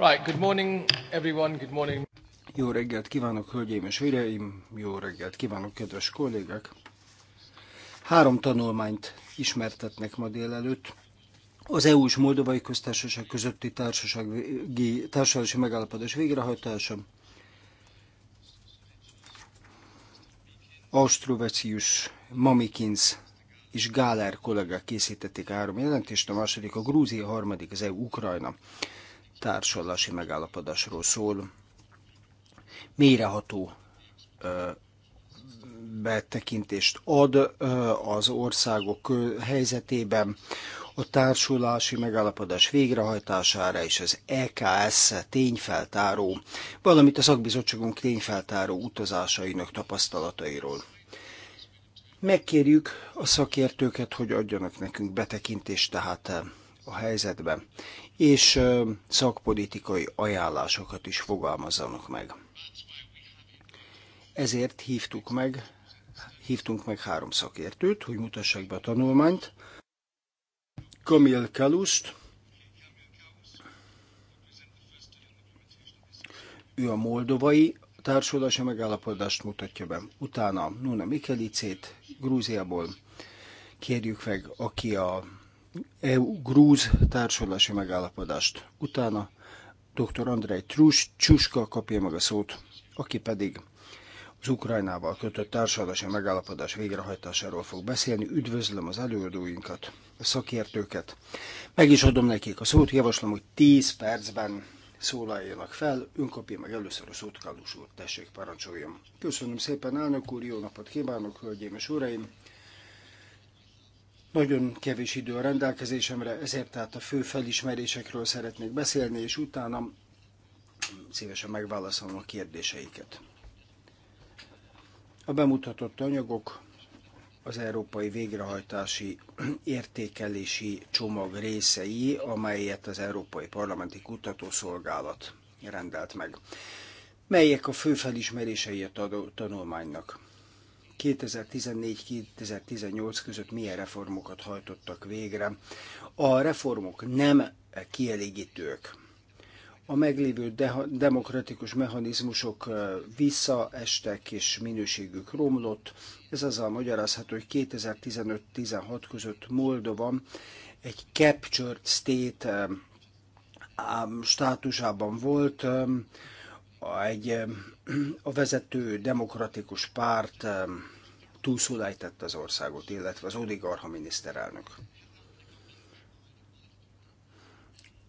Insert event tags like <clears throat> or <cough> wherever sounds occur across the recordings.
Right, good morning everyone, good morning. Jó reggelt kívánok, hölgyeim és uraim, jó reggelt kívánok, kedves kollégák. Három tanulmányt ismertetnek ma délelőtt. Az EU és Moldovai Köztársaság közötti társasági, társadalmi megállapodás végrehajtása, Austrovecius, Mamikins és Gáler kollégák készítették három jelentést, a második a Grúzia, a harmadik az EU-Ukrajna társulási megállapodásról szól. Mélyreható betekintést ad az országok helyzetében, a társulási megállapodás végrehajtására és az EKS tényfeltáró, valamint a szakbizottságunk tényfeltáró utazásainak tapasztalatairól. Megkérjük a szakértőket, hogy adjanak nekünk betekintést tehát a helyzetbe, és szakpolitikai ajánlásokat is fogalmazzanak meg. Ezért hívtuk meg, hívtunk meg három szakértőt, hogy mutassák be a tanulmányt. Kamil Kalust, ő a moldovai társulási megállapodást mutatja be. Utána Nuna Mikelicét Grúziából kérjük meg, aki a EU-grúz társulási megállapodást. Utána dr. Andrei Trus, Csuska kapja meg a szót, aki pedig az Ukrajnával kötött társadalmi megállapodás végrehajtásáról fog beszélni. Üdvözlöm az előadóinkat, a szakértőket. Meg is adom nekik a szót, javaslom, hogy 10 percben szólaljanak fel. Ön kapja meg először a szót, Kallus úr, tessék, parancsoljam. Köszönöm szépen, elnök úr, jó napot kívánok, hölgyeim és uraim! Nagyon kevés idő a rendelkezésemre, ezért tehát a fő felismerésekről szeretnék beszélni, és utána szívesen megválaszolom a kérdéseiket. A bemutatott anyagok az Európai Végrehajtási <clears throat> Értékelési Csomag részei, amelyet az Európai Parlamenti Kutatószolgálat rendelt meg. Melyek a fő felismerései a tanulmánynak? 2014-2018 között milyen reformokat hajtottak végre. A reformok nem kielégítők. A meglévő de- demokratikus mechanizmusok visszaestek és minőségük romlott. Ez azzal magyarázható, hogy 2015-16 között Moldova egy captured state státusában volt, egy, <clears throat> a vezető demokratikus párt túlszulájtette az országot, illetve az oligarha miniszterelnök.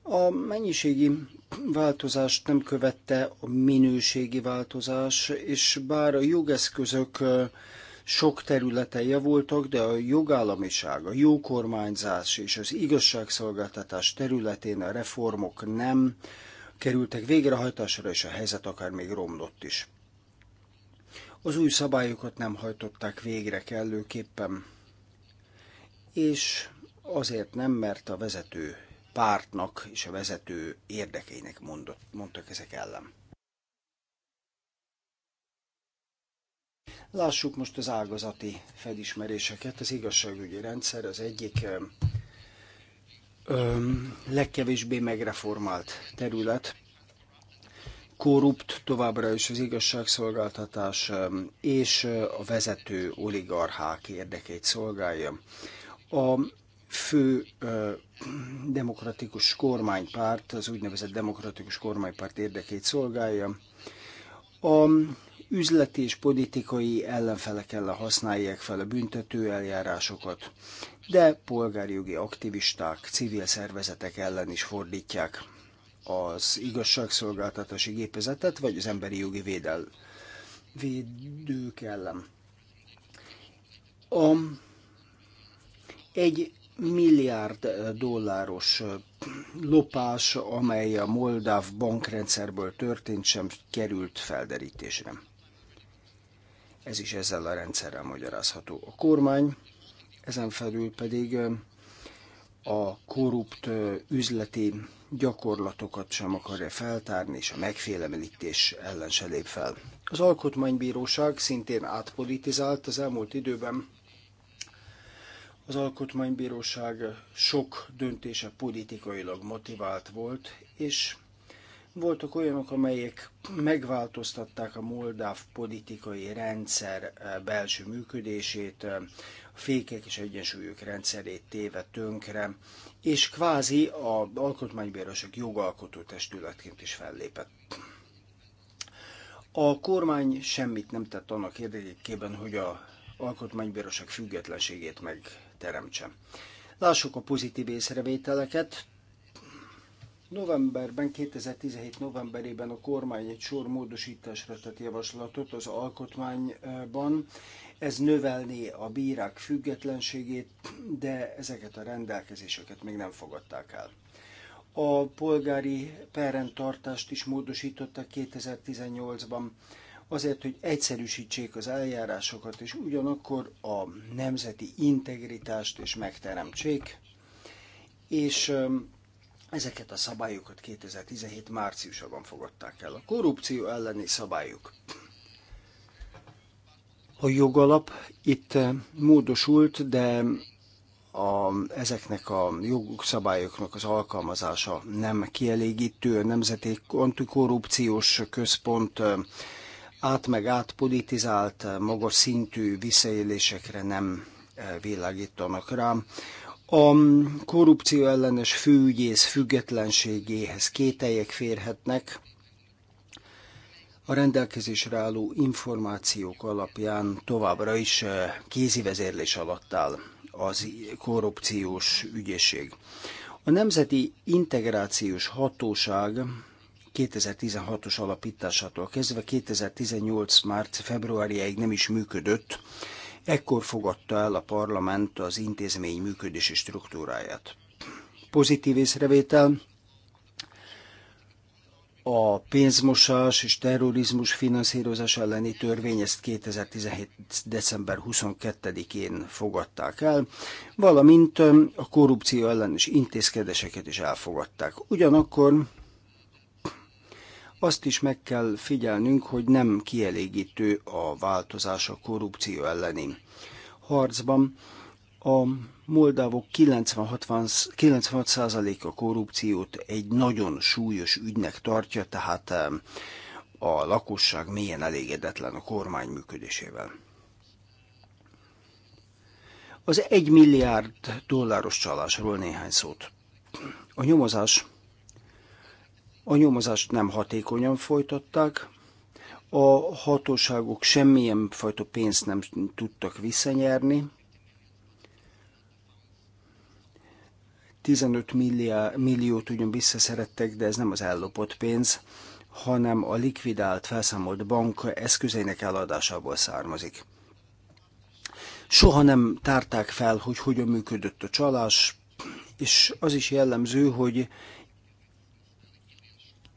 A mennyiségi változást nem követte a minőségi változás, és bár a jogeszközök sok területen javultak, de a jogállamiság, a jó kormányzás és az igazságszolgáltatás területén a reformok nem kerültek végrehajtásra, és a helyzet akár még romlott is. Az új szabályokat nem hajtották végre kellőképpen, és azért nem, mert a vezető pártnak és a vezető érdekeinek mondott, mondtak ezek ellen. Lássuk most az ágazati felismeréseket. Az igazságügyi rendszer az egyik eh, öm, legkevésbé megreformált terület. Korrupt továbbra is az igazságszolgáltatás és a vezető oligarchák érdekeit szolgálja. A fő ö, demokratikus kormánypárt, az úgynevezett demokratikus kormánypárt érdekét szolgálja. A üzleti és politikai ellenfelek ellen használják fel a büntető eljárásokat, de polgári jogi aktivisták, civil szervezetek ellen is fordítják az igazságszolgáltatási gépezetet, vagy az emberi jogi védel, védők ellen. A, egy milliárd dolláros lopás, amely a moldáv bankrendszerből történt, sem került felderítésre. Ez is ezzel a rendszerrel magyarázható. A kormány ezen felül pedig a korrupt üzleti gyakorlatokat sem akarja feltárni, és a megfélemlítés ellen se lép fel. Az Alkotmánybíróság szintén átpolitizált az elmúlt időben. Az Alkotmánybíróság sok döntése politikailag motivált volt, és voltak olyanok, amelyek megváltoztatták a moldáv politikai rendszer eh, belső működését, eh, a fékek és egyensúlyok rendszerét téve tönkre, és kvázi az alkotmánybíróság jogalkotó testületként is fellépett. A kormány semmit nem tett annak érdekében, hogy a alkotmánybíróság függetlenségét megteremtse. Lássuk a pozitív észrevételeket. Novemberben, 2017 novemberében a kormány egy sor módosításra tett javaslatot az alkotmányban. Ez növelné a bírák függetlenségét, de ezeket a rendelkezéseket még nem fogadták el. A polgári perrendtartást is módosítottak 2018-ban, azért, hogy egyszerűsítsék az eljárásokat, és ugyanakkor a nemzeti integritást is megteremtsék. És Ezeket a szabályokat 2017 márciusában fogadták el. A korrupció elleni szabályok. A jogalap itt eh, módosult, de a, ezeknek a jogszabályoknak az alkalmazása nem kielégítő. A Nemzeti Antikorrupciós Központ eh, át meg átpolitizált, eh, magas szintű visszaélésekre nem világítanak rám a korrupció ellenes főügyész függetlenségéhez kételyek férhetnek, a rendelkezésre álló információk alapján továbbra is eh, kézi vezérlés alatt áll az korrupciós ügyészség. A Nemzeti Integrációs Hatóság 2016-os alapításától kezdve 2018 március februárjáig nem is működött, Ekkor fogadta el a parlament az intézmény működési struktúráját. Pozitív észrevétel, a pénzmosás és terrorizmus finanszírozás elleni törvény ezt 2017. december 22-én fogadták el, valamint a korrupció ellenes intézkedéseket is elfogadták. Ugyanakkor azt is meg kell figyelnünk, hogy nem kielégítő a változás a korrupció elleni harcban. A moldávok 96%-a korrupciót egy nagyon súlyos ügynek tartja, tehát a lakosság mélyen elégedetlen a kormány működésével. Az 1 milliárd dolláros csalásról néhány szót. A nyomozás a nyomozást nem hatékonyan folytatták, a hatóságok semmilyen fajta pénzt nem tudtak visszanyerni, 15 milliá, milliót ugyan visszaszerettek, de ez nem az ellopott pénz, hanem a likvidált, felszámolt bank eszközeinek eladásából származik. Soha nem tárták fel, hogy hogyan működött a csalás, és az is jellemző, hogy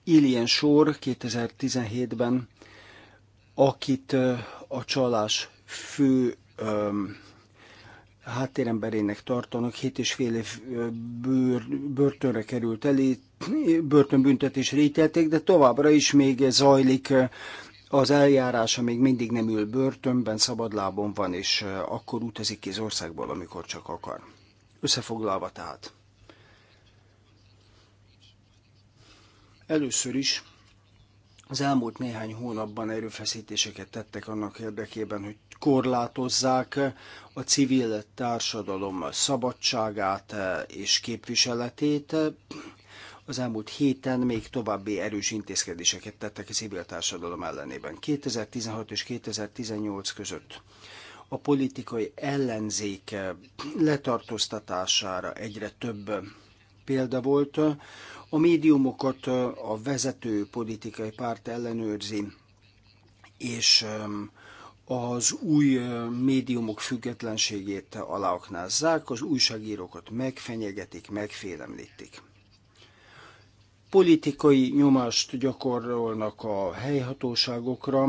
Ilyen Sor 2017-ben, akit a csalás fő um, háttéremberének tartanak, 7,5 év bőr, börtönre került elé, börtönbüntetésre ítélték, de továbbra is még zajlik az eljárása, még mindig nem ül börtönben, szabadlábon van, és akkor utazik ki az országból, amikor csak akar. Összefoglalva tehát. Először is az elmúlt néhány hónapban erőfeszítéseket tettek annak érdekében, hogy korlátozzák a civil társadalom szabadságát és képviseletét. Az elmúlt héten még további erős intézkedéseket tettek a civil társadalom ellenében. 2016 és 2018 között a politikai ellenzék letartóztatására egyre több példa volt. A médiumokat a vezető politikai párt ellenőrzi, és az új médiumok függetlenségét aláaknázzák, az újságírókat megfenyegetik, megfélemlítik. Politikai nyomást gyakorolnak a helyhatóságokra,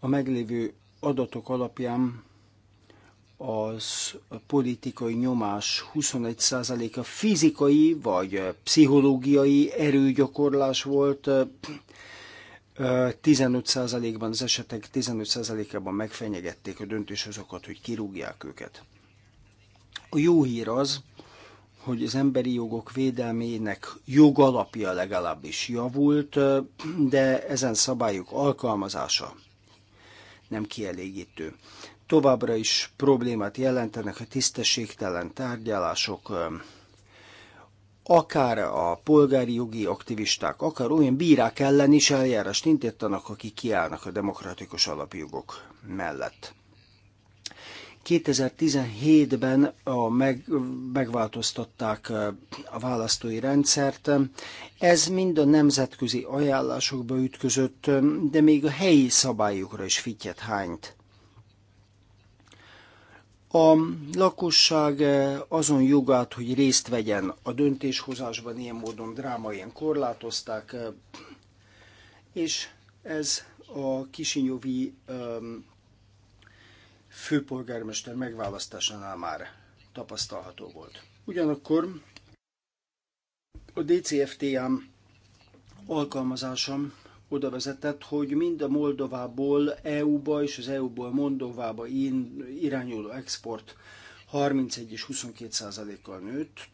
a meglévő adatok alapján az politikai nyomás 21%-a fizikai vagy eh, pszichológiai erőgyakorlás volt, 15%-ban eh, az esetek 15%-ában megfenyegették a döntéshozokat, hogy kirúgják őket. A jó hír az, hogy az emberi jogok védelmének jogalapja legalábbis javult, eh, de ezen szabályok alkalmazása nem kielégítő továbbra is problémát jelentenek a tisztességtelen tárgyalások, akár a polgári jogi aktivisták, akár olyan bírák ellen is eljárást indítanak, akik kiállnak a demokratikus alapjogok mellett. 2017-ben a meg, megváltoztatták a választói rendszert. Ez mind a nemzetközi ajánlásokba ütközött, de még a helyi szabályokra is fityet hányt a lakosság eh, azon jogát, hogy részt vegyen a döntéshozásban, ilyen módon drámaien korlátozták, eh, és ez a kisinyovi főpolgármester megválasztásánál már tapasztalható volt. Ugyanakkor a DCFTM m alkalmazásom oda vezetett, hogy mind a Moldovából EU-ba és az EU-ból Moldovába irányuló export 31 és 22 százalékkal nőtt.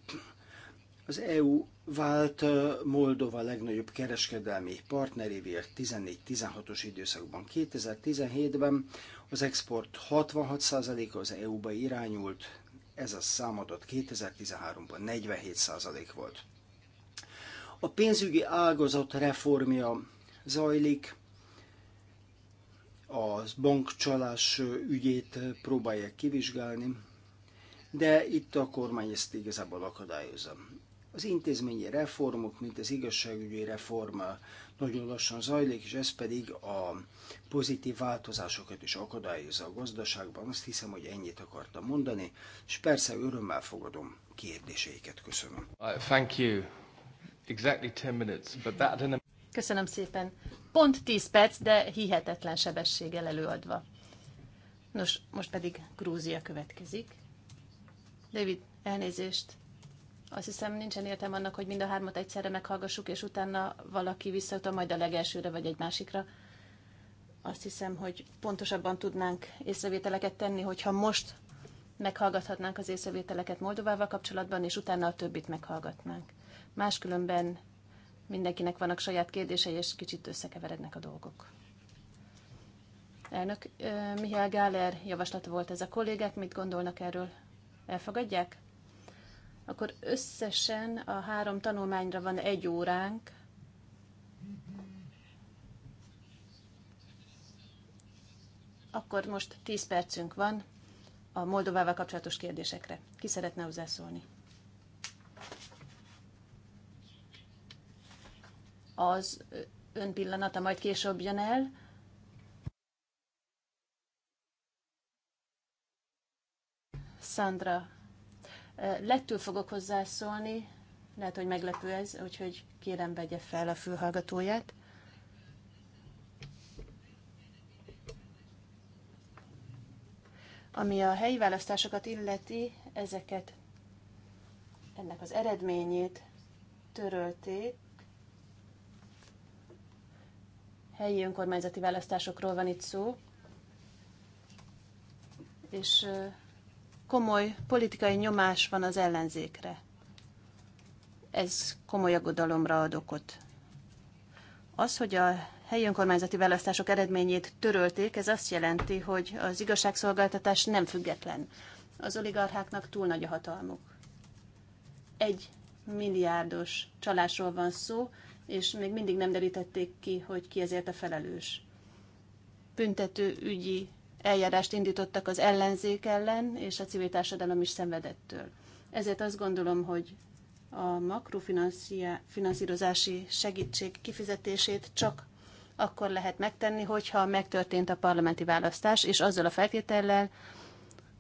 Az EU vált eh, Moldova legnagyobb kereskedelmi partnerévé 14-16-os időszakban. 2017-ben az export 66%-a az EU-ba irányult, ez a számadat 2013-ban 47% volt. A pénzügyi ágazat reformja zajlik. A bankcsalás ügyét próbálják kivizsgálni, de itt a kormány ezt igazából akadályozza. Az intézményi reformok, mint az igazságügyi reforma, nagyon lassan zajlik, és ez pedig a pozitív változásokat is akadályozza a gazdaságban. Azt hiszem, hogy ennyit akartam mondani, és persze örömmel fogadom kérdéseiket. Köszönöm. Uh, thank you. Exactly 10 minutes, but that didn't... Köszönöm szépen. Pont 10 perc, de hihetetlen sebességgel előadva. Nos, most pedig Grúzia következik. David, elnézést. Azt hiszem, nincsen értem annak, hogy mind a hármat egyszerre meghallgassuk, és utána valaki visszautal majd a legelsőre vagy egy másikra. Azt hiszem, hogy pontosabban tudnánk észrevételeket tenni, hogyha most meghallgathatnánk az észrevételeket Moldovával kapcsolatban, és utána a többit meghallgatnánk. Máskülönben mindenkinek vannak saját kérdései, és kicsit összekeverednek a dolgok. Elnök Mihály Gáler javaslata volt ez a kollégák, mit gondolnak erről? Elfogadják? Akkor összesen a három tanulmányra van egy óránk. Akkor most 10 percünk van a Moldovával kapcsolatos kérdésekre. Ki szeretne hozzászólni? az ön pillanata majd később jön el. Sandra, eh, lettül fogok hozzászólni, lehet, hogy meglepő ez, úgyhogy kérem vegye fel a fülhallgatóját. Ami a helyi választásokat illeti, ezeket ennek az eredményét törölték, helyi önkormányzati választásokról van itt szó, és komoly politikai nyomás van az ellenzékre. Ez komoly aggodalomra ad okot. Az, hogy a helyi önkormányzati választások eredményét törölték, ez azt jelenti, hogy az igazságszolgáltatás nem független. Az oligarcháknak túl nagy a hatalmuk. Egy milliárdos csalásról van szó, és még mindig nem derítették ki, hogy ki ezért a felelős. Büntető ügyi eljárást indítottak az ellenzék ellen, és a civil társadalom is szenvedettől. Ezért azt gondolom, hogy a makrofinanszírozási segítség kifizetését csak akkor lehet megtenni, hogyha megtörtént a parlamenti választás, és azzal a feltétellel,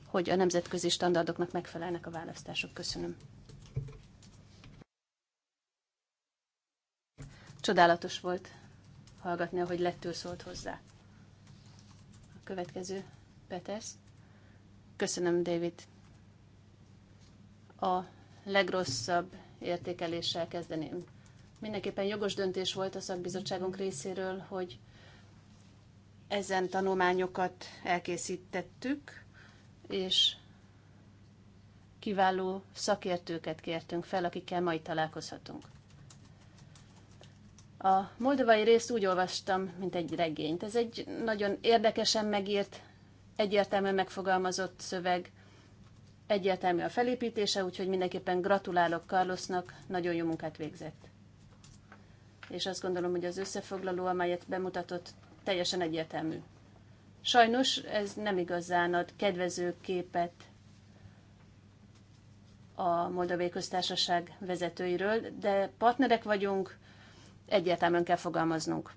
hogy a nemzetközi standardoknak megfelelnek a választások. Köszönöm. Csodálatos volt hallgatni, ahogy lettől szólt hozzá. A következő, Peters. Köszönöm, David. A legrosszabb értékeléssel kezdeném. Mindenképpen jogos döntés volt a szakbizottságunk részéről, hogy ezen tanulmányokat elkészítettük, és kiváló szakértőket kértünk fel, akikkel majd találkozhatunk. A moldovai részt úgy olvastam, mint egy regényt. Ez egy nagyon érdekesen megírt, egyértelműen megfogalmazott szöveg, egyértelmű a felépítése, úgyhogy mindenképpen gratulálok Carlosnak, nagyon jó munkát végzett. És azt gondolom, hogy az összefoglaló, amelyet bemutatott, teljesen egyértelmű. Sajnos ez nem igazán ad kedvező képet a Moldovai Köztársaság vezetőiről, de partnerek vagyunk, egyértelműen kell fogalmaznunk.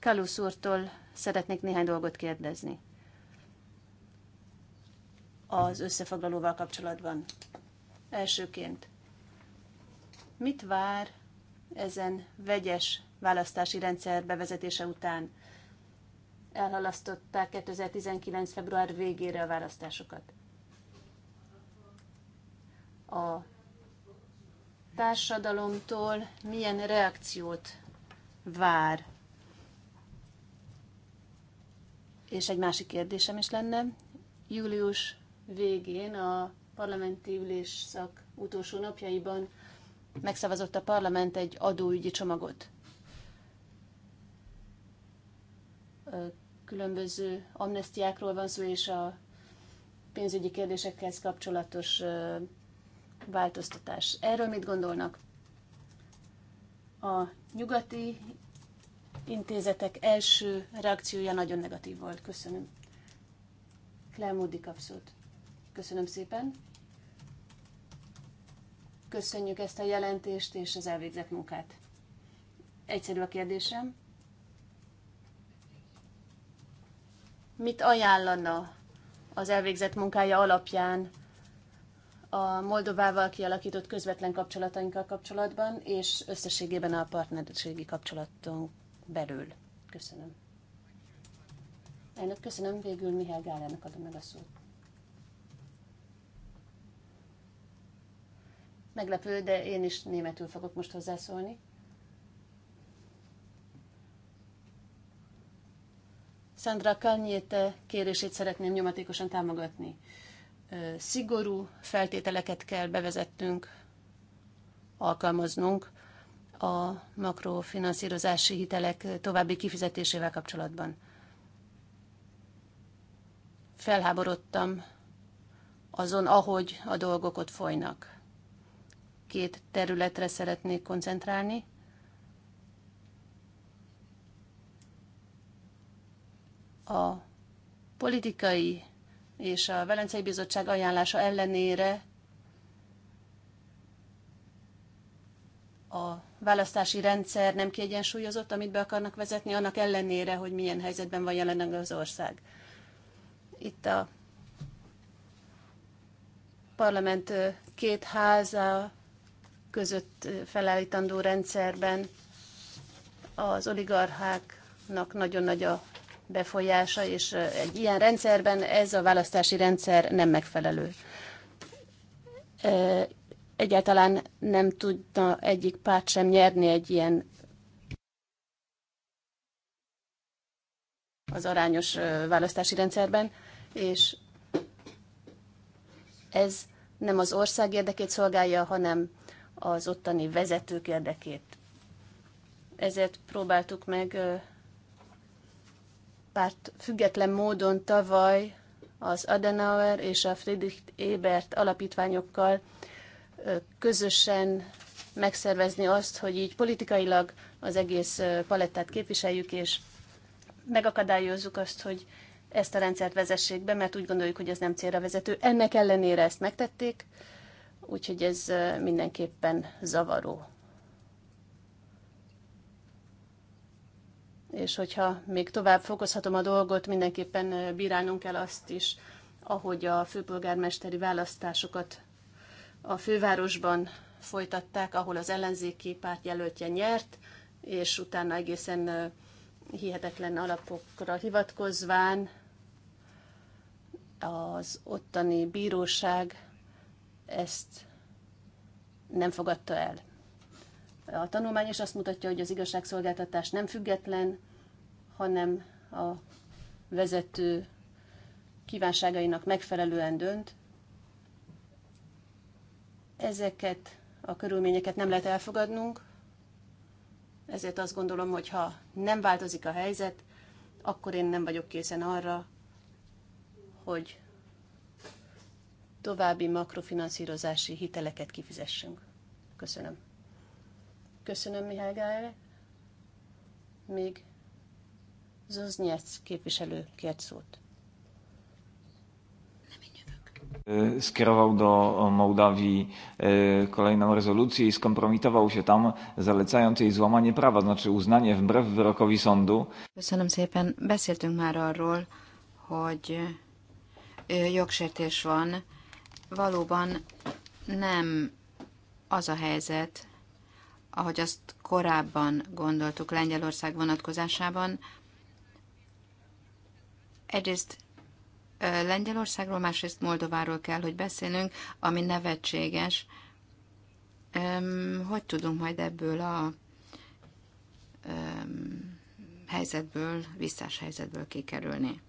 Kalusz úrtól szeretnék néhány dolgot kérdezni az összefoglalóval kapcsolatban. Elsőként, mit vár ezen vegyes választási rendszer bevezetése után? Elhalasztották 2019. február végére a választásokat a társadalomtól milyen reakciót vár. És egy másik kérdésem is lenne. Július végén a parlamenti ülésszak utolsó napjaiban megszavazott a parlament egy adóügyi csomagot. Különböző amnestiákról van szó, és a pénzügyi kérdésekhez kapcsolatos változtatás. Erről mit gondolnak? A nyugati intézetek első reakciója nagyon negatív volt. Köszönöm. Klemódi kapszót. Köszönöm szépen. Köszönjük ezt a jelentést és az elvégzett munkát. Egyszerű a kérdésem. Mit ajánlana az elvégzett munkája alapján a Moldovával kialakított közvetlen kapcsolatainkkal kapcsolatban, és összességében a partnerségi kapcsolatunk belül. Köszönöm. Elnök, köszönöm. Végül Mihály Gálának adom meg a szót. Meglepő, de én is németül fogok most hozzászólni. Sandra Kalnyéte kérését szeretném nyomatékosan támogatni szigorú feltételeket kell bevezettünk, alkalmaznunk a makrofinanszírozási hitelek további kifizetésével kapcsolatban. Felháborodtam azon, ahogy a dolgok ott folynak. Két területre szeretnék koncentrálni. A politikai és a Velencei Bizottság ajánlása ellenére a választási rendszer nem kiegyensúlyozott, amit be akarnak vezetni, annak ellenére, hogy milyen helyzetben van jelenleg az ország. Itt a parlament két háza között felállítandó rendszerben az oligarcháknak nagyon nagy a befolyása, és egy ilyen rendszerben ez a választási rendszer nem megfelelő. Egyáltalán nem tudna egyik párt sem nyerni egy ilyen az arányos választási rendszerben, és ez nem az ország érdekét szolgálja, hanem az ottani vezetők érdekét. Ezért próbáltuk meg párt független módon tavaly az Adenauer és a Friedrich Ebert alapítványokkal közösen megszervezni azt, hogy így politikailag az egész palettát képviseljük, és megakadályozzuk azt, hogy ezt a rendszert vezessék be, mert úgy gondoljuk, hogy ez nem célra vezető. Ennek ellenére ezt megtették, úgyhogy ez mindenképpen zavaró. és hogyha még tovább fokozhatom a dolgot, mindenképpen bírálnunk kell azt is, ahogy a főpolgármesteri választásokat a fővárosban folytatták, ahol az ellenzéki párt jelöltje nyert, és utána egészen hihetetlen alapokra hivatkozván az ottani bíróság ezt nem fogadta el. A tanulmány is azt mutatja, hogy az igazságszolgáltatás nem független, hanem a vezető kívánságainak megfelelően dönt. Ezeket a körülményeket nem lehet elfogadnunk, ezért azt gondolom, hogy ha nem változik a helyzet, akkor én nem vagyok készen arra, hogy további makrofinanszírozási hiteleket kifizessünk. Köszönöm. Köszönöm, Mihály Gájle. Még Zoznyec képviselő kért szót. E, skierował do e, Mołdawii e, kolejną rezolucję i skompromitował się tam, zalecając jej złamanie prawa, znaczy uznanie wbrew wyrokowi sądu. Köszönöm szépen. Beszéltünk már arról, hogy jogsértés van. Valóban nem az a helyzet, ahogy azt korábban gondoltuk Lengyelország vonatkozásában, Egyrészt Lengyelországról, másrészt Moldováról kell, hogy beszélünk, ami nevetséges. Hogy tudunk majd ebből a helyzetből, visszás helyzetből kikerülni?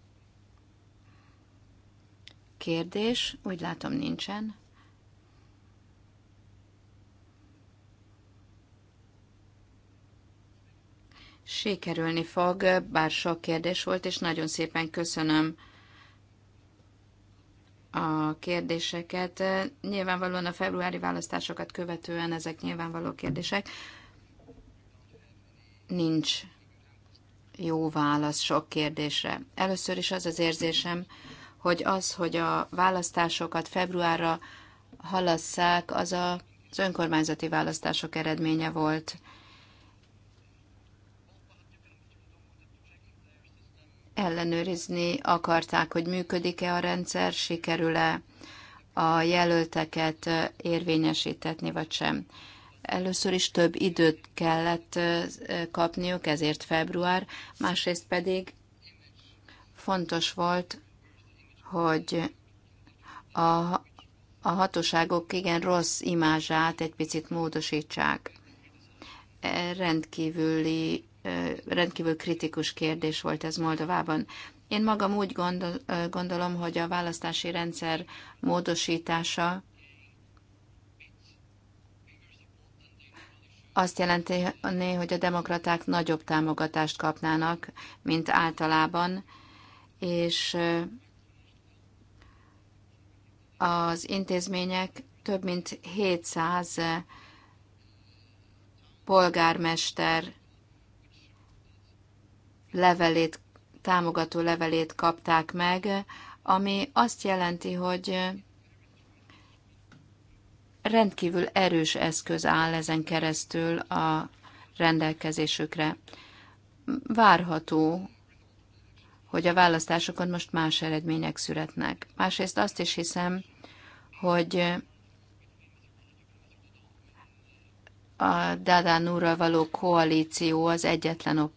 Kérdés, úgy látom nincsen. sikerülni fog, bár sok kérdés volt, és nagyon szépen köszönöm a kérdéseket. Nyilvánvalóan a februári választásokat követően ezek nyilvánvaló kérdések. Nincs jó válasz sok kérdésre. Először is az az érzésem, hogy az, hogy a választásokat februárra halasszák, az a, az önkormányzati választások eredménye volt. ellenőrizni akarták, hogy működik-e a rendszer, sikerül-e a jelölteket érvényesítetni, vagy sem. Először is több időt kellett kapniuk, ezért február, másrészt pedig fontos volt, hogy a, a hatóságok igen rossz imázsát egy picit módosítsák. E, rendkívüli rendkívül kritikus kérdés volt ez Moldovában. Én magam úgy gondol, gondolom, hogy a választási rendszer módosítása azt jelenti, hogy a demokraták nagyobb támogatást kapnának, mint általában, és az intézmények több mint 700 polgármester levelét, támogató levelét kapták meg, ami azt jelenti, hogy rendkívül erős eszköz áll ezen keresztül a rendelkezésükre. Várható, hogy a választásokon most más eredmények születnek. Másrészt azt is hiszem, hogy a Dada úrral való koalíció az egyetlen op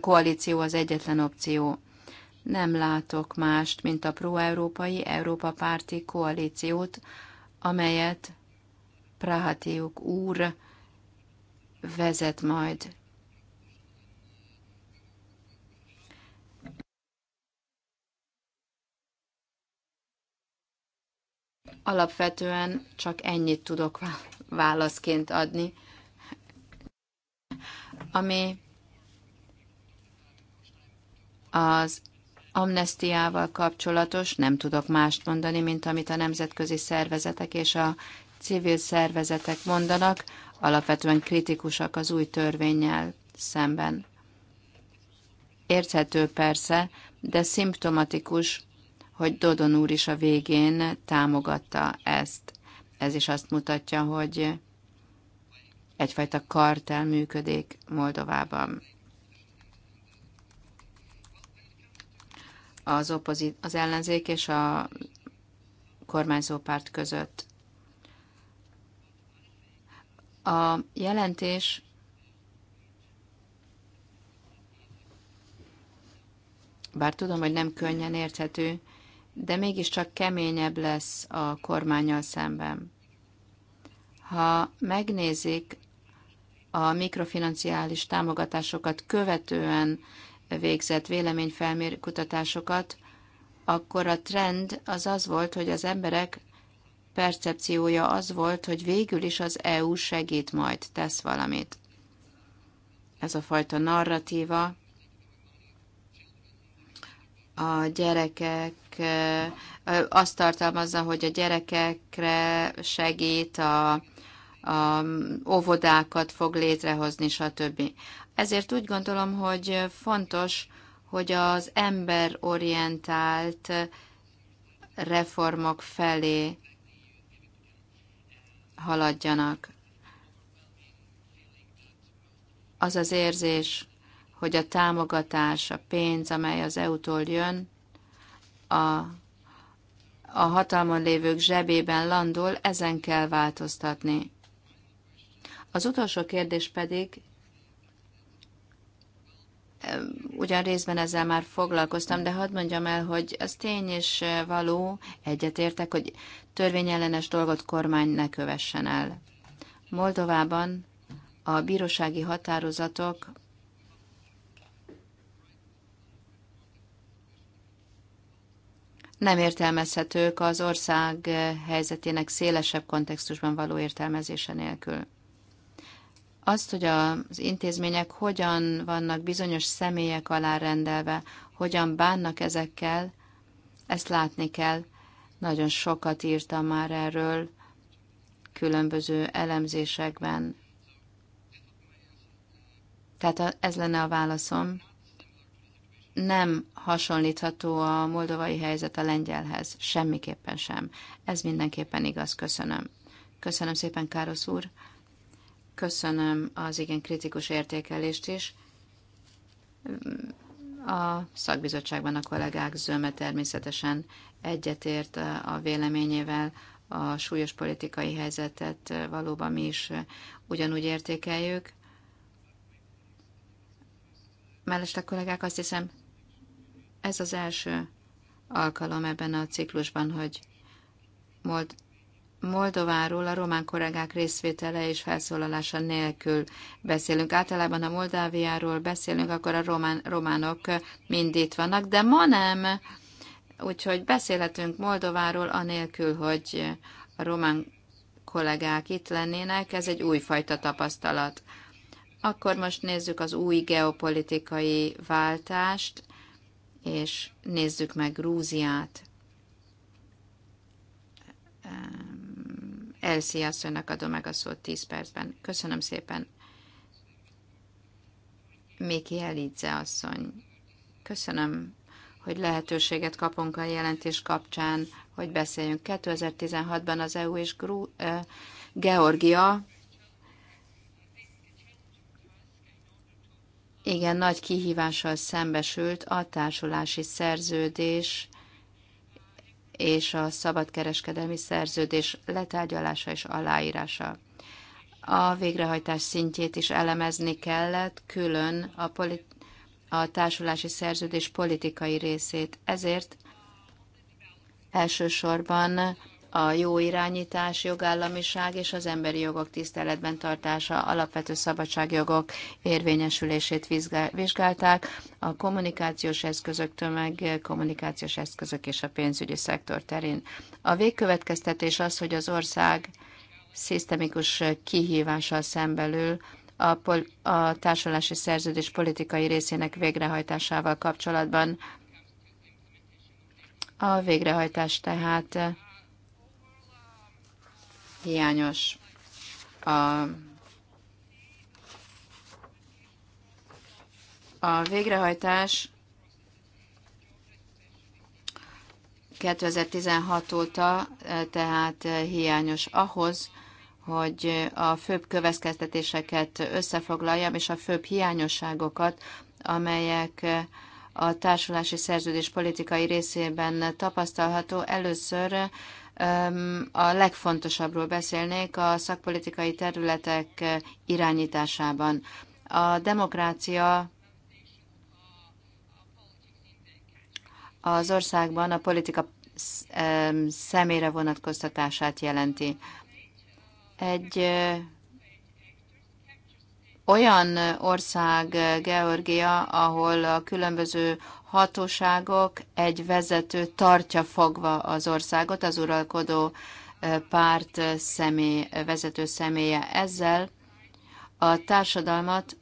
koalíció az egyetlen opció. Nem látok mást, mint a pro-európai, Európa párti koalíciót, amelyet Prahatiuk úr vezet majd. Alapvetően csak ennyit tudok válaszként adni, ami az amnestiával kapcsolatos, nem tudok mást mondani, mint amit a nemzetközi szervezetek és a civil szervezetek mondanak, alapvetően kritikusak az új törvényel szemben. Érthető persze, de szimptomatikus, hogy Dodon úr is a végén támogatta ezt. Ez is azt mutatja, hogy egyfajta kartel működik Moldovában. az, opozit, az ellenzék és a kormányzó párt között. A jelentés bár tudom, hogy nem könnyen érthető, de mégiscsak keményebb lesz a kormányal szemben. Ha megnézik a mikrofinanciális támogatásokat követően végzett véleményfelmér kutatásokat, akkor a trend az az volt, hogy az emberek percepciója az volt, hogy végül is az EU segít majd, tesz valamit. Ez a fajta narratíva a gyerekek azt tartalmazza, hogy a gyerekekre segít a, a óvodákat fog létrehozni, stb. Ezért úgy gondolom, hogy fontos, hogy az emberorientált reformok felé haladjanak. Az az érzés, hogy a támogatás, a pénz, amely az EU-tól jön, a, a hatalmon lévők zsebében landol, ezen kell változtatni. Az utolsó kérdés pedig, ugyan részben ezzel már foglalkoztam, de hadd mondjam el, hogy az tény és való, egyetértek, hogy törvényellenes dolgot kormány ne kövessen el. Moldovában a bírósági határozatok nem értelmezhetők az ország helyzetének szélesebb kontextusban való értelmezése nélkül azt, hogy az intézmények hogyan vannak bizonyos személyek alá rendelve, hogyan bánnak ezekkel, ezt látni kell. Nagyon sokat írtam már erről különböző elemzésekben. Tehát ez lenne a válaszom. Nem hasonlítható a moldovai helyzet a lengyelhez, semmiképpen sem. Ez mindenképpen igaz, köszönöm. Köszönöm szépen, Károsz úr. Köszönöm az igen kritikus értékelést is. A szakbizottságban a kollégák zöme természetesen egyetért a véleményével, a súlyos politikai helyzetet valóban mi is ugyanúgy értékeljük. Mellesleg kollégák, azt hiszem, ez az első alkalom ebben a ciklusban, hogy Moldováról a román kollégák részvétele és felszólalása nélkül beszélünk. Általában a Moldáviáról beszélünk, akkor a román, románok mind itt vannak, de ma nem. Úgyhogy beszélhetünk Moldováról anélkül, hogy a román kollégák itt lennének. Ez egy újfajta tapasztalat. Akkor most nézzük az új geopolitikai váltást, és nézzük meg Grúziát Elszi asszonynak adom meg a szót 10 percben. Köszönöm szépen. Miki Elidze asszony. Köszönöm, hogy lehetőséget kapunk a jelentés kapcsán, hogy beszéljünk. 2016-ban az EU és Gru- eh, Georgia igen nagy kihívással szembesült a társulási szerződés és a szabadkereskedelmi szerződés letárgyalása és aláírása. A végrehajtás szintjét is elemezni kellett, külön a, polit- a társulási szerződés politikai részét. Ezért elsősorban a jó irányítás, jogállamiság és az emberi jogok tiszteletben tartása, alapvető szabadságjogok érvényesülését vizsgálták, a kommunikációs eszközök tömeg, kommunikációs eszközök és a pénzügyi szektor terén. A végkövetkeztetés az, hogy az ország szisztemikus kihívással szembelül, a, pol- a társadalási szerződés politikai részének végrehajtásával kapcsolatban. A végrehajtás tehát hiányos a, a végrehajtás 2016 óta eh, tehát eh, hiányos ahhoz, hogy eh, a főbb következtetéseket összefoglaljam, és a főbb hiányosságokat, amelyek a társulási szerződés politikai részében tapasztalható. Először a legfontosabbról beszélnék a szakpolitikai területek irányításában. A demokrácia az országban a politika személyre vonatkoztatását jelenti. Egy olyan ország Georgia, ahol a különböző hatóságok egy vezető tartja fogva az országot, az uralkodó párt személy, vezető személye. Ezzel a társadalmat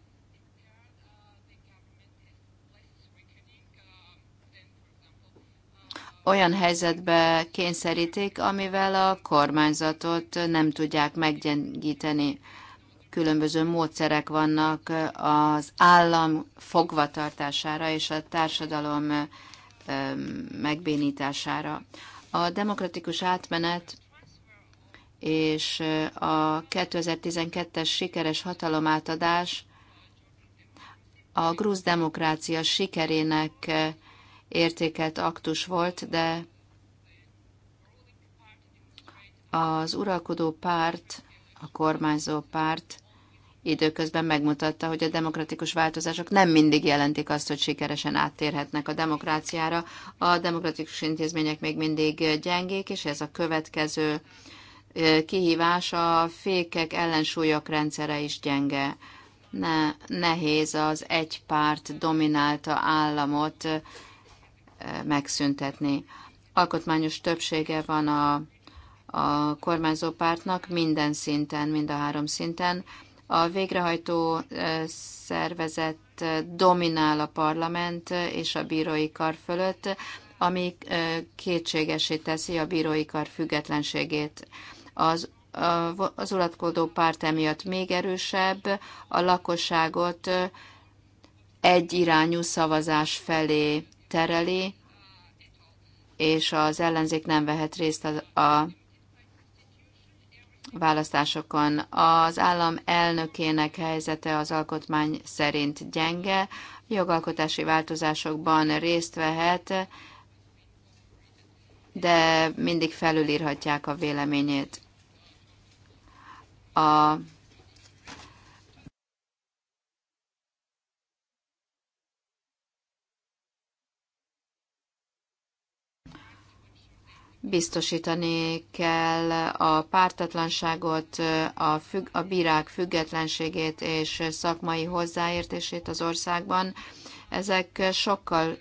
olyan helyzetbe kényszerítik, amivel a kormányzatot nem tudják meggyengíteni különböző módszerek vannak az állam fogvatartására és a társadalom megbénítására. A demokratikus átmenet és a 2012-es sikeres hatalomátadás a grúz demokrácia sikerének értékelt aktus volt, de az uralkodó párt, a kormányzó párt időközben megmutatta, hogy a demokratikus változások nem mindig jelentik azt, hogy sikeresen áttérhetnek a demokráciára. A demokratikus intézmények még mindig gyengék, és ez a következő kihívás a fékek ellensúlyok rendszere is gyenge. Ne, nehéz az egy párt dominálta államot megszüntetni. Alkotmányos többsége van a, a kormányzó pártnak minden szinten, mind a három szinten a végrehajtó szervezet dominál a parlament és a bírói kar fölött, ami kétségesé teszi a bírói kar függetlenségét. Az az uratkodó párt emiatt még erősebb, a lakosságot egyirányú szavazás felé tereli, és az ellenzék nem vehet részt a, a választásokon. Az állam elnökének helyzete az alkotmány szerint gyenge, jogalkotási változásokban részt vehet, de mindig felülírhatják a véleményét. A biztosítani kell a pártatlanságot, a, függ, a bírák függetlenségét és szakmai hozzáértését az országban. Ezek sokkal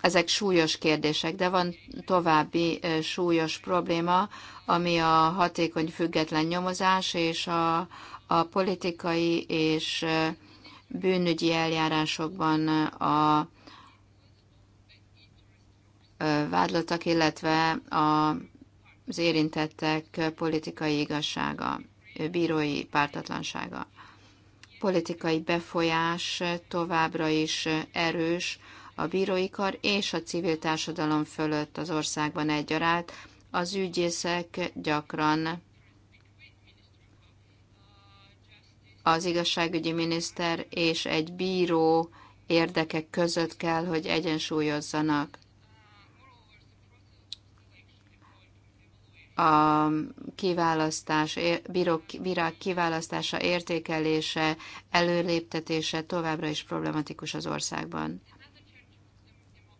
ezek súlyos kérdések, de van további súlyos probléma, ami a hatékony független nyomozás és a, a politikai és bűnügyi eljárásokban a vádlottak, illetve a, az érintettek politikai igazsága, bírói pártatlansága. Politikai befolyás továbbra is erős a bírói kar és a civil társadalom fölött az országban egyaránt. Az ügyészek gyakran az igazságügyi miniszter és egy bíró érdekek között kell, hogy egyensúlyozzanak. a kiválasztás, bírók bírák kiválasztása, értékelése, előléptetése továbbra is problematikus az országban.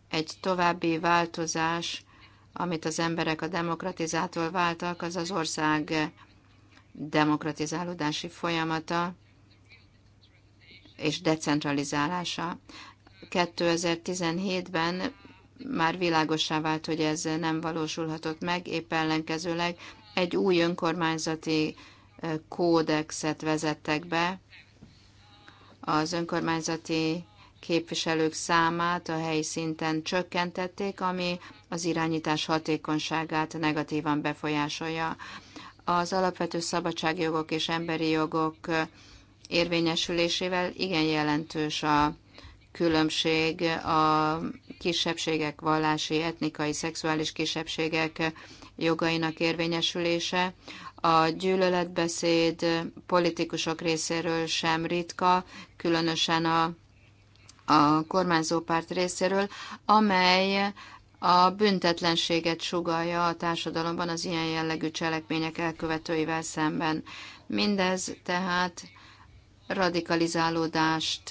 Egy további változás, amit az emberek a demokratizától váltak, az az ország demokratizálódási folyamata és decentralizálása. 2017-ben már világosá vált, hogy ez nem valósulhatott meg, épp ellenkezőleg egy új önkormányzati kódexet vezettek be az önkormányzati képviselők számát a helyi szinten csökkentették, ami az irányítás hatékonyságát negatívan befolyásolja. Az alapvető szabadságjogok és emberi jogok érvényesülésével igen jelentős a különbség a kisebbségek, vallási, etnikai, szexuális kisebbségek jogainak érvényesülése, a gyűlöletbeszéd politikusok részéről sem ritka, különösen a, a kormányzó párt részéről, amely a büntetlenséget sugalja a társadalomban az ilyen jellegű cselekmények elkövetőivel szemben. Mindez tehát radikalizálódást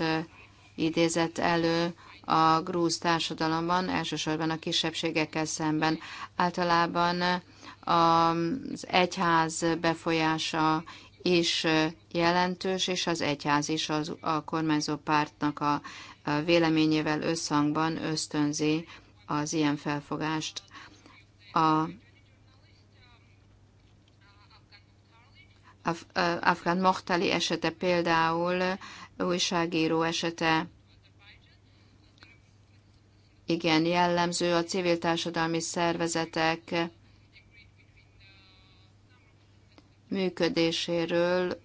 idézett elő a grúz társadalomban, elsősorban a kisebbségekkel szemben. Általában az egyház befolyása is jelentős, és az egyház is az, a kormányzó pártnak a véleményével összhangban ösztönzi az ilyen felfogást. A Afgán Mohtali esete például újságíró esete igen jellemző a civil társadalmi szervezetek működéséről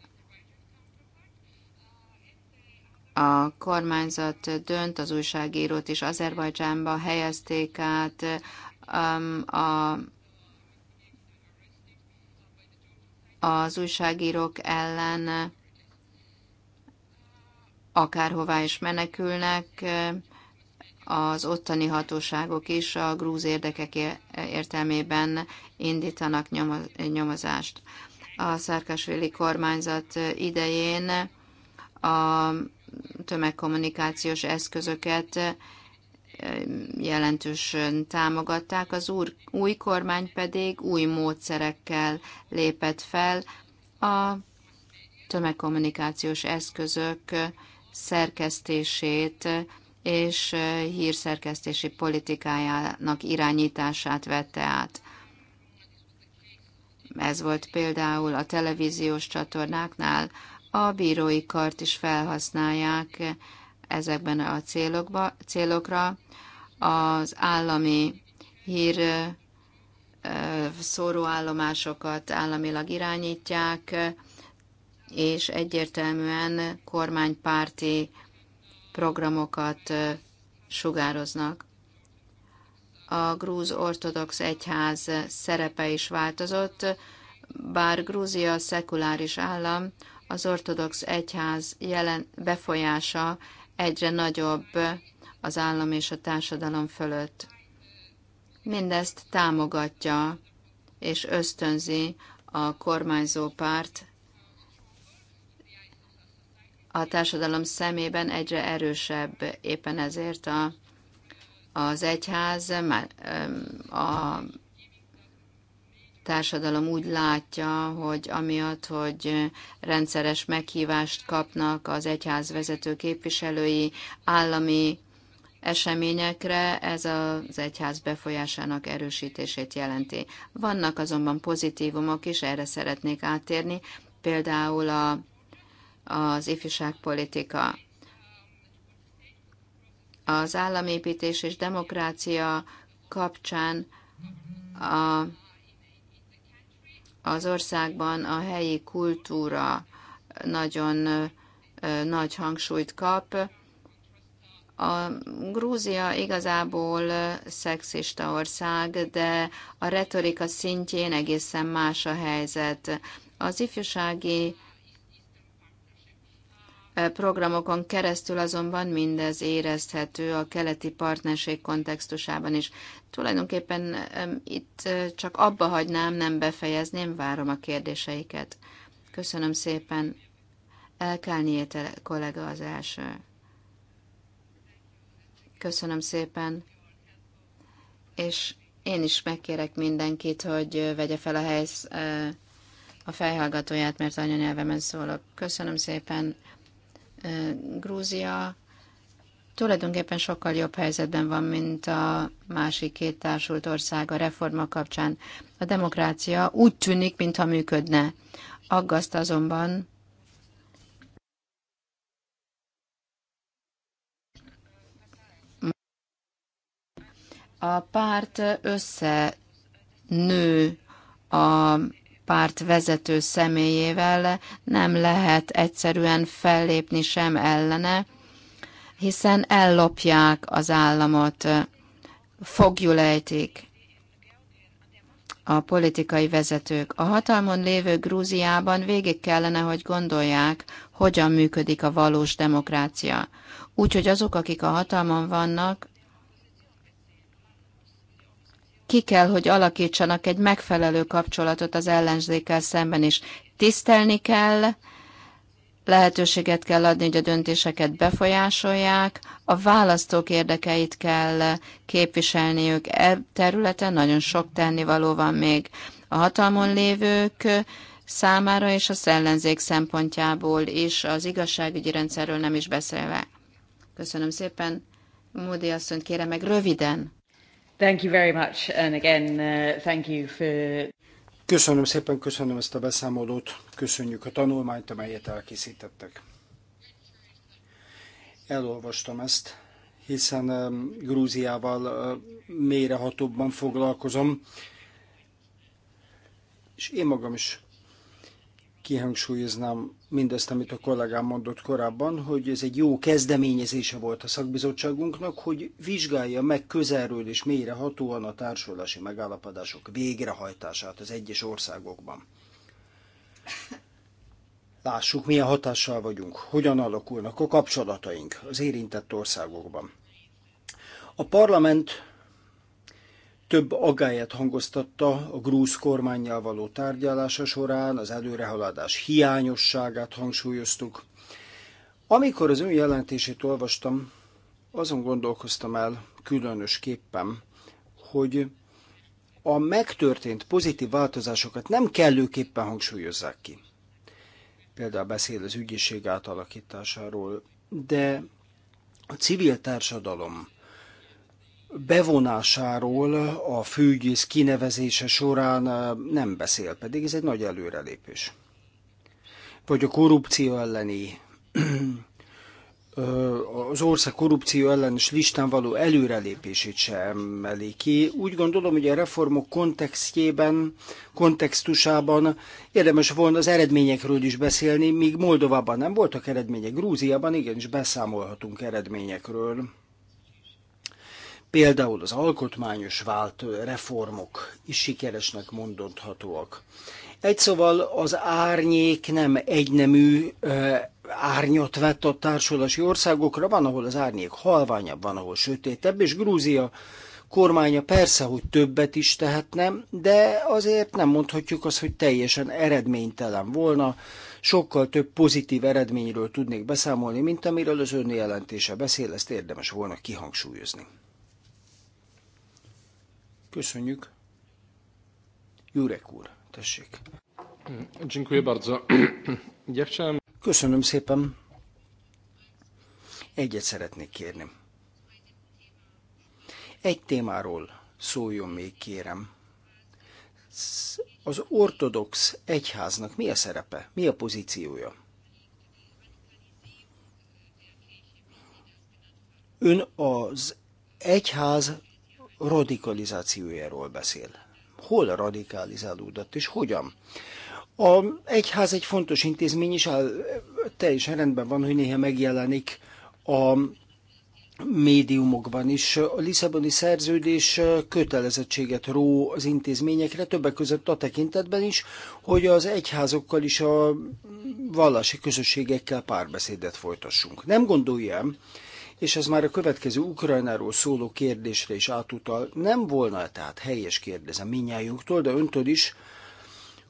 a kormányzat dönt, az újságírót is Azerbajdzsánba helyezték át, um, a, az újságírók ellen akárhová is menekülnek, az ottani hatóságok is a grúz érdekek értelmében indítanak nyomozást. A Szárkásvéli kormányzat idején a tömegkommunikációs eszközöket eh, jelentősen támogatták, az úr, új kormány pedig új módszerekkel lépett fel a tömegkommunikációs eszközök szerkesztését és hírszerkesztési politikájának irányítását vette át. Ez volt például a televíziós csatornáknál, a bírói kart is felhasználják ezekben a célokba, célokra. Az állami hír szóróállomásokat államilag irányítják, és egyértelműen kormánypárti programokat sugároznak. A grúz ortodox egyház szerepe is változott, bár Grúzia szekuláris állam, az ortodox egyház jelen befolyása egyre nagyobb az állam és a társadalom fölött. Mindezt támogatja és ösztönzi a kormányzó párt, a társadalom szemében egyre erősebb. Éppen ezért a, az egyház a társadalom úgy látja, hogy amiatt, hogy rendszeres meghívást kapnak az egyház vezető képviselői állami eseményekre, ez az egyház befolyásának erősítését jelenti. Vannak azonban pozitívumok is, erre szeretnék áttérni, például a az ifjúságpolitika. Az államépítés és demokrácia kapcsán a, az országban a helyi kultúra nagyon nagy hangsúlyt kap. A Grúzia igazából szexista ország, de a retorika szintjén egészen más a helyzet. Az ifjúsági E, programokon keresztül azonban mindez érezhető a keleti partnerség kontextusában is. Tulajdonképpen itt e, csak abba hagynám, nem befejezném, várom a kérdéseiket. Köszönöm szépen. el kell Elkálnyéte kollega az első. Köszönöm szépen. És én is megkérek mindenkit, hogy e, vegye fel a helysz a fejhallgatóját, mert anyanyelvemen szólok. Köszönöm szépen Grúzia tulajdonképpen sokkal jobb helyzetben van, mint a másik két társult ország a reforma kapcsán. A demokrácia úgy tűnik, mintha működne. Aggaszt azonban, a párt összenő a párt vezető személyével nem lehet egyszerűen fellépni sem ellene, hiszen ellopják az államot, fogjulejtik a politikai vezetők. A hatalmon lévő Grúziában végig kellene, hogy gondolják, hogyan működik a valós demokrácia. Úgyhogy azok, akik a hatalmon vannak, ki kell, hogy alakítsanak egy megfelelő kapcsolatot az ellenzékkel szemben is. Tisztelni kell, lehetőséget kell adni, hogy a döntéseket befolyásolják, a választók érdekeit kell képviselniük. E területen nagyon sok tennivaló van még a hatalmon lévők számára és a szellenzék szempontjából is, az igazságügyi rendszerről nem is beszélve. Köszönöm szépen. Módi asszonyt kérem meg röviden. Thank you very much, and again, uh, thank you for... Köszönöm szépen, köszönöm ezt a beszámolót, köszönjük a tanulmányt, amelyet elkészítettek. Elolvastam ezt, hiszen um, Grúziával uh, mélyrehatóbban foglalkozom, és én magam is kihangsúlyoznám mindazt, amit a kollégám mondott korábban, hogy ez egy jó kezdeményezése volt a szakbizottságunknak, hogy vizsgálja meg közelről és mélyre hatóan a társulási megállapodások végrehajtását az egyes országokban. Lássuk, milyen hatással vagyunk, hogyan alakulnak a kapcsolataink az érintett országokban. A parlament több agályát hangoztatta a grúz kormányjal való tárgyalása során, az előrehaladás hiányosságát hangsúlyoztuk. Amikor az ön jelentését olvastam, azon gondolkoztam el különösképpen, hogy a megtörtént pozitív változásokat nem kellőképpen hangsúlyozzák ki. Például beszél az ügyészség átalakításáról, de a civil társadalom bevonásáról a főügyész kinevezése során nem beszél, pedig ez egy nagy előrelépés. Vagy a korrupció elleni, az ország korrupció ellenes listán való előrelépését sem emeli ki. Úgy gondolom, hogy a reformok kontextjében, kontextusában érdemes volna az eredményekről is beszélni, míg Moldovában nem voltak eredmények, Grúziában igenis beszámolhatunk eredményekről Például az alkotmányos vált reformok is sikeresnek mondhatóak. Egy szóval az árnyék nem egynemű árnyat vett a társulási országokra, van, ahol az árnyék halványabb, van, ahol sötétebb, és Grúzia kormánya persze, hogy többet is tehetne, de azért nem mondhatjuk azt, hogy teljesen eredménytelen volna. Sokkal több pozitív eredményről tudnék beszámolni, mint amiről az ön jelentése beszél, ezt érdemes volna kihangsúlyozni. Köszönjük. Jurek úr, tessék. Dziękuję bardzo. Ja chciałem... Köszönöm szépen. Egyet szeretnék kérni. Egy témáról szóljon még, kérem. Az ortodox egyháznak mi a szerepe, mi a pozíciója? Ön az egyház radikalizációjáról beszél. Hol radikalizálódott és hogyan? A egyház egy fontos intézmény, is, áll, teljesen rendben van, hogy néha megjelenik a médiumokban is. A Lisszaboni szerződés kötelezettséget ró az intézményekre, többek között a tekintetben is, hogy az egyházokkal is a vallási közösségekkel párbeszédet folytassunk. Nem gondolja, és ez már a következő Ukrajnáról szóló kérdésre is átutal, nem volna tehát helyes kérdezem minnyájunktól, de öntől is,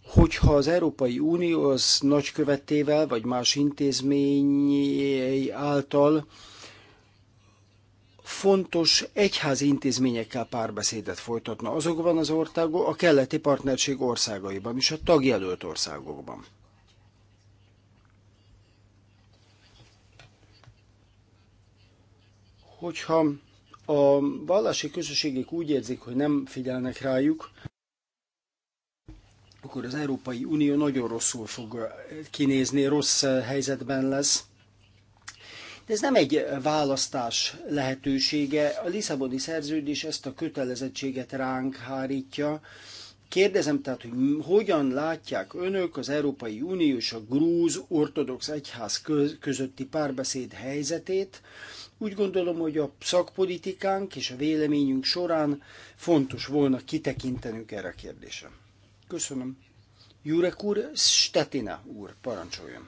hogyha az Európai Unió az nagykövetével, vagy más intézményei által fontos egyházi intézményekkel párbeszédet folytatna azokban az országok, a keleti partnerség országaiban és a tagjelölt országokban. hogyha a vallási közösségek úgy érzik, hogy nem figyelnek rájuk, akkor az Európai Unió nagyon rosszul fog kinézni, rossz helyzetben lesz. De ez nem egy választás lehetősége. A Lisszaboni szerződés ezt a kötelezettséget ránk hárítja. Kérdezem tehát, hogy hogyan látják önök az Európai Unió és a Grúz Ortodox Egyház közötti párbeszéd helyzetét, úgy gondolom, hogy a szakpolitikánk és a véleményünk során fontos volna kitekintenünk erre a kérdésre. Köszönöm. Jurek úr, Stetina úr, parancsoljon.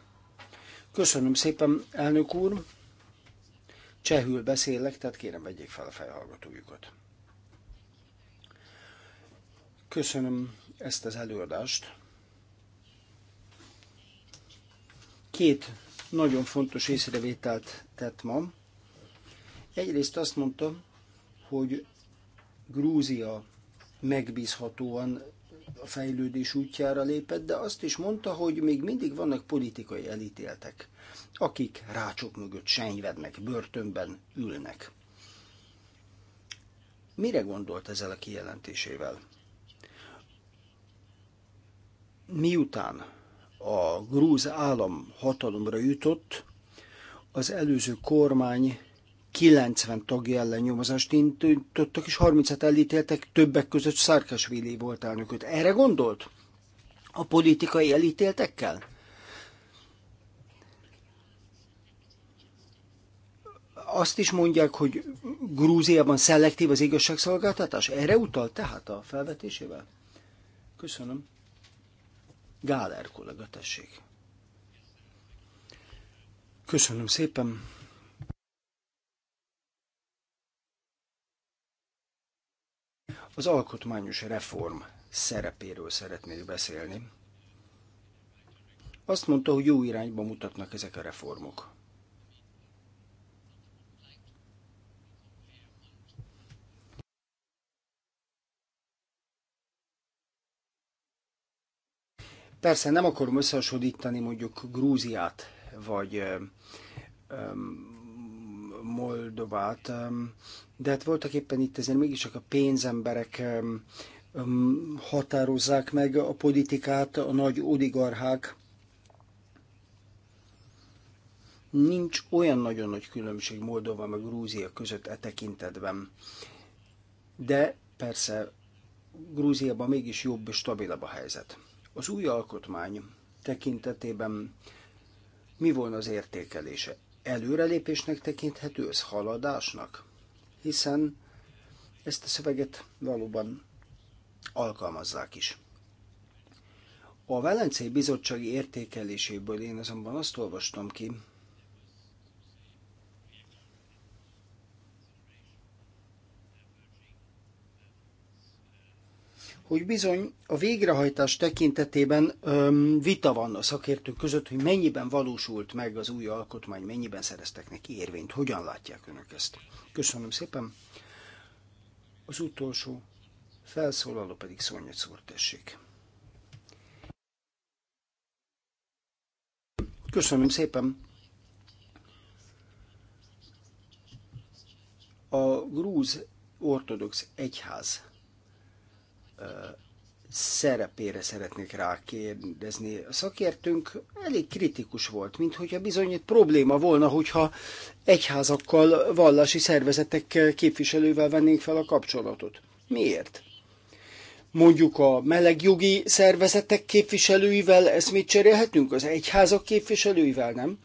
Köszönöm szépen, elnök úr. Csehül beszélek, tehát kérem, vegyék fel a fejhallgatójukat. Köszönöm ezt az előadást. Két nagyon fontos észrevételt tett ma. Egyrészt azt mondtam, hogy Grúzia megbízhatóan a fejlődés útjára lépett, de azt is mondta, hogy még mindig vannak politikai elítéltek, akik rácsok mögött senyvednek, börtönben ülnek. Mire gondolt ezzel a kijelentésével? Miután a grúz állam hatalomra jutott, az előző kormány 90 tagja ellen nyomozást intőttek, és 30-et elítéltek, többek között Szárkásvili volt elnököt. Erre gondolt? A politikai elítéltekkel? Azt is mondják, hogy Grúziában szelektív az igazságszolgáltatás? Erre utal tehát a felvetésével? Köszönöm. Gáler kollega, tessék. Köszönöm szépen. Az alkotmányos reform szerepéről szeretnék beszélni. Azt mondta, hogy jó irányba mutatnak ezek a reformok. Persze nem akarom összehasonlítani mondjuk Grúziát, vagy Moldovát, de hát voltak éppen itt mégis mégiscsak a pénzemberek határozzák meg a politikát, a nagy oligarchák. Nincs olyan nagyon nagy különbség Moldova meg Grúzia között e tekintetben. De persze Grúziában mégis jobb és stabilabb a helyzet. Az új alkotmány tekintetében mi volna az értékelése? előrelépésnek tekinthető, ez haladásnak, hiszen ezt a szöveget valóban alkalmazzák is. A Velencei Bizottsági értékeléséből én azonban azt olvastam ki, hogy bizony a végrehajtás tekintetében öm, vita van a szakértők között, hogy mennyiben valósult meg az új alkotmány, mennyiben szereztek neki érvényt, hogyan látják önök ezt. Köszönöm szépen. Az utolsó felszólaló pedig Szonya Czúr, tessék. Köszönöm szépen. A grúz ortodox egyház szerepére szeretnék rákérdezni. A szakértőnk elég kritikus volt, mint hogyha bizony egy probléma volna, hogyha egyházakkal, vallási szervezetek képviselővel vennénk fel a kapcsolatot. Miért? Mondjuk a melegjogi szervezetek képviselőivel ezt mit cserélhetünk? Az egyházak képviselőivel, nem?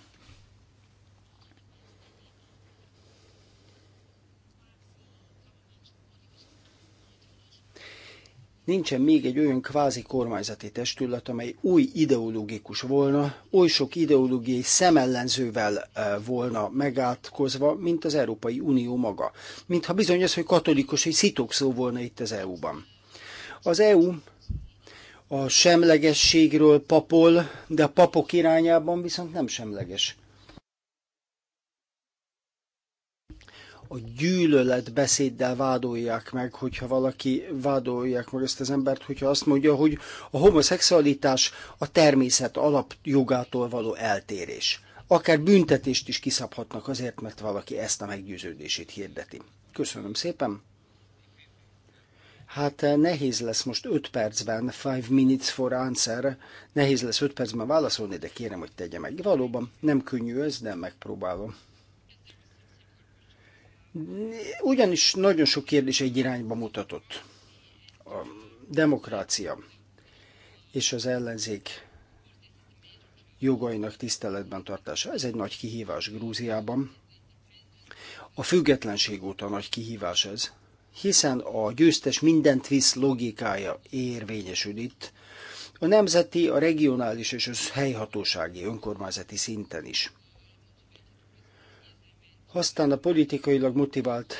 nincsen még egy olyan kvázi kormányzati testület, amely új ideológikus volna, oly sok ideológiai szemellenzővel e, volna megátkozva, mint az Európai Unió maga. Mintha bizony az, hogy katolikus egy szó volna itt az EU-ban. Az EU a semlegességről papol, de a papok irányában viszont nem semleges. a gyűlöletbeszéddel vádolják meg, hogyha valaki vádolják meg ezt az embert, hogyha azt mondja, hogy a homoszexualitás a természet alapjogától való eltérés. Akár büntetést is kiszabhatnak azért, mert valaki ezt a meggyőződését hirdeti. Köszönöm szépen! Hát eh, nehéz lesz most 5 percben, 5 minutes for answer, nehéz lesz 5 percben válaszolni, de kérem, hogy tegye meg. Valóban nem könnyű ez, de megpróbálom ugyanis nagyon sok kérdés egy irányba mutatott. A demokrácia és az ellenzék jogainak tiszteletben tartása. Ez egy nagy kihívás Grúziában. A függetlenség óta nagy kihívás ez, hiszen a győztes mindent visz logikája érvényesül itt, a nemzeti, a regionális és a helyhatósági önkormányzati szinten is. Aztán a politikailag motivált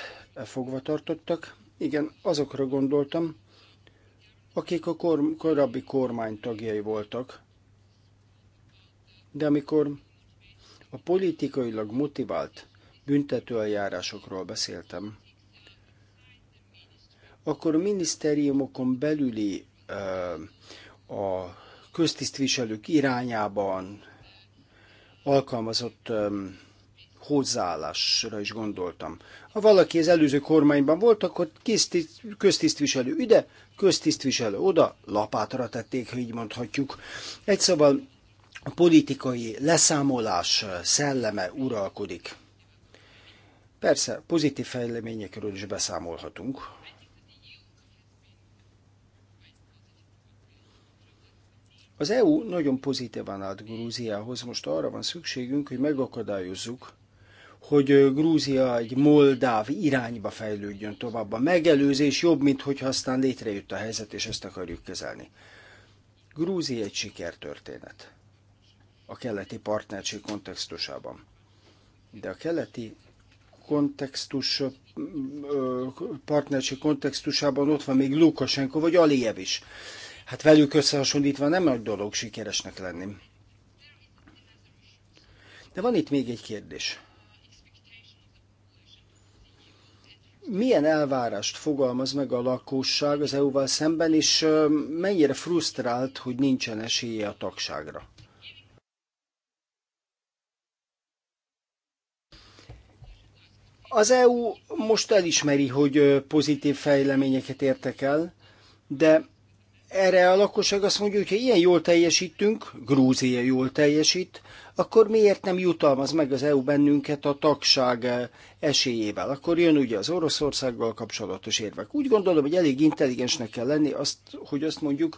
fogvatartottak. Igen, azokra gondoltam, akik a kor- korábbi kormány tagjai voltak. De amikor a politikailag motivált büntetőeljárásokról beszéltem, akkor a minisztériumokon belüli a köztisztviselők irányában alkalmazott hozzáállásra is gondoltam. Ha valaki az előző kormányban volt, akkor kistiszt, köztisztviselő ide, köztisztviselő oda, lapátra tették, ha így mondhatjuk. Egy szóval a politikai leszámolás szelleme uralkodik. Persze, pozitív fejleményekről is beszámolhatunk. Az EU nagyon pozitívan állt Grúziához, most arra van szükségünk, hogy megakadályozzuk, hogy Grúzia egy moldáv irányba fejlődjön tovább. A megelőzés jobb, mint hogyha aztán létrejött a helyzet, és ezt akarjuk kezelni. Grúzia egy sikertörténet a keleti partnerség kontextusában. De a keleti kontextus, partnerség kontextusában ott van még Lukasenko vagy Aliyev is. Hát velük összehasonlítva nem nagy dolog sikeresnek lenni. De van itt még egy kérdés. milyen elvárást fogalmaz meg a lakosság az EU-val szemben, és mennyire frusztrált, hogy nincsen esélye a tagságra? Az EU most elismeri, hogy pozitív fejleményeket értek el, de erre a lakosság azt mondja, hogy ha ilyen jól teljesítünk, Grúzia jól teljesít, akkor miért nem jutalmaz meg az EU bennünket a tagság eh, esélyével? Akkor jön ugye az Oroszországgal kapcsolatos érvek. Úgy gondolom, hogy elég intelligensnek kell lenni, azt, hogy azt mondjuk,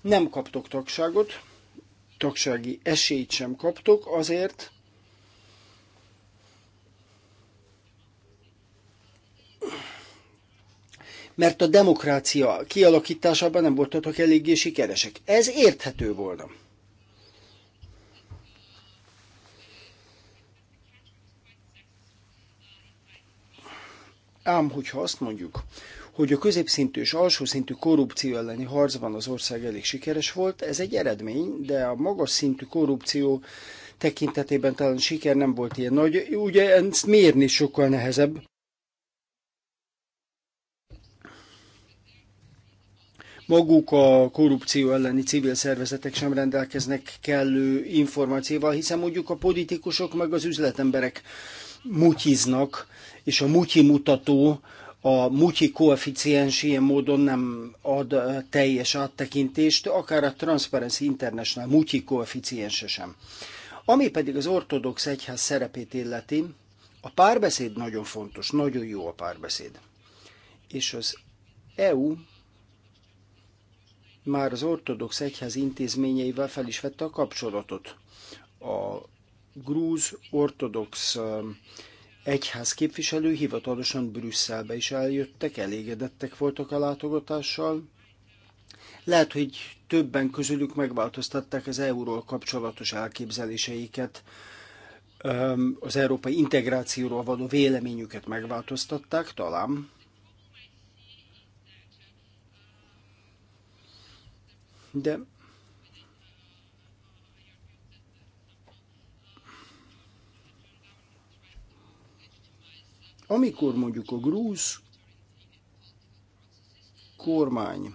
nem kaptok tagságot, tagsági esélyt sem kaptok azért, mert a demokrácia kialakításában nem voltatok eléggé sikeresek. Ez érthető volna. Ám, hogyha azt mondjuk, hogy a középszintű és alsószintű korrupció elleni harcban az ország elég sikeres volt, ez egy eredmény, de a magas szintű korrupció tekintetében talán siker nem volt ilyen nagy. Ugye ezt mérni sokkal nehezebb. maguk a korrupció elleni civil szervezetek sem rendelkeznek kellő információval, hiszen mondjuk a politikusok meg az üzletemberek mutyiznak, és a mutyi mutató, a mutyi koeficiens ilyen módon nem ad teljes áttekintést, akár a Transparency International mutyi koeficiense sem. Ami pedig az ortodox egyház szerepét illeti, a párbeszéd nagyon fontos, nagyon jó a párbeszéd. És az EU már az ortodox egyház intézményeivel fel is vette a kapcsolatot. A grúz ortodox um, egyház képviselő hivatalosan Brüsszelbe is eljöttek, elégedettek voltak a látogatással. Lehet, hogy többen közülük megváltoztatták az euról kapcsolatos elképzeléseiket, um, az európai integrációról való véleményüket megváltoztatták, talán. De amikor mondjuk a grúz kormány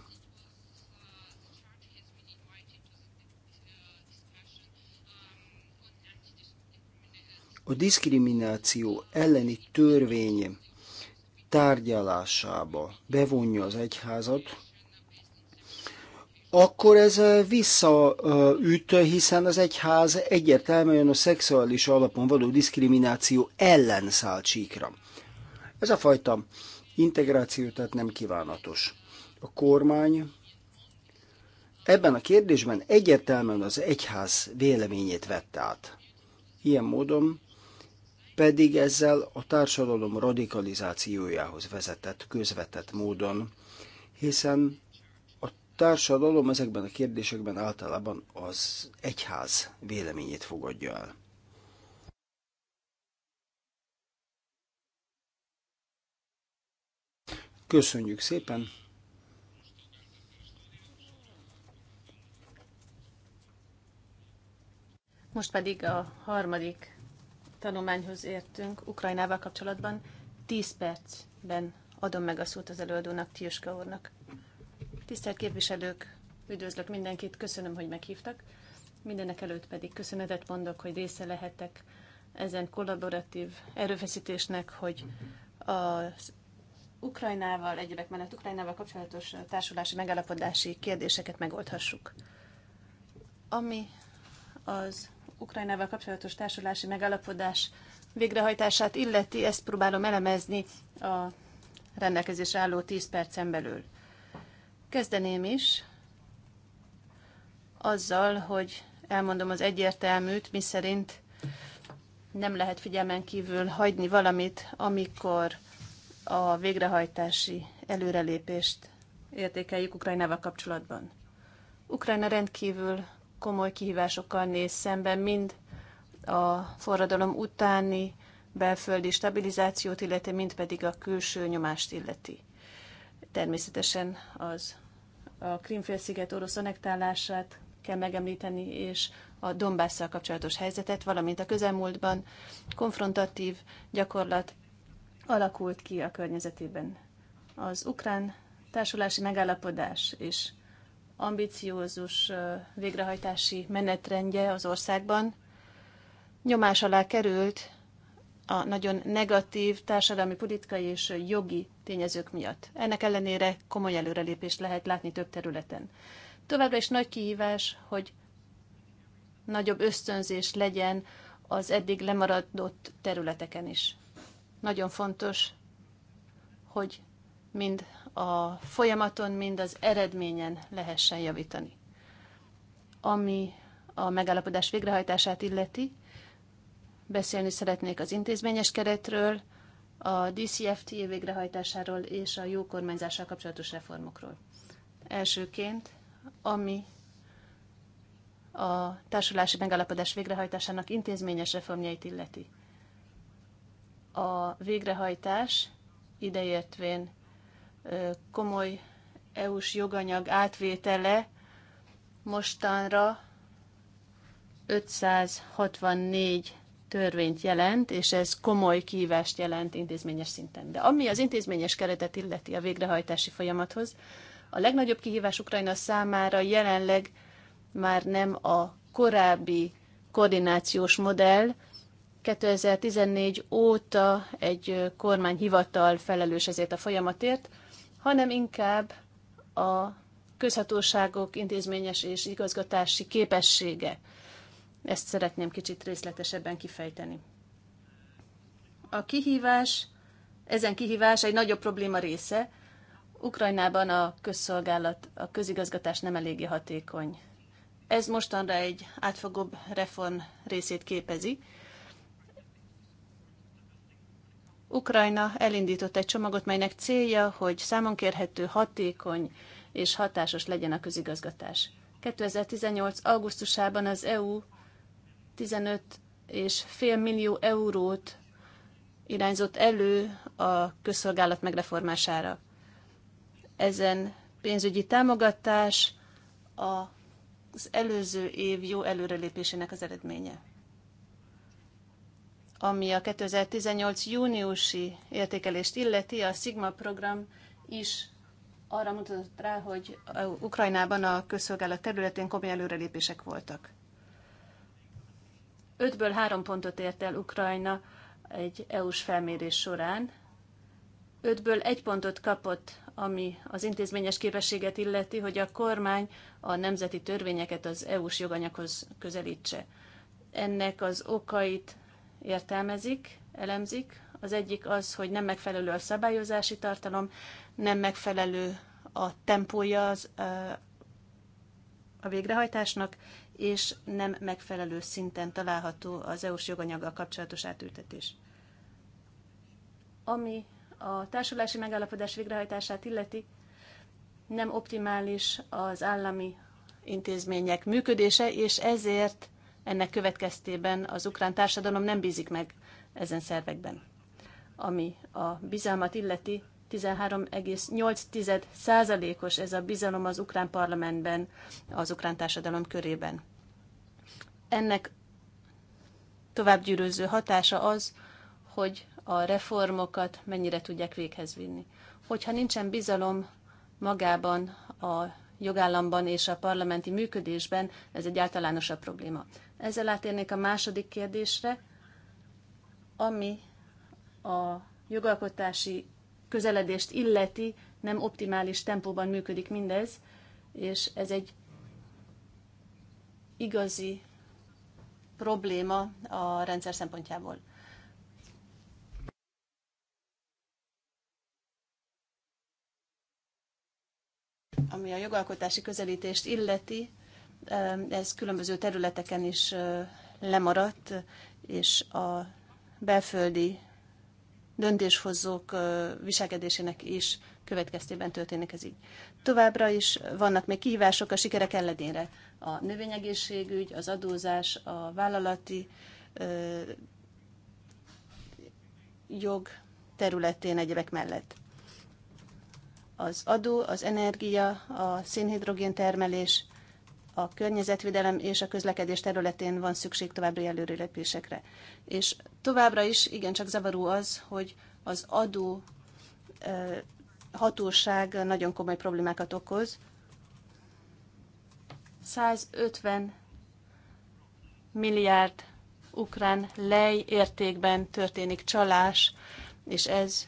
a diszkrimináció elleni törvény tárgyalásába bevonja az egyházat, akkor ez visszaüt, hiszen az egyház egyértelműen a szexuális alapon való diszkrimináció ellen száll csíkra. Ez a fajta integráció tehát nem kívánatos. A kormány ebben a kérdésben egyértelműen az egyház véleményét vette át. Ilyen módon pedig ezzel a társadalom radikalizációjához vezetett közvetett módon, hiszen társadalom ezekben a kérdésekben általában az egyház véleményét fogadja el. Köszönjük szépen! Most pedig a harmadik tanulmányhoz értünk Ukrajnával kapcsolatban. 10 percben adom meg a szót az előadónak, Tiuska úrnak. Tisztelt képviselők, üdvözlök mindenkit, köszönöm, hogy meghívtak. Mindenek előtt pedig köszönetet mondok, hogy része lehetek ezen kollaboratív erőfeszítésnek, hogy az Ukrajnával, egyébek mellett Ukrajnával kapcsolatos társulási megállapodási kérdéseket megoldhassuk. Ami az Ukrajnával kapcsolatos társulási megállapodás végrehajtását illeti, ezt próbálom elemezni a rendelkezésre álló 10 percen belül. Kezdeném is azzal, hogy elmondom az egyértelműt, mi szerint nem lehet figyelmen kívül hagyni valamit, amikor a végrehajtási előrelépést értékeljük Ukrajnával kapcsolatban. Ukrajna rendkívül komoly kihívásokkal néz szemben, mind a forradalom utáni belföldi stabilizációt illeti, mind pedig a külső nyomást illeti. Természetesen az a Krimfélsziget orosz anektálását kell megemlíteni, és a Dombásszal kapcsolatos helyzetet, valamint a közelmúltban konfrontatív gyakorlat alakult ki a környezetében. Az ukrán társulási megállapodás és ambiciózus végrehajtási menetrendje az országban nyomás alá került a nagyon negatív társadalmi, politikai és jogi tényezők miatt. Ennek ellenére komoly előrelépést lehet látni több területen. Továbbra is nagy kihívás, hogy nagyobb ösztönzés legyen az eddig lemaradott területeken is. Nagyon fontos, hogy mind a folyamaton, mind az eredményen lehessen javítani. Ami a megállapodás végrehajtását illeti, beszélni szeretnék az intézményes keretről, a DCFT végrehajtásáról és a jó kormányzással kapcsolatos reformokról. Elsőként, ami a társulási megállapodás végrehajtásának intézményes reformjait illeti. A végrehajtás ideértvén komoly EU-s joganyag átvétele mostanra 564 törvényt jelent, és ez komoly kihívást jelent intézményes szinten. De ami az intézményes keretet illeti a végrehajtási folyamathoz, a legnagyobb kihívás Ukrajna számára jelenleg már nem a korábbi koordinációs modell, 2014 óta egy kormányhivatal felelős ezért a folyamatért, hanem inkább a közhatóságok intézményes és igazgatási képessége ezt szeretném kicsit részletesebben kifejteni. A kihívás, ezen kihívás egy nagyobb probléma része. Ukrajnában a közszolgálat, a közigazgatás nem eléggé hatékony. Ez mostanra egy átfogóbb reform részét képezi. Ukrajna elindított egy csomagot, melynek célja, hogy számon kérhető, hatékony és hatásos legyen a közigazgatás. 2018. augusztusában az EU 15 és fél millió eurót irányzott elő a közszolgálat megreformására. Ezen pénzügyi támogatás az előző év jó előrelépésének az eredménye ami a 2018 júniusi értékelést illeti, a Sigma program is arra mutatott rá, hogy Ukrajnában a közszolgálat területén komoly előrelépések voltak. Ötből három pontot ért el Ukrajna egy EU-s felmérés során. Ötből egy pontot kapott, ami az intézményes képességet illeti, hogy a kormány a nemzeti törvényeket az EU-s joganyaghoz közelítse. Ennek az okait értelmezik, elemzik. Az egyik az, hogy nem megfelelő a szabályozási tartalom, nem megfelelő a tempója az, a végrehajtásnak, és nem megfelelő szinten található az EU-s joganyaggal kapcsolatos átültetés. Ami a társulási megállapodás végrehajtását illeti, nem optimális az állami intézmények működése, és ezért ennek következtében az ukrán társadalom nem bízik meg ezen szervekben. Ami a bizalmat illeti, 13,8%-os ez a bizalom az ukrán parlamentben, az ukrán társadalom körében. Ennek továbbgyűröző hatása az, hogy a reformokat mennyire tudják véghez vinni. Hogyha nincsen bizalom magában a jogállamban és a parlamenti működésben, ez egy általánosabb probléma. Ezzel átérnék a második kérdésre, ami a jogalkotási közeledést illeti, nem optimális tempóban működik mindez, és ez egy igazi probléma a rendszer szempontjából. Ami a jogalkotási közelítést illeti, ez különböző területeken is lemaradt, és a belföldi döntéshozók viselkedésének is következtében történik ez így. Továbbra is vannak még kihívások a sikerek elledénre. A növényegészségügy, az adózás, a vállalati ö, jog területén egyebek mellett. Az adó, az energia, a szénhidrogén termelés, a környezetvédelem és a közlekedés területén van szükség további előrelépésekre. És továbbra is igencsak zavaró az, hogy az adó hatóság nagyon komoly problémákat okoz. 150 milliárd ukrán lej értékben történik csalás, és ez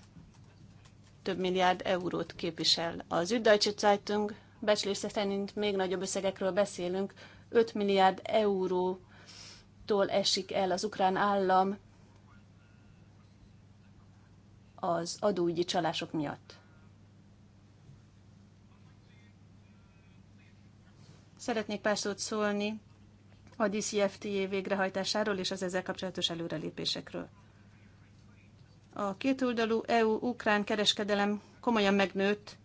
több milliárd eurót képvisel. Az Üddeutsche Zeitung becslések szerint még nagyobb összegekről beszélünk, 5 milliárd eurótól esik el az ukrán állam az adóügyi csalások miatt. Szeretnék pár szót szólni a DCFTA végrehajtásáról és az ezzel kapcsolatos előrelépésekről. A kétoldalú EU-ukrán kereskedelem komolyan megnőtt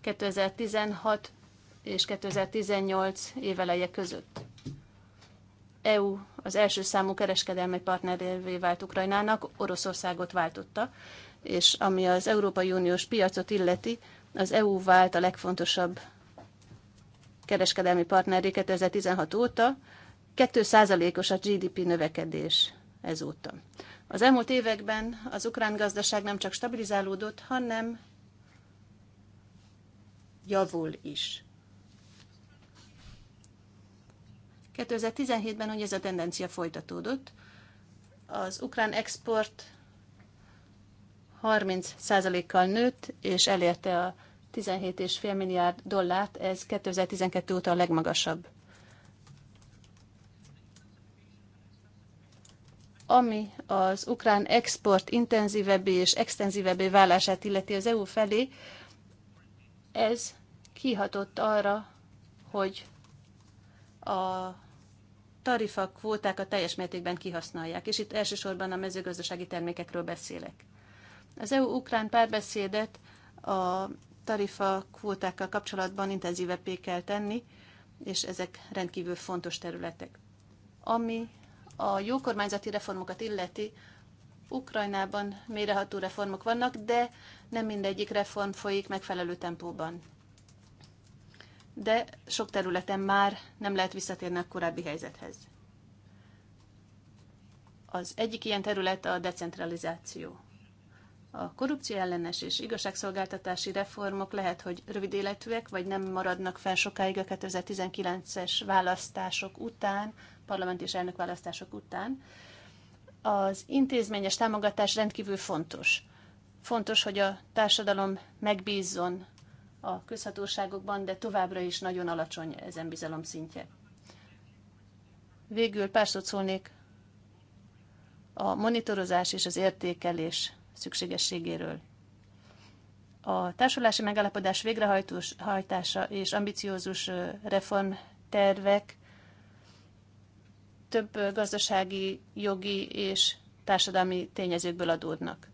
2016 és 2018 éveleje között. EU az első számú kereskedelmi partnerévé vált Ukrajnának, Oroszországot váltotta, és ami az Európai Uniós piacot illeti, az EU vált a legfontosabb kereskedelmi partneré 2016 óta, 2%-os a GDP növekedés ezóta. Az elmúlt években az ukrán gazdaság nem csak stabilizálódott, hanem javul is. 2017-ben ugye ez a tendencia folytatódott. Az ukrán export 30%-kal nőtt, és elérte a 17,5 milliárd dollárt, ez 2012 óta a legmagasabb. Ami az ukrán export intenzívebbé és extenzívebbé válását illeti az EU felé, ez kihatott arra, hogy a tarifa a teljes mértékben kihasználják, és itt elsősorban a mezőgazdasági termékekről beszélek. Az EU-Ukrán párbeszédet a tarifa kvótákkal kapcsolatban intenzívebbé kell tenni, és ezek rendkívül fontos területek. Ami a jókormányzati reformokat illeti, Ukrajnában méreható reformok vannak, de nem mindegyik reform folyik megfelelő tempóban de sok területen már nem lehet visszatérni a korábbi helyzethez. Az egyik ilyen terület a decentralizáció. A korrupció ellenes és igazságszolgáltatási reformok lehet, hogy rövid életűek, vagy nem maradnak fel sokáig a 2019-es választások után, parlament és elnök választások után. Az intézményes támogatás rendkívül fontos. Fontos, hogy a társadalom megbízzon a közhatóságokban, de továbbra is nagyon alacsony ezen bizalom szintje. Végül pár szót szólnék a monitorozás és az értékelés szükségességéről. A társulási megállapodás végrehajtása és ambiciózus reformtervek több gazdasági, jogi és társadalmi tényezőkből adódnak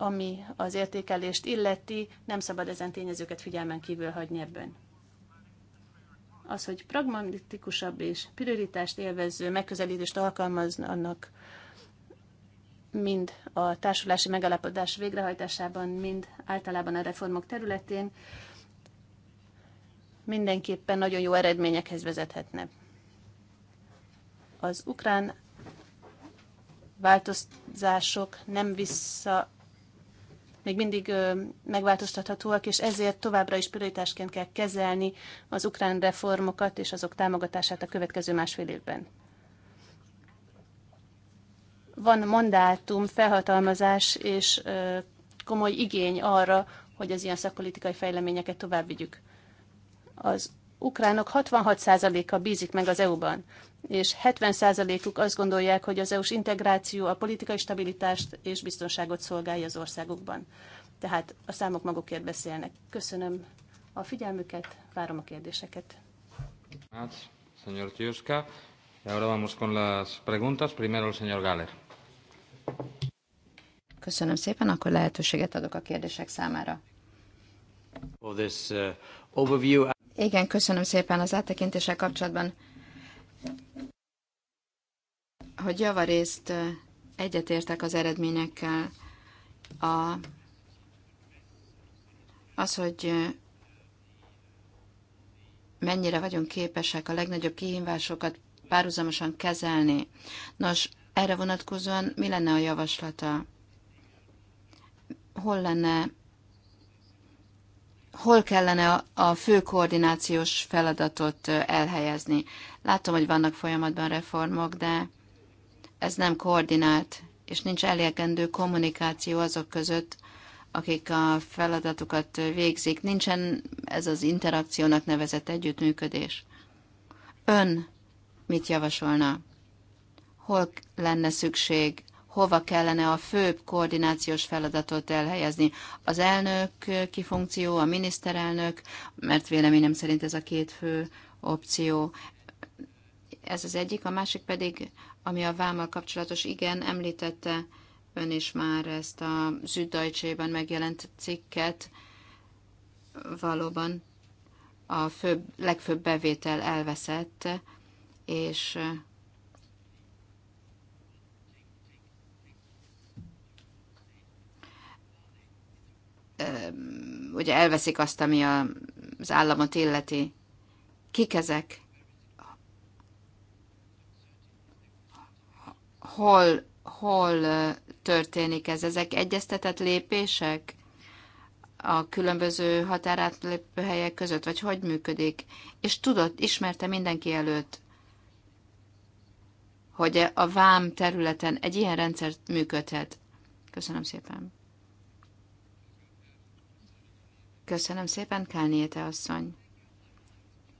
ami az értékelést illeti, nem szabad ezen tényezőket figyelmen kívül hagyni ebben. Az, hogy pragmatikusabb és prioritást élvező megközelítést alkalmaznak mind a társulási megalapodás végrehajtásában, mind általában a reformok területén, mindenképpen nagyon jó eredményekhez vezethetne. Az ukrán változások nem vissza még mindig megváltoztathatóak, és ezért továbbra is prioritásként kell kezelni az ukrán reformokat és azok támogatását a következő másfél évben. Van mandátum, felhatalmazás és komoly igény arra, hogy az ilyen szakpolitikai fejleményeket tovább vigyük. Az ukránok 66%-a bízik meg az EU-ban, és 70%-uk azt gondolják, hogy az EU-s integráció a politikai stabilitást és biztonságot szolgálja az országukban. Tehát a számok magukért beszélnek. Köszönöm a figyelmüket, várom a kérdéseket. señor ahora vamos con las preguntas. Primero el señor Galler. Köszönöm szépen, akkor lehetőséget adok a kérdések számára. this, uh, overview... Igen, köszönöm szépen az áttekintéssel kapcsolatban, hogy javarészt egyetértek az eredményekkel. A, az, hogy mennyire vagyunk képesek a legnagyobb kihívásokat párhuzamosan kezelni. Nos, erre vonatkozóan mi lenne a javaslata? Hol lenne hol kellene a fő koordinációs feladatot elhelyezni. Látom, hogy vannak folyamatban reformok, de ez nem koordinált, és nincs elegendő kommunikáció azok között, akik a feladatukat végzik. Nincsen ez az interakciónak nevezett együttműködés. Ön mit javasolna? Hol lenne szükség hova kellene a főbb koordinációs feladatot elhelyezni. Az elnök kifunkció, a miniszterelnök, mert véleményem szerint ez a két fő opció. Ez az egyik, a másik pedig, ami a vámmal kapcsolatos, igen, említette ön is már ezt a Süddeutsche-ben megjelent cikket, valóban a főbb, legfőbb bevétel elveszett, és ugye elveszik azt, ami a, az államot illeti. Kik ezek? Hol, hol történik ez? Ezek egyeztetett lépések a különböző határátlépő helyek között, vagy hogy működik? És tudott, ismerte mindenki előtt, hogy a vám területen egy ilyen rendszer működhet. Köszönöm szépen. Köszönöm szépen, Kálniéte asszony.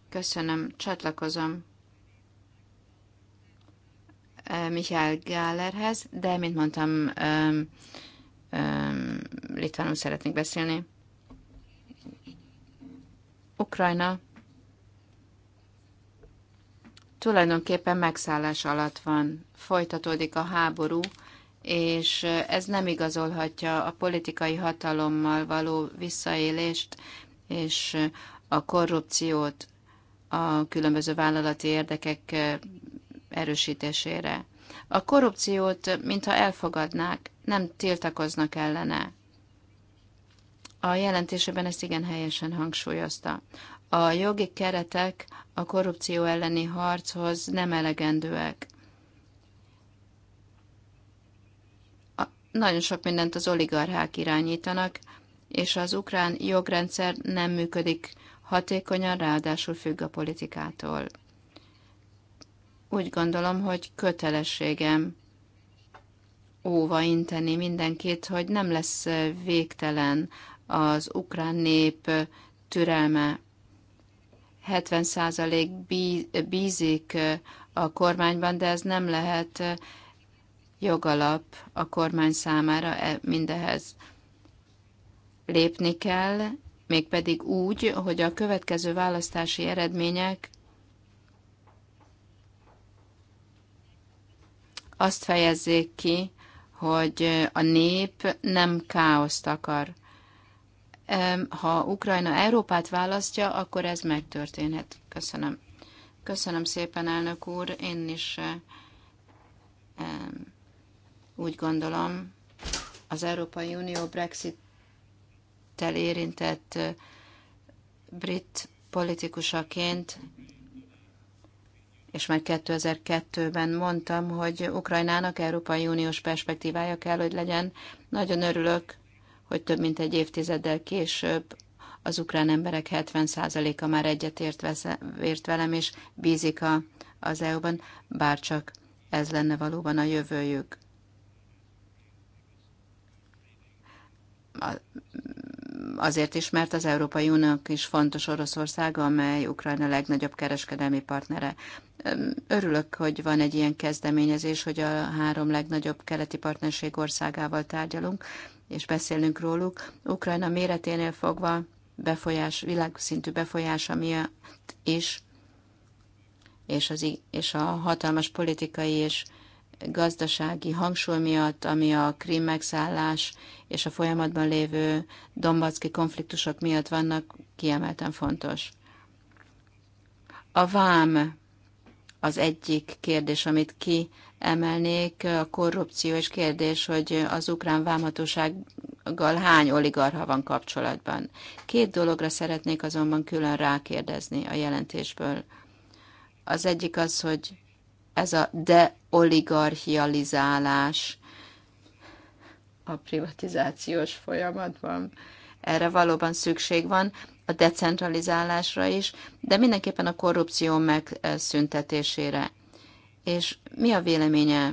Köszönöm, csatlakozom Michael Gallerhez, de, mint mondtam, um, um, litvánul szeretnék beszélni. Ukrajna tulajdonképpen megszállás alatt van. Folytatódik a háború, és ez nem igazolhatja a politikai hatalommal való visszaélést és a korrupciót a különböző vállalati érdekek erősítésére. A korrupciót, mintha elfogadnák, nem tiltakoznak ellene. A jelentésében ezt igen helyesen hangsúlyozta. A jogi keretek a korrupció elleni harchoz nem elegendőek. Nagyon sok mindent az oligarchák irányítanak, és az ukrán jogrendszer nem működik hatékonyan, ráadásul függ a politikától. Úgy gondolom, hogy kötelességem óva inteni mindenkit, hogy nem lesz végtelen az ukrán nép türelme. 70% bízik a kormányban, de ez nem lehet jogalap a kormány számára e, mindehez. Lépni kell, mégpedig úgy, hogy a következő választási eredmények azt fejezzék ki, hogy a nép nem káoszt akar. Ha Ukrajna Európát választja, akkor ez megtörténhet. Köszönöm. Köszönöm szépen, elnök úr. Én is úgy gondolom, az Európai Unió Brexit-tel érintett brit politikusaként, és már 2002-ben mondtam, hogy Ukrajnának Európai Uniós perspektívája kell, hogy legyen. Nagyon örülök, hogy több mint egy évtizeddel később az ukrán emberek 70%-a már egyetért ért velem, és bízik a, az EU-ban, bárcsak ez lenne valóban a jövőjük. azért is, mert az Európai Uniónak is fontos Oroszország, amely Ukrajna legnagyobb kereskedelmi partnere. Örülök, hogy van egy ilyen kezdeményezés, hogy a három legnagyobb keleti partnerség országával tárgyalunk, és beszélünk róluk. Ukrajna méreténél fogva befolyás, világszintű befolyása miatt is, és, az, és a hatalmas politikai és gazdasági hangsúly miatt, ami a krím megszállás és a folyamatban lévő dombacki konfliktusok miatt vannak, kiemelten fontos. A vám az egyik kérdés, amit kiemelnék, a korrupció és kérdés, hogy az ukrán vámhatósággal hány oligarha van kapcsolatban. Két dologra szeretnék azonban külön rákérdezni a jelentésből. Az egyik az, hogy ez a deoligarchializálás a privatizációs folyamatban. Erre valóban szükség van, a decentralizálásra is, de mindenképpen a korrupció megszüntetésére. És mi a véleménye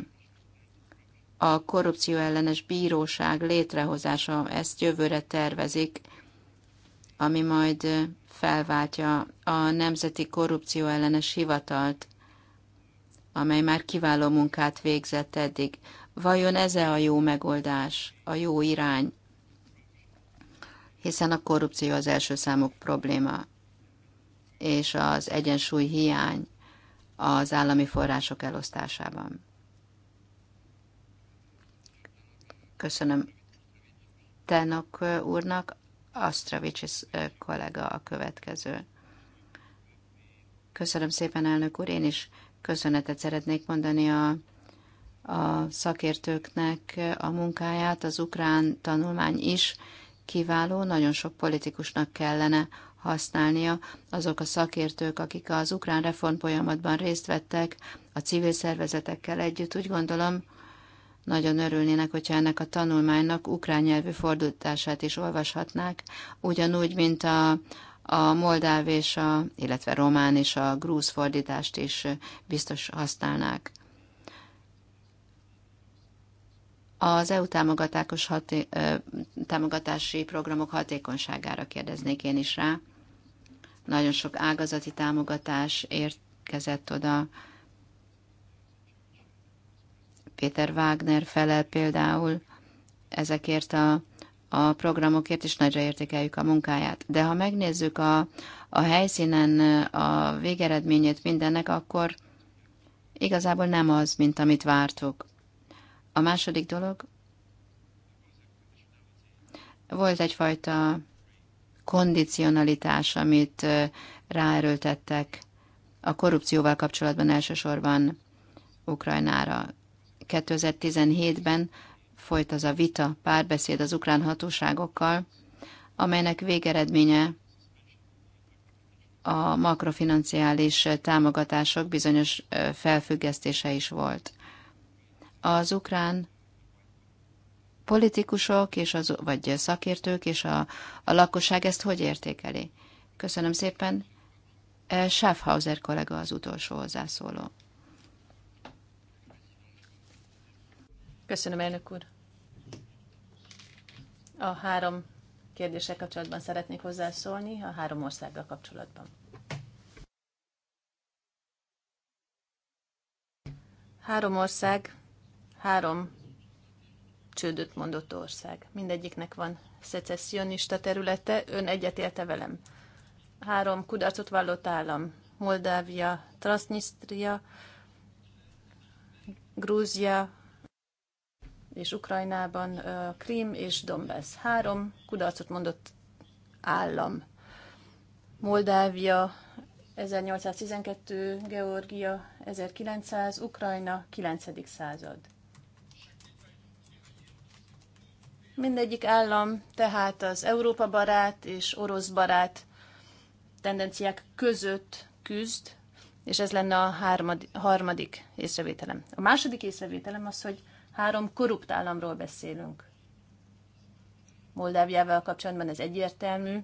a korrupció ellenes bíróság létrehozása, ezt jövőre tervezik, ami majd felváltja a Nemzeti Korrupció ellenes hivatalt amely már kiváló munkát végzett eddig. Vajon ez -e a jó megoldás, a jó irány? Hiszen a korrupció az első számok probléma, és az egyensúly hiány az állami források elosztásában. Köszönöm Tenok úrnak, Astravicsis kollega a következő. Köszönöm szépen, elnök úr. Én is köszönetet szeretnék mondani a, a szakértőknek a munkáját. Az ukrán tanulmány is kiváló, nagyon sok politikusnak kellene használnia. Azok a szakértők, akik az ukrán reform folyamatban részt vettek, a civil szervezetekkel együtt, úgy gondolom, nagyon örülnének, hogyha ennek a tanulmánynak ukrán nyelvű fordítását is olvashatnák, ugyanúgy, mint a, a moldáv és a, illetve román és a grúz fordítást is biztos használnák. Az EU haté, támogatási programok hatékonyságára kérdeznék én is rá. Nagyon sok ágazati támogatás érkezett oda. Péter Wagner fele például ezekért a a programokért, és nagyra értékeljük a munkáját. De ha megnézzük a, a helyszínen a végeredményét mindennek, akkor igazából nem az, mint amit vártuk. A második dolog, volt egyfajta kondicionalitás, amit ráerőltettek a korrupcióval kapcsolatban elsősorban Ukrajnára. 2017-ben folyt az a vita, párbeszéd az ukrán hatóságokkal, amelynek végeredménye a makrofinanciális támogatások bizonyos felfüggesztése is volt. Az ukrán politikusok, és az, vagy szakértők, és a, a lakosság ezt hogy értékeli? Köszönöm szépen. Schaffhauser kollega az utolsó hozzászóló. Köszönöm, elnök úr. A három kérdéssel kapcsolatban szeretnék hozzászólni, a három országgal kapcsolatban. Három ország, három csődöt mondott ország. Mindegyiknek van szecessionista területe, ön egyetérte velem. Három kudarcot vallott állam, Moldávia, Transnistria, Grúzia, és Ukrajnában Krím és Donbass. Három kudarcot mondott állam. Moldávia 1812, Georgia 1900, Ukrajna 9. század. Mindegyik állam tehát az Európa barát és orosz barát tendenciák között küzd, és ez lenne a harmadik észrevételem. A második észrevételem az, hogy Három korrupt államról beszélünk. Moldáviával kapcsolatban ez egyértelmű.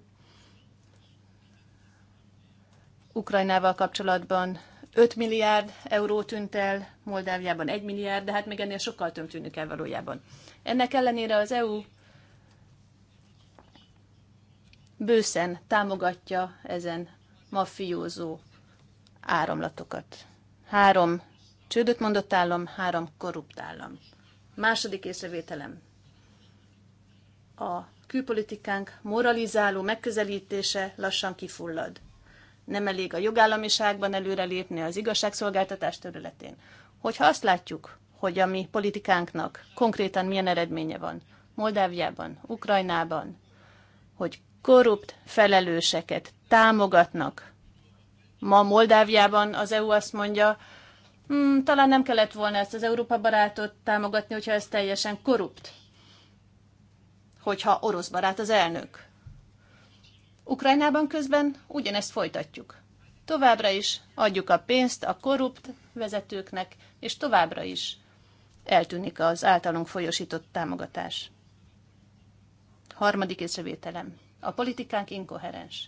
Ukrajnával kapcsolatban 5 milliárd euró tűnt el, Moldáviában 1 milliárd, de hát még ennél sokkal több tűnik el valójában. Ennek ellenére az EU bőszen támogatja ezen mafiózó áramlatokat. Három csődöt mondott állam, három korrupt állam. Második észrevételem. A külpolitikánk moralizáló megközelítése lassan kifullad. Nem elég a jogállamiságban előrelépni az igazságszolgáltatás területén. Hogyha azt látjuk, hogy a mi politikánknak konkrétan milyen eredménye van Moldáviában, Ukrajnában, hogy korrupt felelőseket támogatnak. Ma Moldáviában az EU azt mondja, hmm, talán nem kellett volna ezt az Európa barátot támogatni, hogyha ez teljesen korrupt, hogyha orosz barát az elnök. Ukrajnában közben ugyanezt folytatjuk. Továbbra is adjuk a pénzt a korrupt vezetőknek, és továbbra is eltűnik az általunk folyosított támogatás. Harmadik észrevételem. A politikánk inkoherens.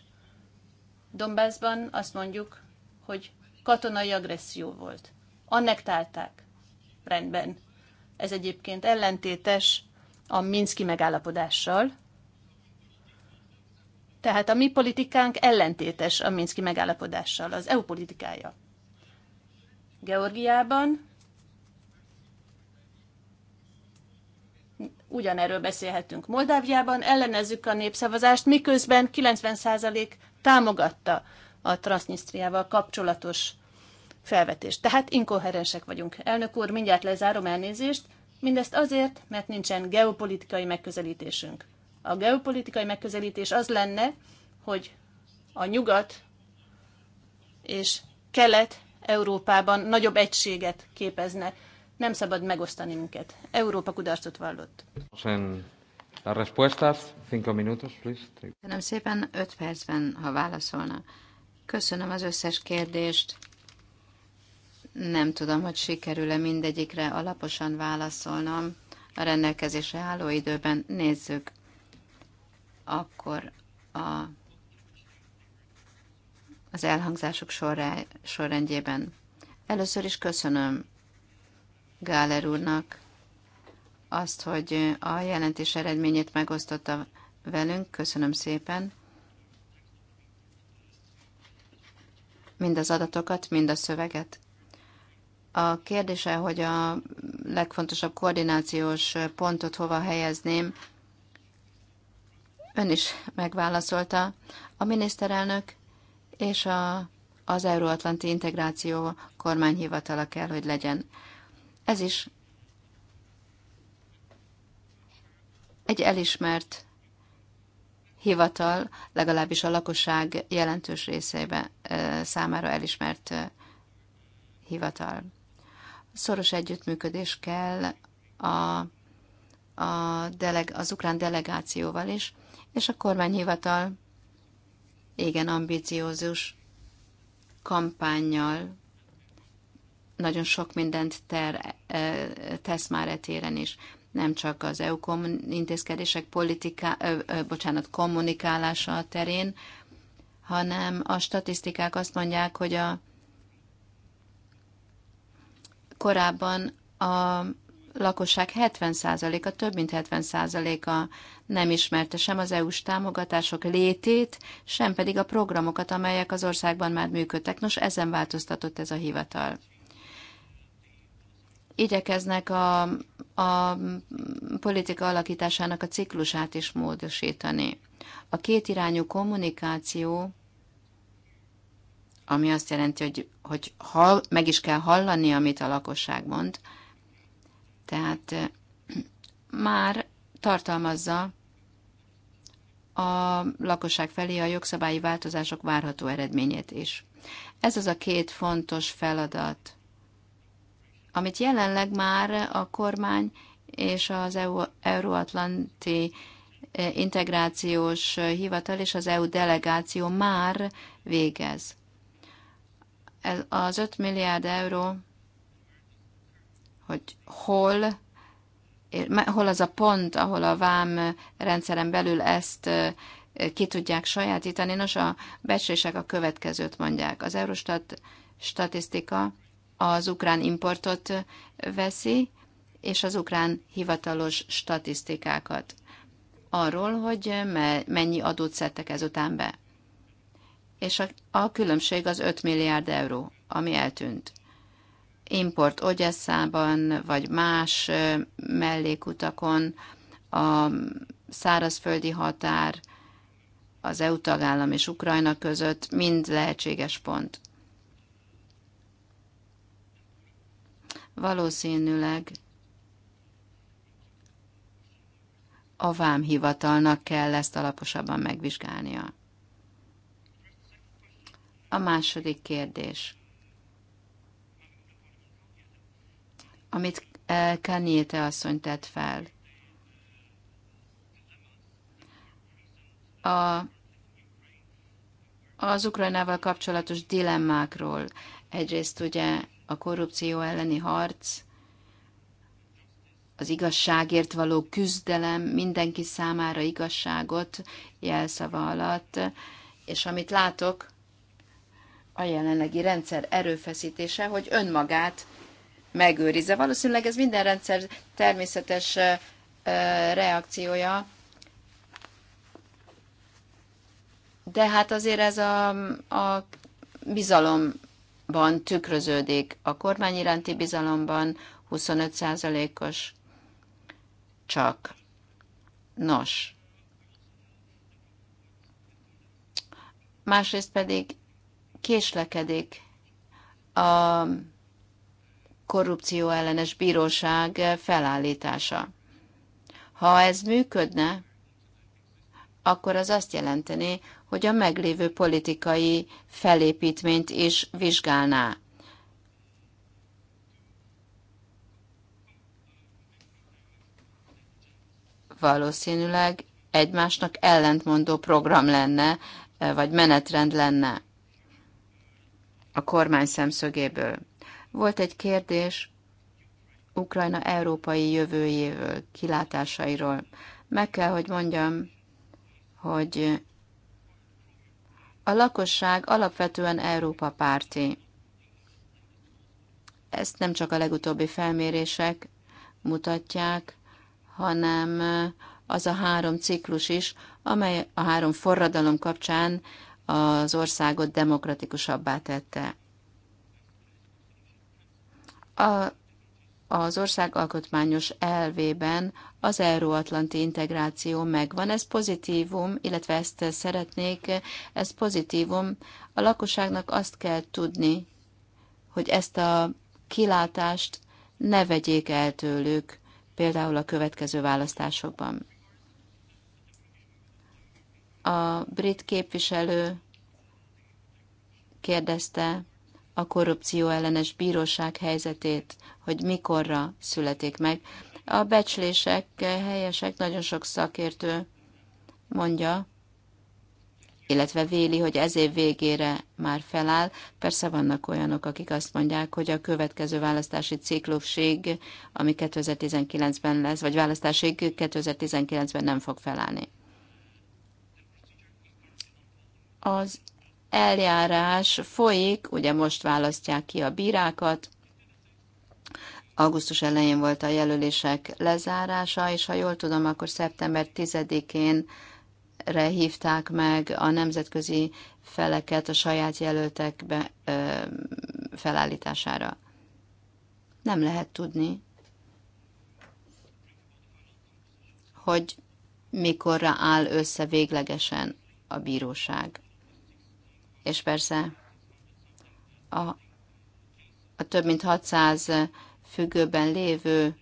Dombászban azt mondjuk, hogy katonai agresszió volt annektálták. Rendben. Ez egyébként ellentétes a Minszki megállapodással. Tehát a mi politikánk ellentétes a Minszki megállapodással, az EU politikája. Georgiában ugyanerről beszélhetünk. Moldáviában ellenezzük a népszavazást, miközben 90% támogatta a Transnistriával kapcsolatos felvetés. Tehát inkoherensek vagyunk. Elnök úr, mindjárt lezárom elnézést, mindezt azért, mert nincsen geopolitikai megközelítésünk. A geopolitikai megközelítés az lenne, hogy a nyugat és kelet Európában nagyobb egységet képezne. Nem szabad megosztani minket. Európa kudarcot vallott. Köszönöm szépen, öt percben, ha válaszolna. Köszönöm az összes kérdést. Nem tudom, hogy sikerül-e mindegyikre alaposan válaszolnom a rendelkezésre álló időben. Nézzük. Akkor a, az elhangzások sorra, sorrendjében. Először is köszönöm Gáler úrnak azt, hogy a jelentés eredményét megosztotta velünk. Köszönöm szépen. Mind az adatokat, mind a szöveget. A kérdése, hogy a legfontosabb koordinációs pontot hova helyezném, ön is megválaszolta. A miniszterelnök és a, az Euróatlanti Integráció kormányhivatala kell, hogy legyen. Ez is egy elismert hivatal, legalábbis a lakosság jelentős részébe számára elismert hivatal. Szoros együttműködés kell a, a deleg, az ukrán delegációval is, és a kormányhivatal igen ambiciózus kampányjal nagyon sok mindent ter, e, tesz már etéren is. Nem csak az EU intézkedések politika ö, ö, bocsánat, kommunikálása a terén, hanem a statisztikák azt mondják, hogy a korábban a lakosság 70%-a, több mint 70%-a nem ismerte sem az EU-s támogatások létét, sem pedig a programokat, amelyek az országban már működtek. Nos, ezen változtatott ez a hivatal. Igyekeznek a, a politika alakításának a ciklusát is módosítani. A kétirányú kommunikáció ami azt jelenti, hogy, hogy hall, meg is kell hallani, amit a lakosság mond. Tehát már tartalmazza a lakosság felé a jogszabályi változások várható eredményét is. Ez az a két fontos feladat, amit jelenleg már a kormány és az EU, euróatlanti integrációs hivatal és az EU delegáció már végez. Ez az 5 milliárd euró, hogy hol, hol az a pont, ahol a vám rendszeren belül ezt ki tudják sajátítani. Nos, a becslések a következőt mondják. Az Eurostat statisztika az ukrán importot veszi, és az ukrán hivatalos statisztikákat arról, hogy mennyi adót szedtek ezután be és a, a különbség az 5 milliárd euró, ami eltűnt. Import Ogyesszában, vagy más mellékutakon, a szárazföldi határ, az EU tagállam és Ukrajna között mind lehetséges pont. Valószínűleg a vámhivatalnak kell ezt alaposabban megvizsgálnia. A második kérdés, amit eh, Kanyéte asszony tett fel. A, az Ukrajnával kapcsolatos dilemmákról. Egyrészt ugye a korrupció elleni harc, az igazságért való küzdelem, mindenki számára igazságot jelszava alatt, és amit látok, a jelenlegi rendszer erőfeszítése, hogy önmagát megőrizze. Valószínűleg ez minden rendszer természetes reakciója, de hát azért ez a, a bizalomban tükröződik, a kormány iránti bizalomban 25%-os csak. Nos. Másrészt pedig késlekedik a korrupció ellenes bíróság felállítása. Ha ez működne, akkor az azt jelenteni, hogy a meglévő politikai felépítményt is vizsgálná. Valószínűleg egymásnak ellentmondó program lenne, vagy menetrend lenne a kormány szemszögéből. Volt egy kérdés Ukrajna európai jövőjéről, kilátásairól. Meg kell, hogy mondjam, hogy a lakosság alapvetően Európa párti. Ezt nem csak a legutóbbi felmérések mutatják, hanem az a három ciklus is, amely a három forradalom kapcsán az országot demokratikusabbá tette. A, az ország alkotmányos elvében az euróatlanti integráció megvan. Ez pozitívum, illetve ezt szeretnék, ez pozitívum. A lakosságnak azt kell tudni, hogy ezt a kilátást ne vegyék el tőlük, például a következő választásokban. A brit képviselő kérdezte a korrupció ellenes bíróság helyzetét, hogy mikorra születik meg. A becslések helyesek, nagyon sok szakértő mondja, illetve véli, hogy ez év végére már feláll. Persze vannak olyanok, akik azt mondják, hogy a következő választási ciklusig, ami 2019-ben lesz, vagy választásig 2019-ben nem fog felállni az eljárás folyik, ugye most választják ki a bírákat, augusztus elején volt a jelölések lezárása, és ha jól tudom, akkor szeptember 10-én hívták meg a nemzetközi feleket a saját jelöltek be, ö, felállítására. Nem lehet tudni, hogy mikorra áll össze véglegesen a bíróság és persze a, a több mint 600 függőben lévő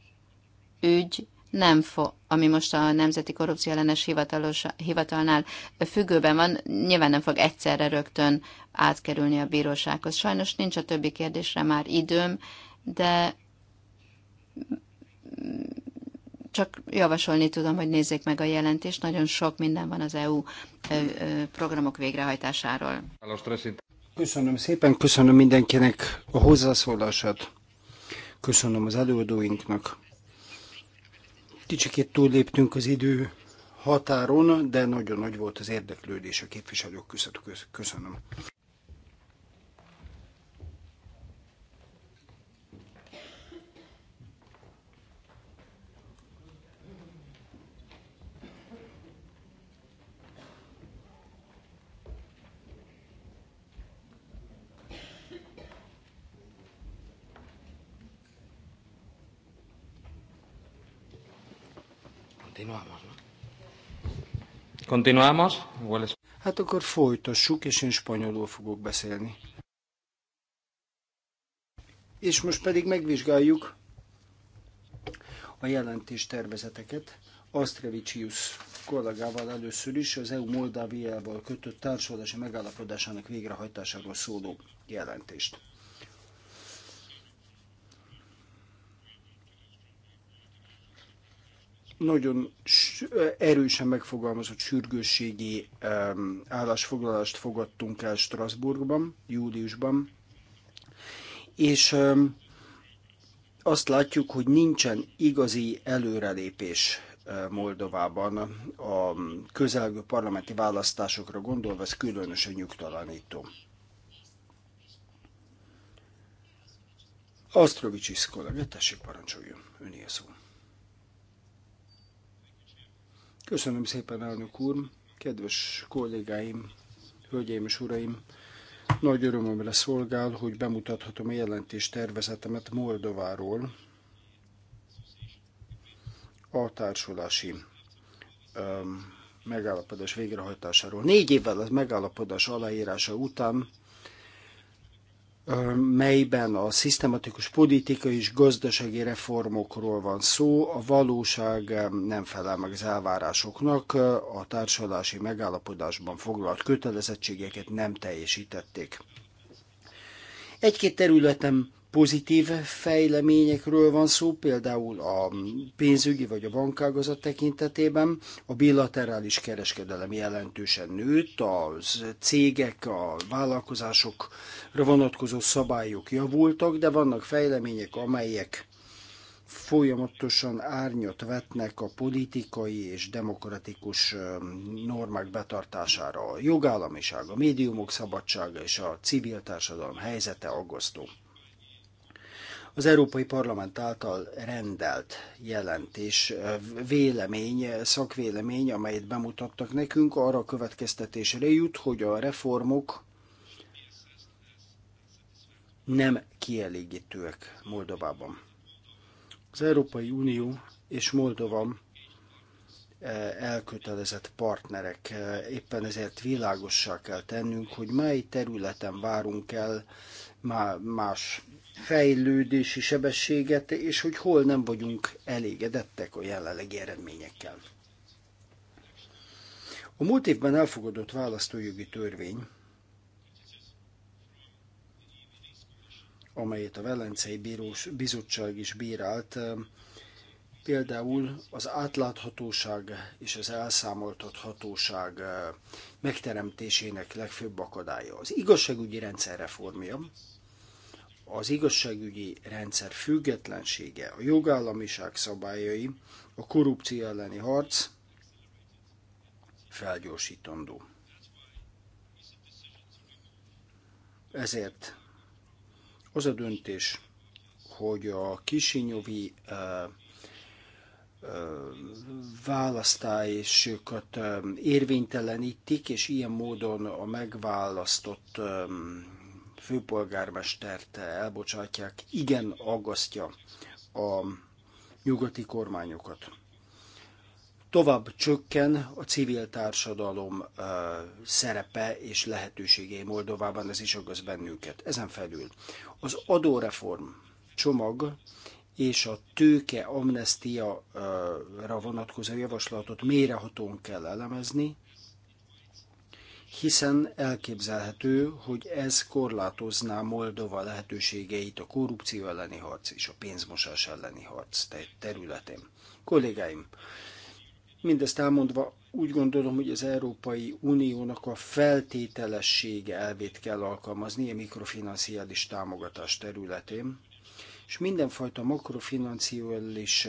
ügy nem fo- ami most a Nemzeti Korrupció ellenes hivatalos, hivatalnál függőben van, nyilván nem fog egyszerre rögtön átkerülni a bírósághoz. Sajnos nincs a többi kérdésre már időm, de csak javasolni tudom, hogy nézzék meg a jelentést. Nagyon sok minden van az EU programok végrehajtásáról. Köszönöm szépen, köszönöm mindenkinek a hozzászólását. Köszönöm az előadóinknak. Kicsikét túlléptünk az idő határon, de nagyon nagy volt az érdeklődés a képviselők között. Köszönöm. Continuamos, no? Continuamos? Hát akkor folytassuk, és én spanyolul fogok beszélni. És most pedig megvizsgáljuk a jelentés tervezeteket. Astrevicius kollégával először is az EU Moldáviával kötött társadalmi megállapodásának végrehajtásáról szóló jelentést. nagyon erősen megfogalmazott sürgősségi állásfoglalást fogadtunk el Strasbourgban, júliusban, és azt látjuk, hogy nincsen igazi előrelépés Moldovában a közelgő parlamenti választásokra gondolva, ez különösen nyugtalanító. Asztrovicsis Szkola, tessék parancsoljon, öné a szó. Köszönöm szépen, elnök úr, kedves kollégáim, hölgyeim és uraim! Nagy örömömre szolgál, hogy bemutathatom a jelentés tervezetemet Moldováról, a társulási um, megállapodás végrehajtásáról. Négy évvel az megállapodás aláírása után melyben a szisztematikus politikai és gazdasági reformokról van szó, a valóság nem felel meg az elvárásoknak, a társadalási megállapodásban foglalt kötelezettségeket nem teljesítették. Egy-két területen pozitív fejleményekről van szó, például a pénzügyi vagy a bankágazat tekintetében. A bilaterális kereskedelem jelentősen nőtt, a cégek, a vállalkozásokra vonatkozó szabályok javultak, de vannak fejlemények, amelyek folyamatosan árnyat vetnek a politikai és demokratikus normák betartására. A jogállamiság, a médiumok szabadsága és a civil társadalom helyzete aggasztó az Európai Parlament által rendelt jelentés, vélemény, szakvélemény, amelyet bemutattak nekünk, arra a következtetésre jut, hogy a reformok nem kielégítőek Moldovában. Az Európai Unió és Moldova elkötelezett partnerek. Éppen ezért világossá kell tennünk, hogy mely területen várunk el más fejlődési sebességet, és hogy hol nem vagyunk elégedettek a jelenlegi eredményekkel. A múlt évben elfogadott választójogi törvény, amelyet a Velencei Bírós Bizottság is bírált, például az átláthatóság és az elszámoltathatóság megteremtésének legfőbb akadálya. Az igazságügyi rendszer reformja, az igazságügyi rendszer függetlensége, a jogállamiság szabályai, a korrupció elleni harc felgyorsítandó. Ezért az a döntés, hogy a kisinyovi uh, választásokat eh, érvénytelenítik, és ilyen módon a megválasztott főpolgármestert elbocsátják, igen aggasztja a nyugati kormányokat. Tovább csökken a civil társadalom ö, szerepe és lehetőségei Moldovában, ez is aggaszt bennünket. Ezen felül az adóreform csomag és a tőke amnestiára vonatkozó javaslatot mélyrehatón kell elemezni, hiszen elképzelhető, hogy ez korlátozná Moldova lehetőségeit a korrupció elleni harc és a pénzmosás elleni harc területén. Kollégáim, mindezt elmondva úgy gondolom, hogy az Európai Uniónak a feltételessége elvét kell alkalmazni a mikrofinanciális támogatás területén, és mindenfajta makrofinanciális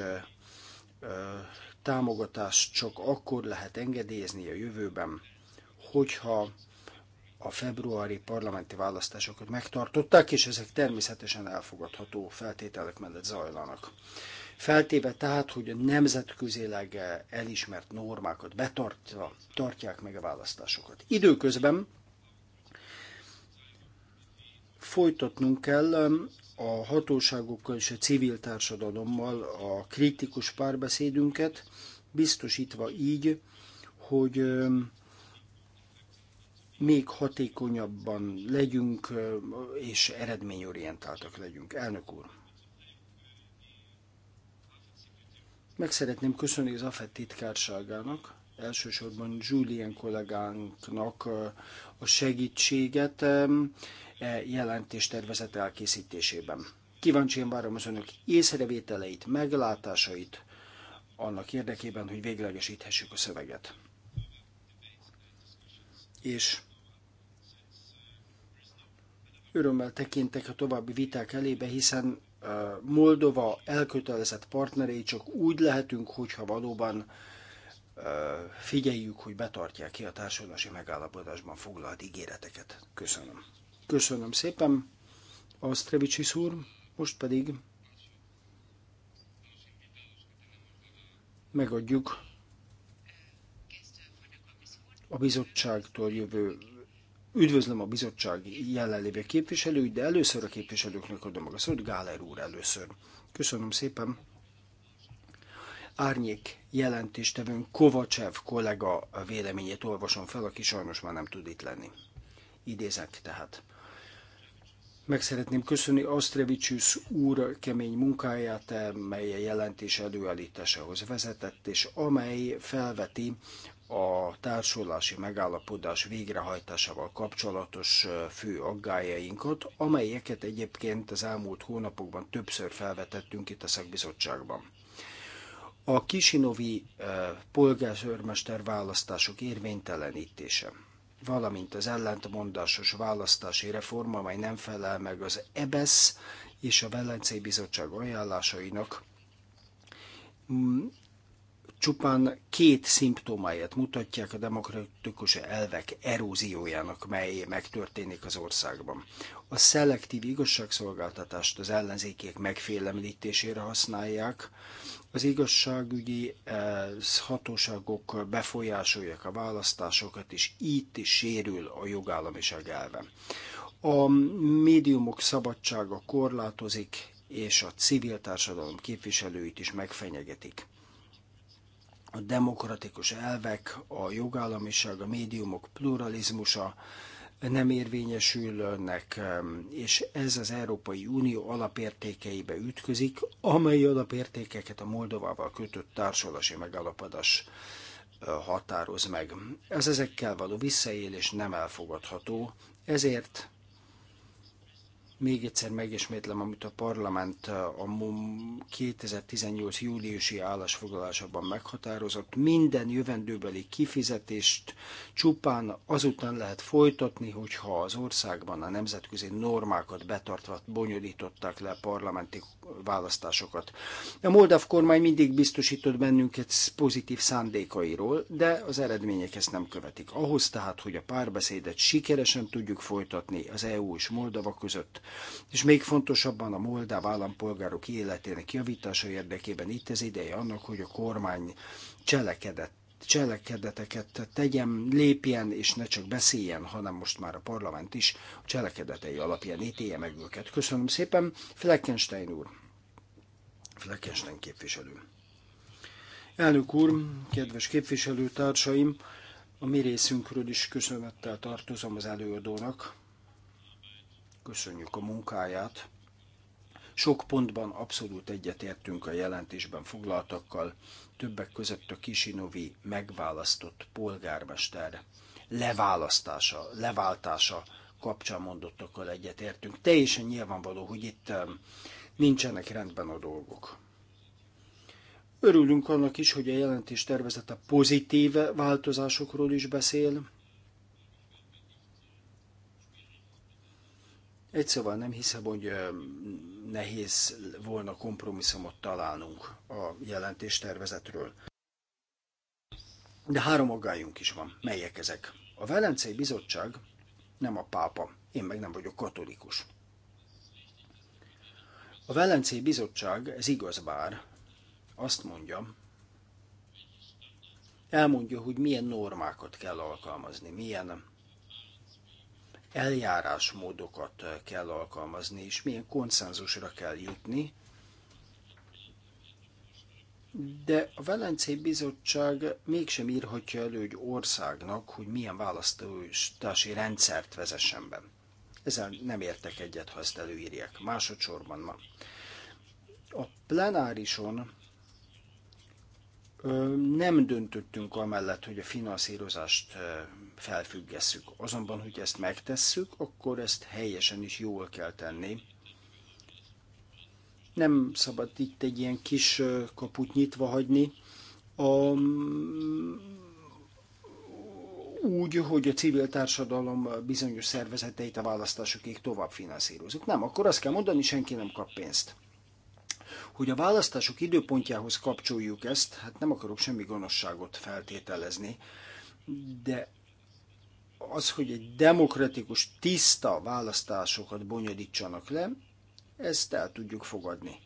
támogatást csak akkor lehet engedélyezni a jövőben, hogyha a februári parlamenti választásokat megtartották, és ezek természetesen elfogadható feltételek mellett zajlanak. Feltéve tehát, hogy a nemzetközileg elismert normákat betartva tartják meg a választásokat. Időközben folytatnunk kell um, a hatóságokkal és a civil társadalommal a kritikus párbeszédünket, biztosítva így, hogy um, még hatékonyabban legyünk, és eredményorientáltak legyünk. Elnök úr! Meg szeretném köszönni az AFET titkárságának, elsősorban Julien kollégánknak a segítséget e tervezet elkészítésében. én várom az önök észrevételeit, meglátásait annak érdekében, hogy véglegesíthessük a szöveget és örömmel tekintek a további viták elébe, hiszen Moldova elkötelezett partnerei csak úgy lehetünk, hogyha valóban figyeljük, hogy betartják ki a társadalmi megállapodásban foglalt ígéreteket. Köszönöm. Köszönöm szépen, Asztrevicsis úr, most pedig megadjuk a bizottságtól jövő Üdvözlöm a bizottság jelenlévő képviselőit, de először a képviselőknek adom a szót, Gáler úr először. Köszönöm szépen. Árnyék jelentéstevőn Kovacsev kollega véleményét olvasom fel, aki sajnos már nem tud itt lenni. Idézek tehát. Meg szeretném köszönni Astrevicius úr kemény munkáját, mely a jelentés előállításához vezetett, és amely felveti a társulási megállapodás végrehajtásával kapcsolatos fő aggájainkat, amelyeket egyébként az elmúlt hónapokban többször felvetettünk itt a szakbizottságban. A kisinovi polgárőrmester választások érvénytelenítése, valamint az ellentmondásos választási reform, amely nem felel meg az EBESZ és a Velencei Bizottság ajánlásainak, csupán két szimptomáját mutatják a demokratikus elvek eróziójának, mely megtörténik az országban. A szelektív igazságszolgáltatást az ellenzékiek megfélemlítésére használják, az igazságügyi eh, hatóságok befolyásolják a választásokat, és itt is sérül a jogállamiság elve. A médiumok szabadsága korlátozik, és a civil társadalom képviselőit is megfenyegetik a demokratikus elvek, a jogállamiság, a médiumok pluralizmusa nem érvényesülnek, és ez az Európai Unió alapértékeibe ütközik, amely alapértékeket a Moldovával kötött társulási megállapodás határoz meg. Ez ezekkel való visszaélés nem elfogadható, ezért még egyszer megismétlem, amit a parlament a 2018. júliusi állásfoglalásában meghatározott. Minden jövendőbeli kifizetést csupán azután lehet folytatni, hogyha az országban a nemzetközi normákat betartva bonyolították le a parlamenti választásokat. A Moldav kormány mindig biztosított bennünket pozitív szándékairól, de az eredmények ezt nem követik. Ahhoz tehát, hogy a párbeszédet sikeresen tudjuk folytatni az EU és Moldava között, és még fontosabban a moldáv állampolgárok életének javítása érdekében itt az ideje annak, hogy a kormány cselekedett cselekedeteket tegyen, lépjen, és ne csak beszéljen, hanem most már a parlament is a cselekedetei alapján ítélje meg őket. Köszönöm szépen, Fleckenstein úr. Fleckenstein képviselő. Elnök úr, kedves képviselőtársaim, a mi részünkről is köszönettel tartozom az előadónak, köszönjük a munkáját. Sok pontban abszolút egyetértünk a jelentésben foglaltakkal, többek között a Kisinovi megválasztott polgármester leválasztása, leváltása kapcsán mondottakkal egyetértünk. Teljesen nyilvánvaló, hogy itt nincsenek rendben a dolgok. Örülünk annak is, hogy a jelentés tervezete pozitív változásokról is beszél, Egy szóval nem hiszem, hogy nehéz volna kompromisszumot találnunk a jelentéstervezetről. De három aggályunk is van. Melyek ezek? A Velencei Bizottság nem a pápa, én meg nem vagyok katolikus. A Velencei Bizottság, ez igaz bár, azt mondja, elmondja, hogy milyen normákat kell alkalmazni, milyen eljárásmódokat eh, kell alkalmazni, és milyen konszenzusra kell jutni. De a Velencei Bizottság mégsem írhatja elő egy országnak, hogy milyen választási rendszert vezessen be. Ezzel nem értek egyet, ha ezt előírják. Másodszorban ma. A plenárison nem döntöttünk amellett, hogy a finanszírozást felfüggesszük. Azonban, hogy ezt megtesszük, akkor ezt helyesen is jól kell tenni. Nem szabad itt egy ilyen kis kaput nyitva hagyni. A, mm, úgy, hogy a civil társadalom bizonyos szervezeteit a választásokig tovább finanszírozunk. Nem, akkor azt kell mondani, senki nem kap pénzt. Hogy a választások időpontjához kapcsoljuk ezt, hát nem akarok semmi gonoszságot feltételezni, de az, hogy egy demokratikus, tiszta választásokat bonyolítsanak le, ezt el tudjuk fogadni.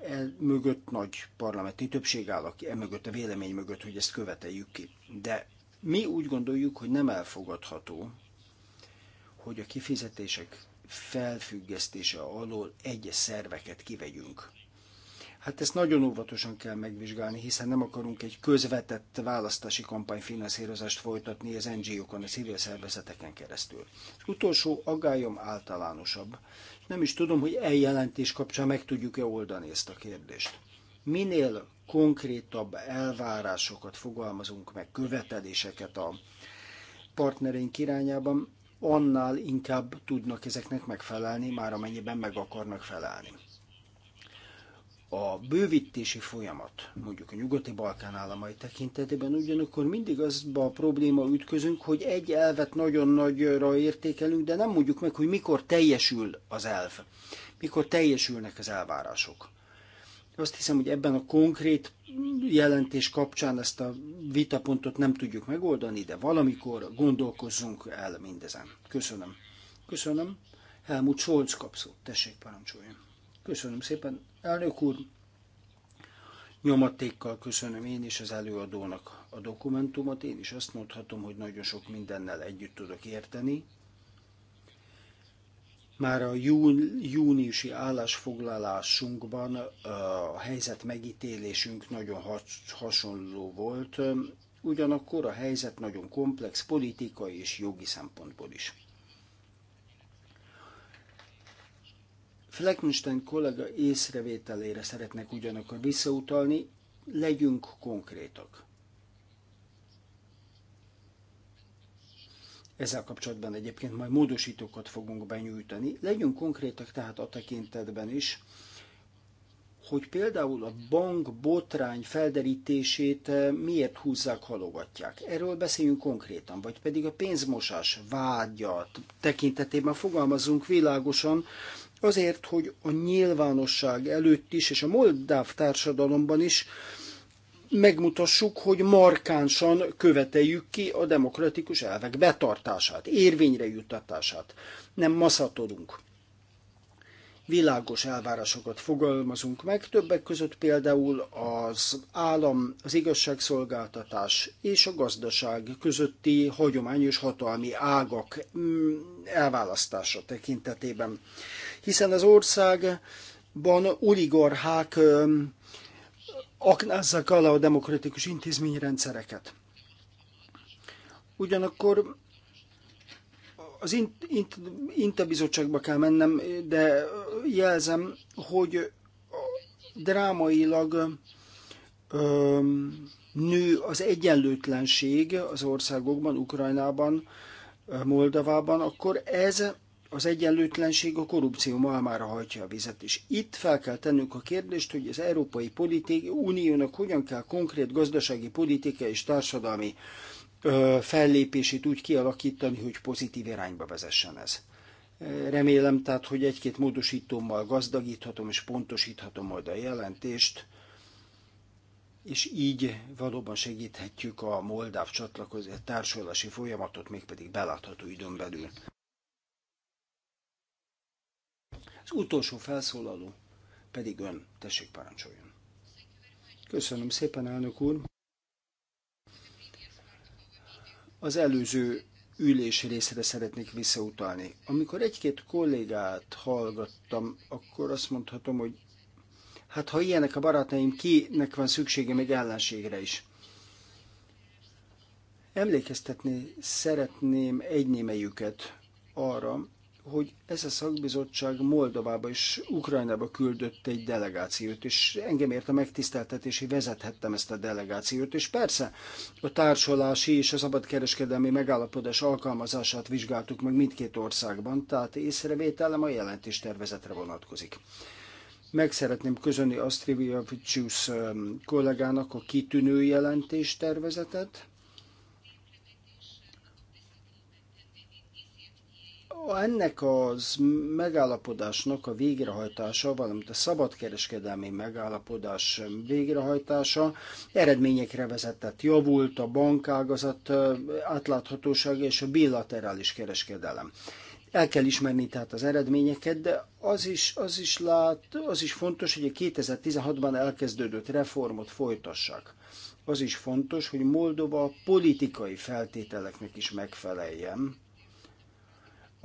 E mögött nagy parlamenti többség áll, aki e mögött a vélemény mögött, hogy ezt követeljük ki. De mi úgy gondoljuk, hogy nem elfogadható, hogy a kifizetések felfüggesztése alól egyes szerveket kivegyünk. Hát ezt nagyon óvatosan kell megvizsgálni, hiszen nem akarunk egy közvetett választási kampányfinanszírozást folytatni az NGO-kon, a civil szervezeteken keresztül. Az utolsó aggályom általánosabb. Nem is tudom, hogy eljelentés kapcsán meg tudjuk-e oldani ezt a kérdést. Minél konkrétabb elvárásokat fogalmazunk meg, követeléseket a partnereink irányában, annál inkább tudnak ezeknek megfelelni, már amennyiben meg akarnak felelni a bővítési folyamat, mondjuk a nyugati Balkán államai tekintetében ugyanakkor mindig azba a probléma ütközünk, hogy egy elvet nagyon nagyra értékelünk, de nem mondjuk meg, hogy mikor teljesül az elv, mikor teljesülnek az elvárások. Azt hiszem, hogy ebben a konkrét jelentés kapcsán ezt a vitapontot nem tudjuk megoldani, de valamikor gondolkozzunk el mindezen. Köszönöm. Köszönöm. Helmut Scholz kapszó. Tessék, parancsoljon. Köszönöm szépen Elnök úr, nyomatékkal köszönöm én is az előadónak a dokumentumot. Én is azt mondhatom, hogy nagyon sok mindennel együtt tudok érteni. Már a júniusi állásfoglalásunkban a helyzet megítélésünk nagyon hasonló volt, ugyanakkor a helyzet nagyon komplex politikai és jogi szempontból is. Fleckenstein kollega észrevételére szeretnek ugyanakkor visszautalni, legyünk konkrétak. Ezzel kapcsolatban egyébként majd módosítókat fogunk benyújtani. Legyünk konkrétak tehát a tekintetben is, hogy például a bank botrány felderítését eh, miért húzzák, halogatják. Erről beszéljünk konkrétan, vagy pedig a pénzmosás vágyat tekintetében fogalmazunk világosan, azért, hogy a nyilvánosság előtt is, és a moldáv társadalomban is megmutassuk, hogy markánsan követeljük ki a demokratikus elvek betartását, érvényre juttatását. Nem maszatodunk. Világos elvárásokat fogalmazunk meg, többek között például az állam, az igazságszolgáltatás és a gazdaság közötti hagyományos hatalmi ágak mm, elválasztása tekintetében hiszen az országban oligarchák aknázzák alá a demokratikus intézményrendszereket. Ugyanakkor az Inte kell mennem, de jelzem, hogy drámailag nő az egyenlőtlenség az országokban, Ukrajnában, Moldavában, akkor ez az egyenlőtlenség a korrupció malmára hajtja a vizet. És itt fel kell tennünk a kérdést, hogy az Európai Politik, Uniónak hogyan kell konkrét gazdasági, politikai és társadalmi ö, fellépését úgy kialakítani, hogy pozitív irányba vezessen ez. Remélem tehát, hogy egy-két módosítómmal gazdagíthatom és pontosíthatom majd a jelentést, és így valóban segíthetjük a moldáv csatlakozó társulási folyamatot, mégpedig belátható időn belül. Az utolsó felszólaló pedig ön. Tessék, parancsoljon. Köszönöm szépen, elnök úr. Az előző ülés részre szeretnék visszautalni. Amikor egy-két kollégát hallgattam, akkor azt mondhatom, hogy hát ha ilyenek a barátaim, kinek van szüksége még ellenségre is. Emlékeztetni szeretném egynémelyüket arra, hogy ez a szakbizottság Moldovába és Ukrajnába küldött egy delegációt, és engem ért a megtiszteltetés, hogy vezethettem ezt a delegációt, és persze a társulási és a szabadkereskedelmi megállapodás alkalmazását vizsgáltuk meg mindkét országban, tehát észrevételem a jelentés tervezetre vonatkozik. Meg szeretném közölni Astrivia um, kollégának a kitűnő jelentés tervezetet, ennek az megállapodásnak a végrehajtása, valamint a szabadkereskedelmi megállapodás végrehajtása eredményekre vezetett. Javult a bankágazat átláthatósága és a bilaterális kereskedelem. El kell ismerni tehát az eredményeket, de az is, az is, lát, az is fontos, hogy a 2016-ban elkezdődött reformot folytassak. Az is fontos, hogy Moldova politikai feltételeknek is megfeleljen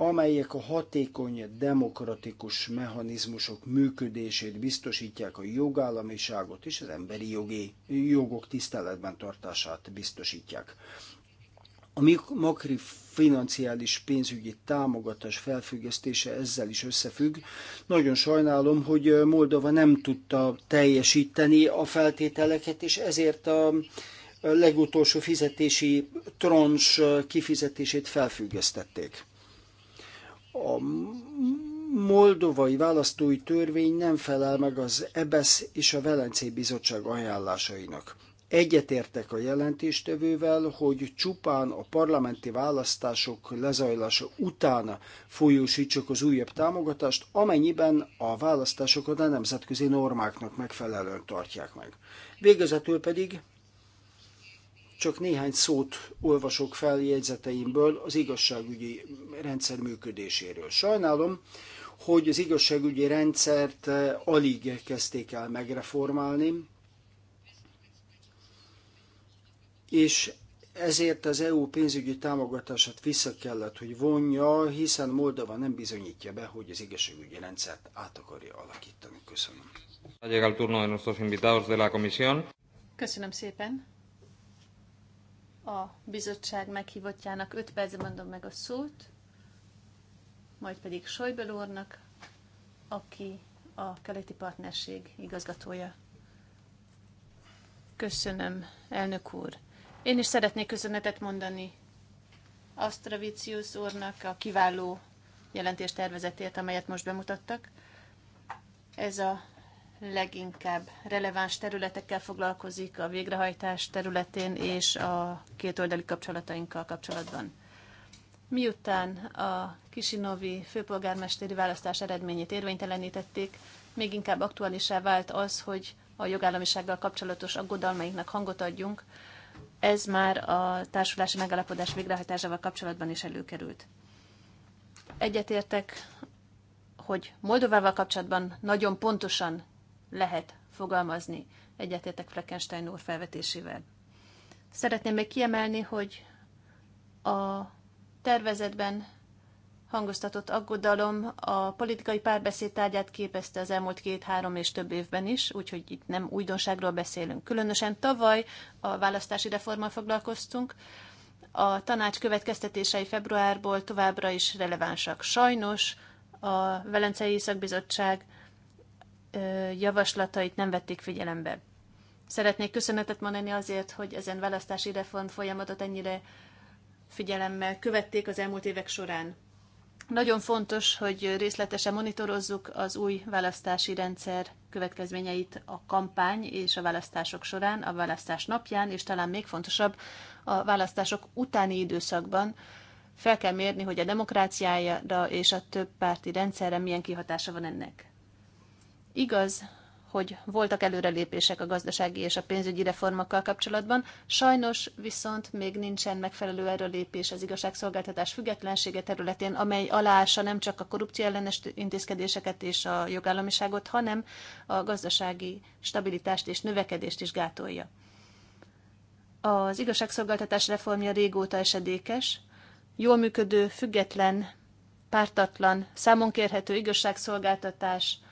amelyek a hatékony demokratikus mechanizmusok működését biztosítják a jogállamiságot és az emberi jogi jogok tiszteletben tartását biztosítják. A makri financiális pénzügyi támogatás felfüggesztése ezzel is összefügg. Nagyon sajnálom, hogy Moldova nem tudta teljesíteni a feltételeket, és ezért a legutolsó fizetési trans kifizetését felfüggesztették. A moldovai választói törvény nem felel meg az EBESZ és a Velencei Bizottság ajánlásainak. Egyetértek a jelentéstevővel, hogy csupán a parlamenti választások lezajlása után folyósítsuk az újabb támogatást, amennyiben a választásokat a nemzetközi normáknak megfelelően tartják meg. Végezetül pedig csak néhány szót olvasok fel jegyzeteimből az igazságügyi rendszer működéséről. Sajnálom, hogy az igazságügyi rendszert eh, alig kezdték el megreformálni, és ezért az EU pénzügyi támogatását vissza kellett, hogy vonja, hiszen Moldova nem bizonyítja be, hogy az igazságügyi rendszert át akarja alakítani. Köszönöm. Köszönöm szépen a bizottság meghívottjának 5 percben mondom meg a szót, majd pedig Sojbel úrnak, aki a keleti partnerség igazgatója. Köszönöm, elnök úr. Én is szeretnék köszönetet mondani Astravicius úrnak a kiváló jelentés tervezetért, amelyet most bemutattak. Ez a leginkább releváns területekkel foglalkozik a végrehajtás területén és a kétoldali kapcsolatainkkal kapcsolatban. Miután a Kisinovi főpolgármesteri választás eredményét érvénytelenítették, még inkább aktuálisá vált az, hogy a jogállamisággal kapcsolatos aggodalmainknak hangot adjunk. Ez már a társulási megállapodás végrehajtásával kapcsolatban is előkerült. Egyetértek hogy Moldovával kapcsolatban nagyon pontosan lehet fogalmazni. Egyetértek Fleckenstein úr felvetésével. Szeretném még kiemelni, hogy a tervezetben hangoztatott aggodalom a politikai párbeszéd tárgyát képezte az elmúlt két-három és több évben is, úgyhogy itt nem újdonságról beszélünk. Különösen tavaly a választási reformmal foglalkoztunk. A tanács következtetései februárból továbbra is relevánsak. Sajnos a Velencei Szakbizottság javaslatait nem vették figyelembe. Szeretnék köszönetet mondani azért, hogy ezen választási reform folyamatot ennyire figyelemmel követték az elmúlt évek során. Nagyon fontos, hogy részletesen monitorozzuk az új választási rendszer következményeit a kampány és a választások során, a választás napján, és talán még fontosabb, a választások utáni időszakban fel kell mérni, hogy a demokráciára és a több párti rendszerre milyen kihatása van ennek. Igaz, hogy voltak előrelépések a gazdasági és a pénzügyi reformokkal kapcsolatban, sajnos viszont még nincsen megfelelő erőlépés az igazságszolgáltatás függetlensége területén, amely alása nem csak a korrupció ellenes intézkedéseket és a jogállamiságot, hanem a gazdasági stabilitást és növekedést is gátolja. Az igazságszolgáltatás reformja régóta esedékes, jól működő, független, pártatlan, számonkérhető igazságszolgáltatás –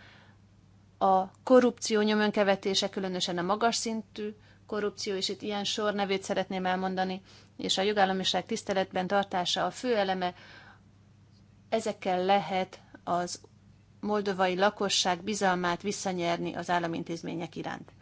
a korrupció nyomonkevetése, különösen a magas szintű korrupció, és itt ilyen sor nevét szeretném elmondani, és a jogállamiság tiszteletben tartása a fő eleme, ezekkel lehet az moldovai lakosság bizalmát visszanyerni az államintézmények iránt.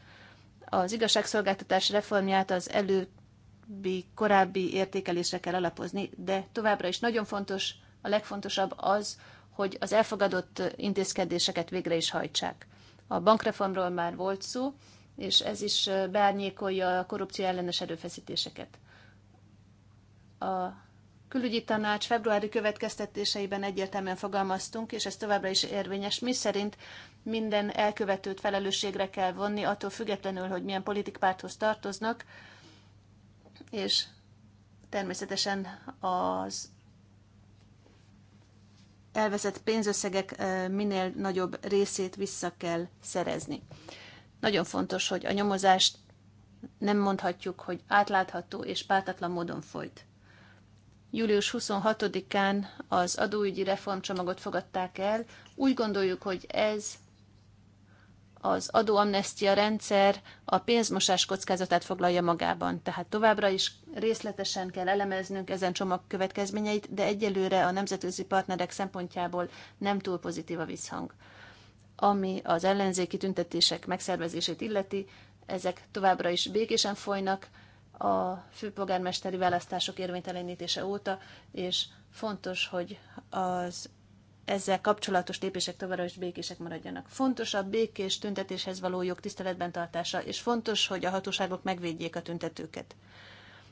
Az igazságszolgáltatás reformját az előbbi, korábbi értékelésre kell alapozni, de továbbra is nagyon fontos, a legfontosabb az, hogy az elfogadott intézkedéseket végre is hajtsák. A bankreformról már volt szó, és ez is beárnyékolja a korrupció ellenes erőfeszítéseket. A külügyi tanács februári következtetéseiben egyértelműen fogalmaztunk, és ez továbbra is érvényes, mi szerint minden elkövetőt felelősségre kell vonni, attól függetlenül, hogy milyen politikpárthoz tartoznak, és természetesen az elveszett pénzösszegek minél nagyobb részét vissza kell szerezni. Nagyon fontos, hogy a nyomozást nem mondhatjuk, hogy átlátható és pártatlan módon folyt. Július 26-án az adóügyi reformcsomagot fogadták el. Úgy gondoljuk, hogy ez az adóamnestia rendszer a pénzmosás kockázatát foglalja magában. Tehát továbbra is részletesen kell elemeznünk ezen csomag következményeit, de egyelőre a nemzetközi partnerek szempontjából nem túl pozitív a visszhang. Ami az ellenzéki tüntetések megszervezését illeti, ezek továbbra is békésen folynak a főpolgármesteri választások érvénytelenítése óta, és fontos, hogy az ezzel kapcsolatos lépések továbbra is békések maradjanak. Fontos a békés tüntetéshez való jog tiszteletben tartása, és fontos, hogy a hatóságok megvédjék a tüntetőket.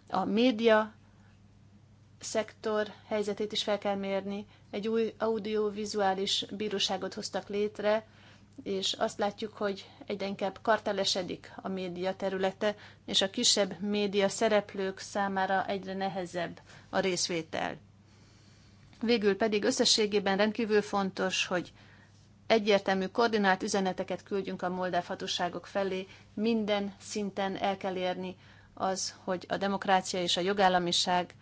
A média szektor helyzetét is fel kell mérni. Egy új audiovizuális bíróságot hoztak létre, és azt látjuk, hogy egyre inkább kartelesedik a média területe, és a kisebb média szereplők számára egyre nehezebb a részvétel Végül pedig összességében rendkívül fontos, hogy egyértelmű koordinált üzeneteket küldjünk a moldáv hatóságok felé, minden szinten el kell érni az, hogy a demokrácia és a jogállamiság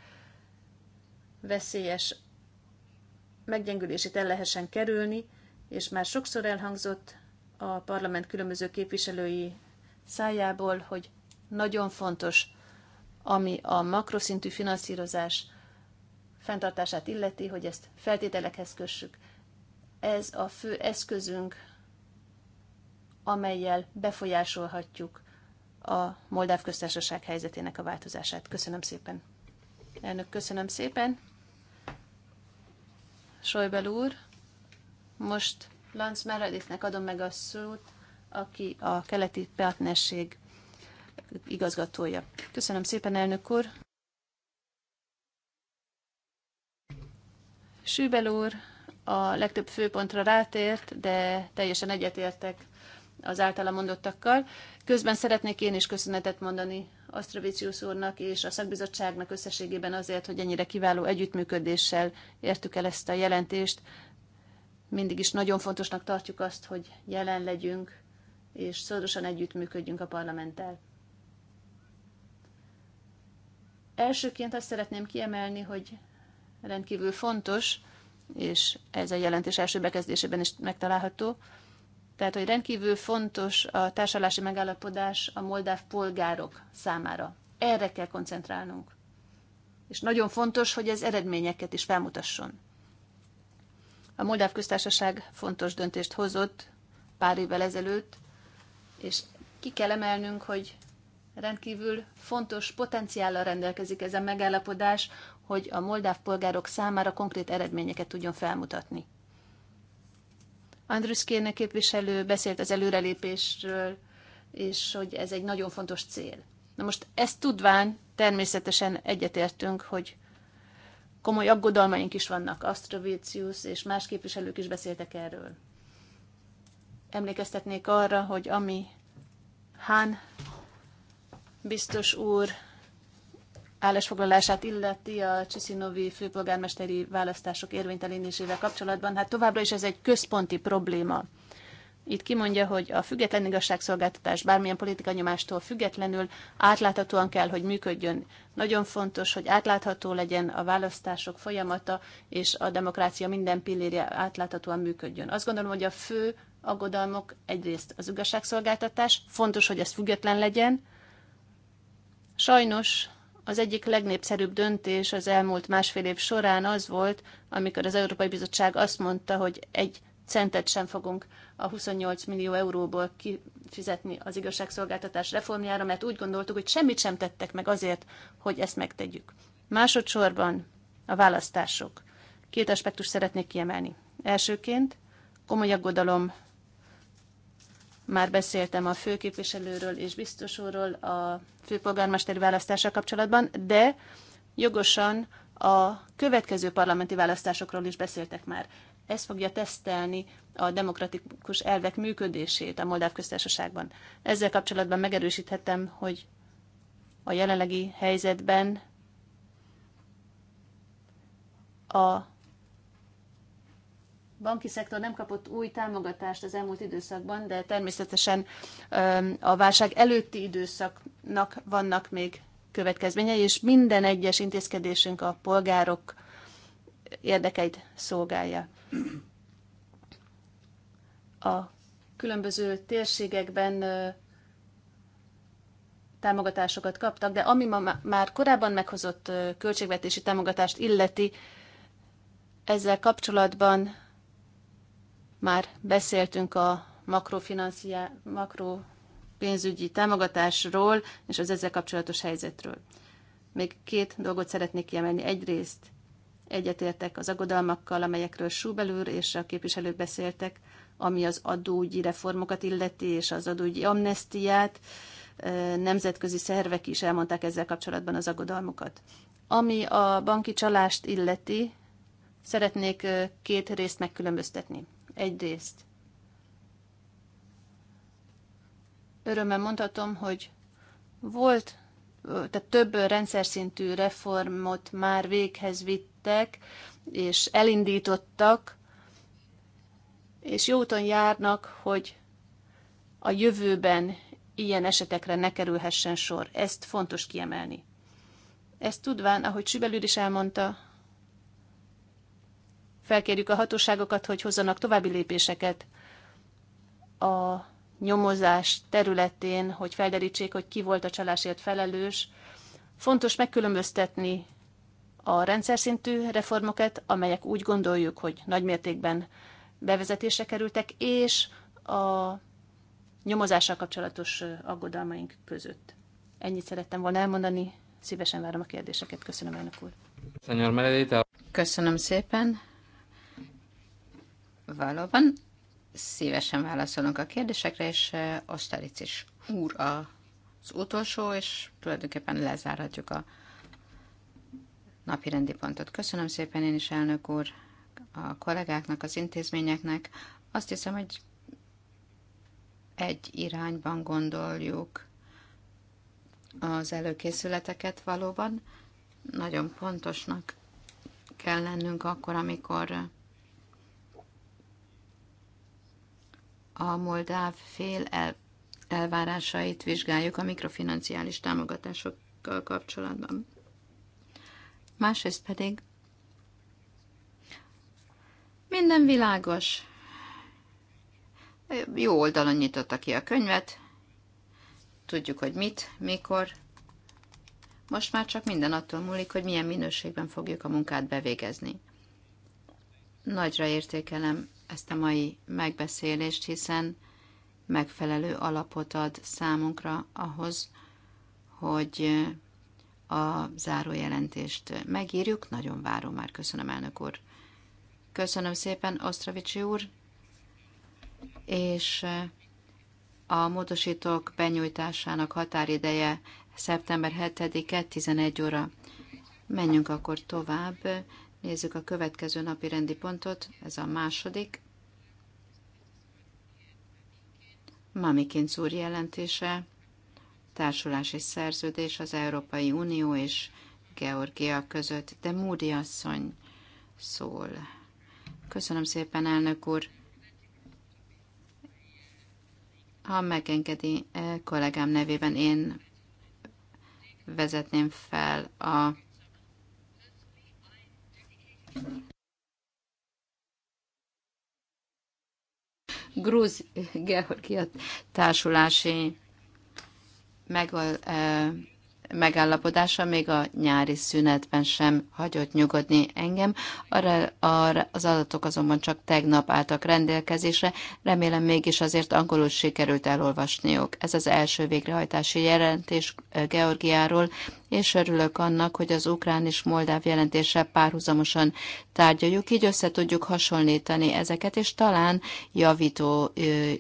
veszélyes meggyengülését el lehessen kerülni, és már sokszor elhangzott a parlament különböző képviselői szájából, hogy nagyon fontos, ami a makroszintű finanszírozás, fenntartását illeti, hogy ezt feltételekhez kössük. Ez a fő eszközünk, amelyel befolyásolhatjuk a Moldáv köztársaság helyzetének a változását. Köszönöm szépen. Elnök, köszönöm szépen. Sojbel úr, most Lanz Meredithnek adom meg a szót, aki a keleti partnerség igazgatója. Köszönöm szépen, elnök úr. Sübel úr a legtöbb főpontra rátért, de teljesen egyetértek az általa mondottakkal. Közben szeretnék én is köszönetet mondani Astrovicius úrnak és a szakbizottságnak összességében azért, hogy ennyire kiváló együttműködéssel értük el ezt a jelentést. Mindig is nagyon fontosnak tartjuk azt, hogy jelen legyünk és szorosan együttműködjünk a parlamenttel. Elsőként azt szeretném kiemelni, hogy rendkívül fontos, és ez a jelentés első bekezdésében is megtalálható. Tehát, hogy rendkívül fontos a társadalási megállapodás a moldáv polgárok számára. Erre kell koncentrálnunk. És nagyon fontos, hogy ez eredményeket is felmutasson. A Moldáv köztársaság fontos döntést hozott pár évvel ezelőtt, és ki kell emelnünk, hogy rendkívül fontos potenciállal rendelkezik ez a megállapodás hogy a moldáv polgárok számára konkrét eredményeket tudjon felmutatni. Andrus Kérne képviselő beszélt az előrelépésről, és hogy ez egy nagyon fontos cél. Na most ezt tudván természetesen egyetértünk, hogy komoly aggodalmaink is vannak. Astrovicius és más képviselők is beszéltek erről. Emlékeztetnék arra, hogy ami Hán biztos úr állásfoglalását illeti a Csiszinovi főpolgármesteri választások érvénytelenésével kapcsolatban, hát továbbra is ez egy központi probléma. Itt kimondja, hogy a független igazságszolgáltatás bármilyen politikai nyomástól függetlenül átláthatóan kell, hogy működjön. Nagyon fontos, hogy átlátható legyen a választások folyamata, és a demokrácia minden pillérje átláthatóan működjön. Azt gondolom, hogy a fő aggodalmok egyrészt az igazságszolgáltatás, fontos, hogy ez független legyen. Sajnos az egyik legnépszerűbb döntés az elmúlt másfél év során az volt, amikor az Európai Bizottság azt mondta, hogy egy centet sem fogunk a 28 millió euróból kifizetni az igazságszolgáltatás reformjára, mert úgy gondoltuk, hogy semmit sem tettek meg azért, hogy ezt megtegyük. Másodszorban a választások. Két aspektust szeretnék kiemelni. Elsőként komoly aggodalom már beszéltem a főképviselőről és biztosról a főpolgármesteri választása kapcsolatban, de jogosan a következő parlamenti választásokról is beszéltek már. Ez fogja tesztelni a demokratikus elvek működését a Moldáv köztársaságban. Ezzel kapcsolatban megerősíthetem, hogy a jelenlegi helyzetben a banki szektor nem kapott új támogatást az elmúlt időszakban, de természetesen a válság előtti időszaknak vannak még következményei, és minden egyes intézkedésünk a polgárok érdekeit szolgálja. A különböző térségekben támogatásokat kaptak, de ami ma már korábban meghozott költségvetési támogatást illeti, ezzel kapcsolatban már beszéltünk a makropénzügyi támogatásról és az ezzel kapcsolatos helyzetről. Még két dolgot szeretnék kiemelni. Egyrészt egyetértek az aggodalmakkal, amelyekről Súbelőr és a képviselők beszéltek, ami az adógyi reformokat illeti, és az adógyi amnestiát. Nemzetközi szervek is elmondták ezzel kapcsolatban az aggodalmukat. Ami a banki csalást illeti, szeretnék két részt megkülönböztetni. Egyrészt örömmel mondhatom, hogy volt, tehát több rendszer szintű reformot már véghez vittek, és elindítottak, és jó úton járnak, hogy a jövőben ilyen esetekre ne kerülhessen sor. Ezt fontos kiemelni. Ezt tudván, ahogy Sübelőr is elmondta, felkérjük a hatóságokat, hogy hozzanak további lépéseket a nyomozás területén, hogy felderítsék, hogy ki volt a csalásért felelős. Fontos megkülönböztetni a rendszer szintű reformokat, amelyek úgy gondoljuk, hogy nagymértékben bevezetésre kerültek, és a nyomozással kapcsolatos aggodalmaink között. Ennyit szerettem volna elmondani, szívesen várom a kérdéseket. Köszönöm, elnök úr. Köszönöm szépen. Valóban szívesen válaszolunk a kérdésekre, és Osztalic is úr az utolsó, és tulajdonképpen lezárhatjuk a napi rendi pontot. Köszönöm szépen én is, elnök úr, a kollégáknak, az intézményeknek. Azt hiszem, hogy egy irányban gondoljuk az előkészületeket valóban. Nagyon pontosnak kell lennünk akkor, amikor a moldáv fél el, elvárásait vizsgáljuk a mikrofinanciális támogatásokkal kapcsolatban. Másrészt pedig minden világos. Jó oldalon nyitotta ki a könyvet, tudjuk, hogy mit, mikor. Most már csak minden attól múlik, hogy milyen minőségben fogjuk a munkát bevégezni. Nagyra értékelem ezt a mai megbeszélést, hiszen megfelelő alapot ad számunkra ahhoz, hogy a zárójelentést megírjuk. Nagyon várom már, köszönöm, elnök úr. Köszönöm szépen, Osztravicsi úr, és a módosítók benyújtásának határideje szeptember 7-e 11 óra. Menjünk akkor tovább. Nézzük a következő napi rendi pontot, ez a második. Mamikinc úr jelentése, társulási szerződés az Európai Unió és Georgia között, de Múdi asszony szól. Köszönöm szépen, elnök úr! Ha megengedi, eh, kollégám nevében én vezetném fel a Grúz Georgia társulási megval, megállapodása még a nyári szünetben sem hagyott nyugodni engem. Arra, arra az adatok azonban csak tegnap álltak rendelkezésre, remélem mégis azért angolul sikerült elolvasniuk. Ez az első végrehajtási jelentés Georgiáról, és örülök annak, hogy az ukrán és moldáv jelentése párhuzamosan tárgyaljuk, így össze tudjuk hasonlítani ezeket, és talán javító,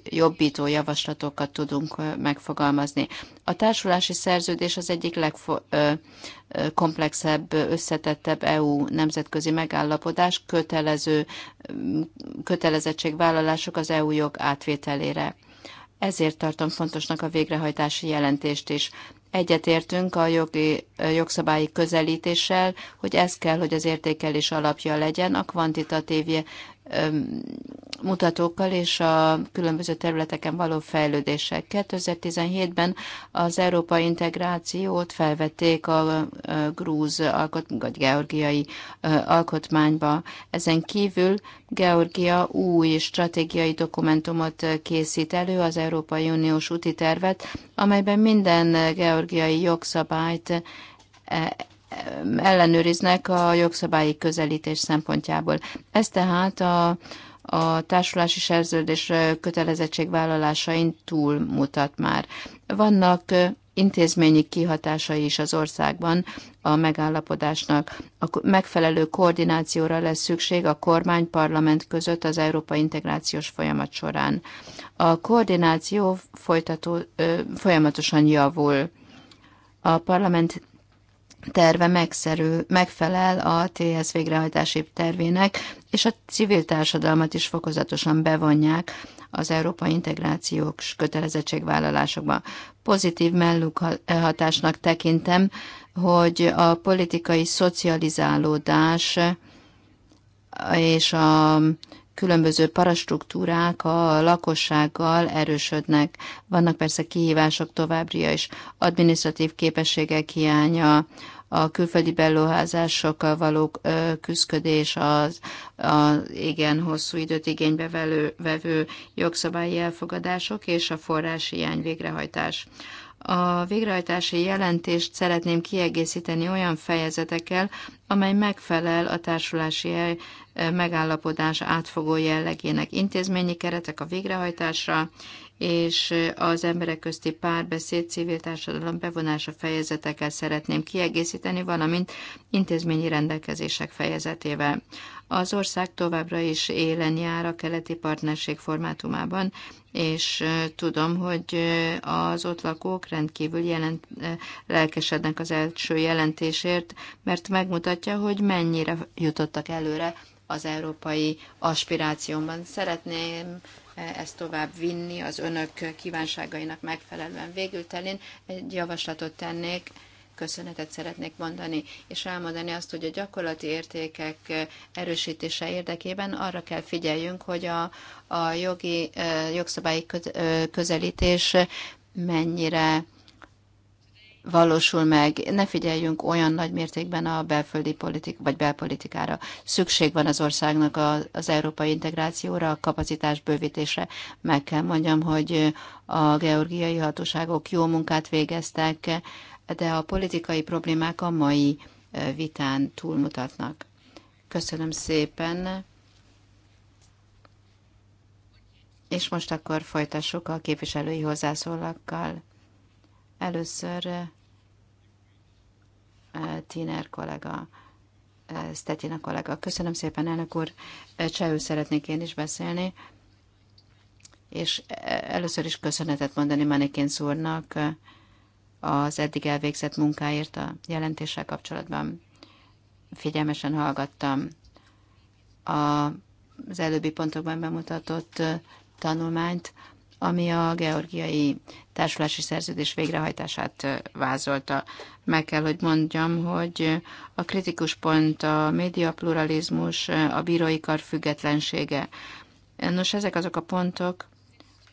jobbító javaslatokat tudunk megfogalmazni. A társulási szerződés az egyik legkomplexebb, összetettebb EU nemzetközi megállapodás, kötelező kötelezettségvállalások az EU jog átvételére. Ezért tartom fontosnak a végrehajtási jelentést is. Egyetértünk a jogi, jogszabályi közelítéssel, hogy ez kell, hogy az értékelés alapja legyen, a kvantitatív mutatókkal és a különböző területeken való fejlődések. 2017-ben az európai integrációt felvették a grúz alkot, vagy georgiai alkotmányba. Ezen kívül Georgia új stratégiai dokumentumot készít elő, az Európai Uniós úti tervet, amelyben minden georgiai jogszabályt e, ellenőriznek a jogszabályi közelítés szempontjából. Ez tehát a, a társulási szerződés kötelezettségvállalásain túlmutat már. Vannak intézményi kihatásai is az országban a megállapodásnak. A megfelelő koordinációra lesz szükség a kormány parlament között az európai integrációs folyamat során. A koordináció folytató, folyamatosan javul. A parlament terve megszerű, megfelel a TSZ végrehajtási tervének, és a civil társadalmat is fokozatosan bevonják az európai integrációs kötelezettségvállalásokban. Pozitív mellúghatásnak tekintem, hogy a politikai szocializálódás és a különböző parastruktúrák a lakossággal erősödnek. Vannak persze kihívások továbbra is, adminisztratív képességek hiánya, a külföldi beruházásokkal való küzdködés, az, az igen hosszú időt igénybe velő, vevő jogszabályi elfogadások és a hiány végrehajtás. A végrehajtási jelentést szeretném kiegészíteni olyan fejezetekkel, amely megfelel a társulási megállapodás átfogó jellegének intézményi keretek a végrehajtásra, és az emberek közti párbeszéd, civil társadalom bevonása fejezeteket szeretném kiegészíteni, valamint intézményi rendelkezések fejezetével. Az ország továbbra is élen jár a keleti partnerség formátumában, és tudom, hogy az ott lakók rendkívül jelent, lelkesednek az első jelentésért, mert megmutatja, hogy mennyire jutottak előre az európai aspirációmban. Szeretném ezt tovább vinni az önök kívánságainak megfelelően. Végül telén egy javaslatot tennék, köszönetet szeretnék mondani, és elmondani azt, hogy a gyakorlati értékek erősítése érdekében arra kell figyeljünk, hogy a, a jogi, jogszabályi közelítés mennyire valósul meg. Ne figyeljünk olyan nagy mértékben a belföldi politik, vagy belpolitikára. Szükség van az országnak az európai integrációra, a kapacitás bővítésre. Meg kell mondjam, hogy a georgiai hatóságok jó munkát végeztek, de a politikai problémák a mai vitán túlmutatnak. Köszönöm szépen. És most akkor folytassuk a képviselői hozzászólakkal. Először eh, Tiner kollega, eh, Stetina kollega. Köszönöm szépen, elnök úr. Eh, Csehül szeretnék én is beszélni. És először is köszönetet mondani Manikén szúrnak az eddig elvégzett munkáért a jelentéssel kapcsolatban. Figyelmesen hallgattam a, az előbbi pontokban bemutatott tanulmányt, ami a georgiai társulási szerződés végrehajtását vázolta. Meg kell, hogy mondjam, hogy a kritikus pont a médiapluralizmus, a bírói kar függetlensége. Nos, ezek azok a pontok,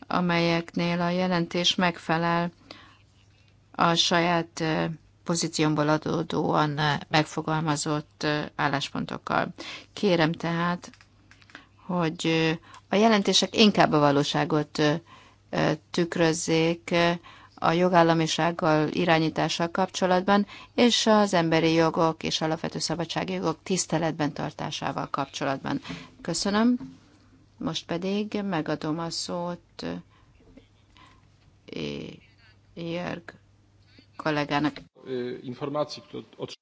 amelyeknél a jelentés megfelel a saját pozíciómból adódóan megfogalmazott álláspontokkal. Kérem tehát, hogy a jelentések inkább a valóságot tükrözzék a jogállamisággal irányítással kapcsolatban, és az emberi jogok és alapvető szabadságjogok tiszteletben tartásával kapcsolatban. Köszönöm. Most pedig megadom a szót Jörg kollégának.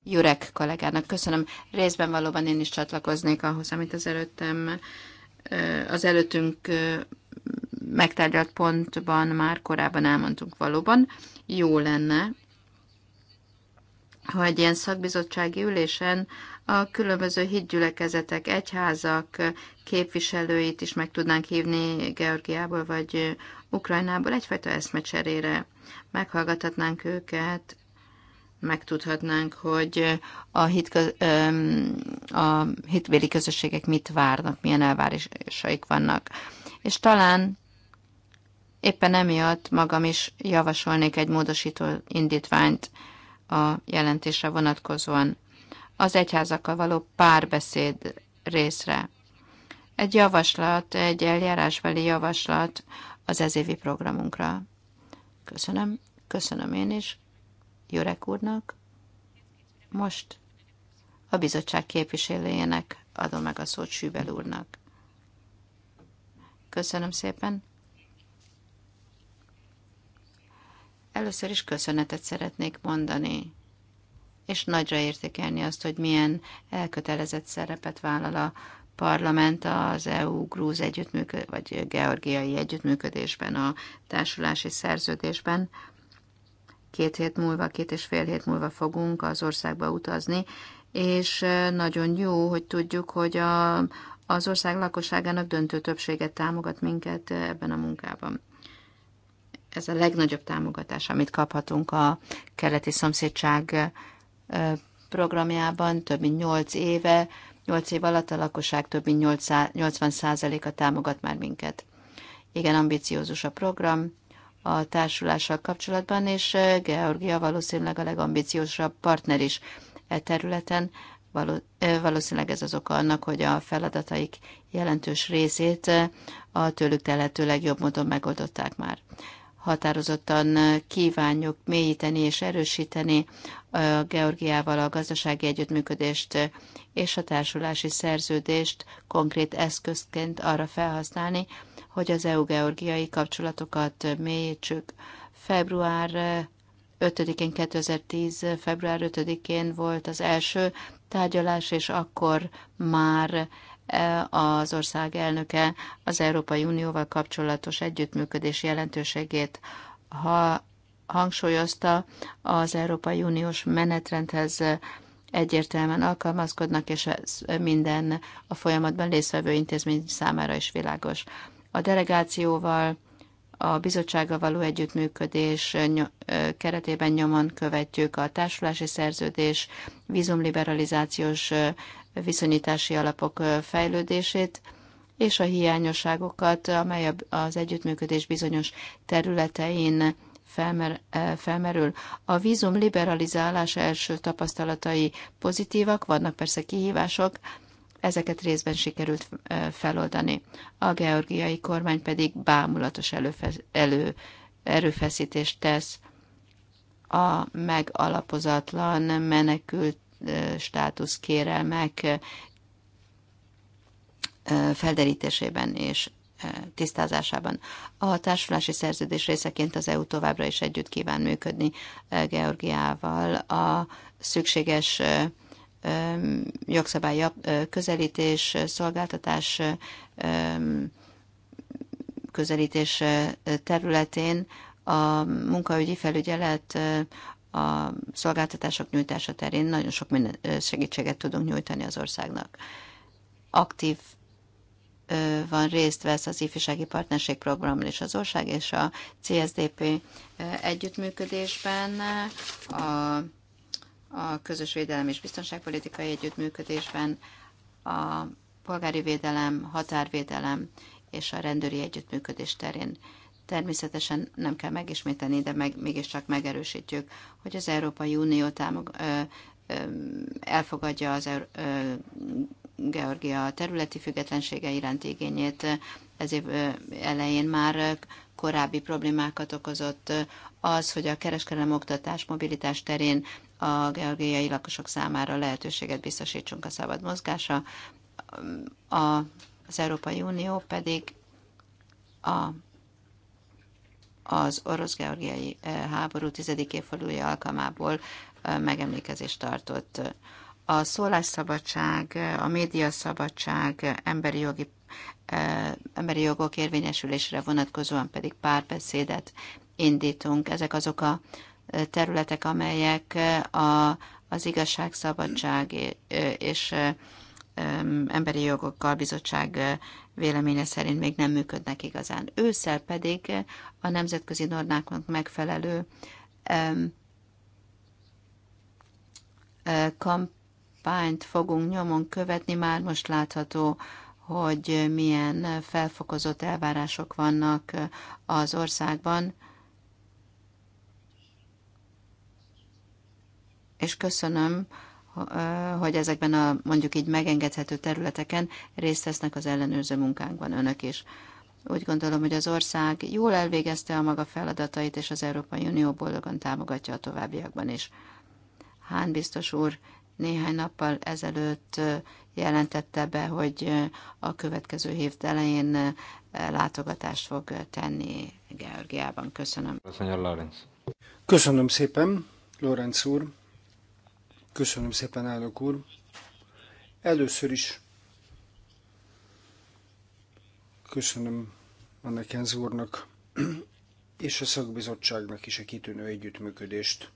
Jurek kollégának. Köszönöm. Részben valóban én is csatlakoznék ahhoz, amit az előttem, az előttünk megtárgyalt pontban már korábban elmondtunk valóban, jó lenne, ha egy ilyen szakbizottsági ülésen a különböző hídgyülekezetek, egyházak képviselőit is meg tudnánk hívni Georgiából vagy Ukrajnából egyfajta eszmecserére. Meghallgathatnánk őket, megtudhatnánk, hogy a, hit, a hitvéli közösségek mit várnak, milyen elvárásaik vannak. És talán Éppen emiatt magam is javasolnék egy módosító indítványt a jelentésre vonatkozóan. Az egyházakkal való párbeszéd részre. Egy javaslat, egy eljárásbeli javaslat az ezévi programunkra. Köszönöm. Köszönöm én is. Jurek úrnak. Most a bizottság képviselőjének adom meg a szót Sübel úrnak. Köszönöm szépen. Először is köszönetet szeretnék mondani, és nagyra értékelni azt, hogy milyen elkötelezett szerepet vállal a parlament az EU-grúz együttműködés, vagy georgiai együttműködésben, a társulási szerződésben. Két hét múlva, két és fél hét múlva fogunk az országba utazni, és nagyon jó, hogy tudjuk, hogy a, az ország lakosságának döntő többséget támogat minket ebben a munkában ez a legnagyobb támogatás, amit kaphatunk a keleti szomszédság programjában több mint 8 éve, 8 év alatt a lakosság több mint 80%-a támogat már minket. Igen, ambiciózus a program a társulással kapcsolatban, és Georgia valószínűleg a legambiciósabb partner is e területen. Valószínűleg ez az oka annak, hogy a feladataik jelentős részét a tőlük telhető legjobb módon megoldották már határozottan kívánjuk mélyíteni és erősíteni a Georgiával a gazdasági együttműködést és a társulási szerződést konkrét eszközként arra felhasználni, hogy az EU-georgiai kapcsolatokat mélyítsük. Február 5-én, 2010. február 5-én volt az első tárgyalás, és akkor már E, az ország elnöke az Európai Unióval kapcsolatos együttműködés jelentőségét ha hangsúlyozta, az Európai Uniós menetrendhez egyértelműen alkalmazkodnak, és ez minden a folyamatban részvevő intézmény számára is világos. A delegációval, a bizottsággal való együttműködés keretében nyomon követjük a társulási szerződés, vízumliberalizációs viszonyítási alapok fejlődését, és a hiányosságokat, amely az együttműködés bizonyos területein felmer, felmerül. A vízum liberalizálása első tapasztalatai pozitívak, vannak persze kihívások, ezeket részben sikerült feloldani. A georgiai kormány pedig bámulatos előfesz, elő, erőfeszítést tesz a megalapozatlan menekült státuszkérelmek felderítésében és tisztázásában. A társulási szerződés részeként az EU továbbra is együtt kíván működni Georgiával a szükséges jogszabály közelítés, szolgáltatás közelítés területén a munkaügyi felügyelet a szolgáltatások nyújtása terén nagyon sok minden segítséget tudunk nyújtani az országnak. Aktív van részt vesz az ifjúsági partnerség programban és az ország és a CSDP együttműködésben, a, a közös védelem és biztonságpolitikai együttműködésben, a polgári védelem, határvédelem és a rendőri együttműködés terén. Természetesen nem kell megismételni, de meg, mégiscsak megerősítjük, hogy az Európai Unió támog, ö, ö, elfogadja az ö, Georgia területi függetlensége iránti igényét. Ez év elején már korábbi problémákat okozott az, hogy a kereskedelem oktatás mobilitás terén a georgiai lakosok számára lehetőséget biztosítsunk a szabad mozgása. az Európai Unió pedig a az orosz-georgiai eh, háború tizedik évfordulója alkalmából eh, megemlékezést tartott. A szólásszabadság, a médiaszabadság, emberi jogi eh, emberi jogok érvényesülésére vonatkozóan pedig párbeszédet indítunk. Ezek azok a területek, amelyek a, az igazságszabadság és Emberi Jogokkal Bizottság véleménye szerint még nem működnek igazán. Ősszel pedig a nemzetközi normáknak megfelelő kampányt fogunk nyomon követni. Már most látható, hogy milyen felfokozott elvárások vannak az országban. És köszönöm, Eh, hogy ezekben a mondjuk így megengedhető területeken részt vesznek az ellenőrző munkánkban önök is. Úgy gondolom, hogy az ország jól elvégezte a maga feladatait, és az Európai Unió boldogan támogatja a továbbiakban is. Hán biztos úr néhány nappal ezelőtt eh, jelentette be, hogy eh, a következő hív elején látogatást fog tenni Georgiában. Köszönöm. Köszönöm szépen, Lorenz úr. Köszönöm szépen, elnök úr. Először is köszönöm annak Nekenz úrnak és a szakbizottságnak is a kitűnő együttműködést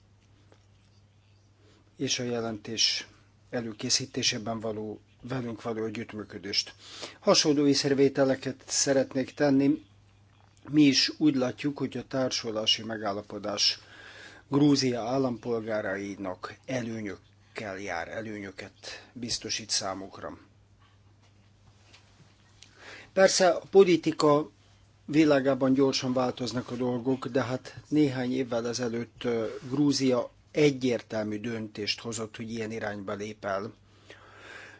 és a jelentés előkészítésében való velünk való együttműködést. Hasonló észrevételeket szeretnék tenni. Mi is úgy látjuk, hogy a társulási megállapodás Grúzia állampolgárainak előnyök előnyökkel jár, előnyöket biztosít számukra. Persze a politika világában gyorsan változnak a dolgok, de hát néhány évvel ezelőtt Grúzia egyértelmű döntést hozott, hogy ilyen irányba lép el.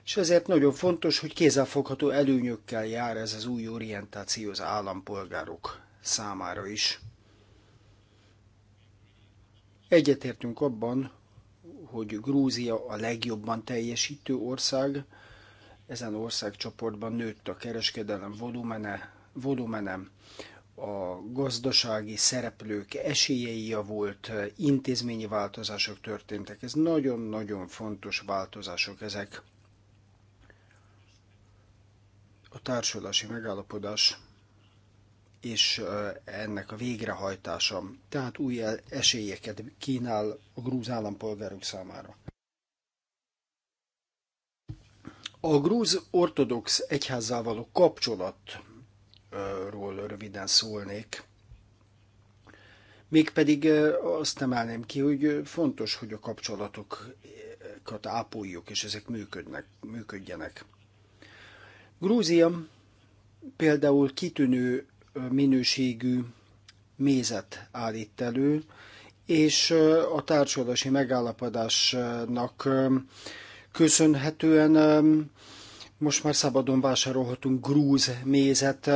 És ezért nagyon fontos, hogy kézzelfogható előnyökkel jár ez az új orientáció az állampolgárok számára is. Egyetértünk abban, hogy Grúzia a legjobban teljesítő ország, ezen országcsoportban nőtt a kereskedelem volumene, volumenem, a gazdasági szereplők esélyei javult, intézményi változások történtek. Ez nagyon-nagyon fontos változások ezek. A társulási megállapodás és ennek a végrehajtása, tehát új esélyeket kínál a grúz állampolgárok számára. A grúz ortodox egyházzal való kapcsolatról röviden szólnék. Mégpedig azt emelném ki, hogy fontos, hogy a kapcsolatokat ápoljuk, és ezek működnek, működjenek. Grúzia például kitűnő minőségű mézet állít elő, és a társadalmi megállapodásnak köszönhetően most már szabadon vásárolhatunk grúz mézet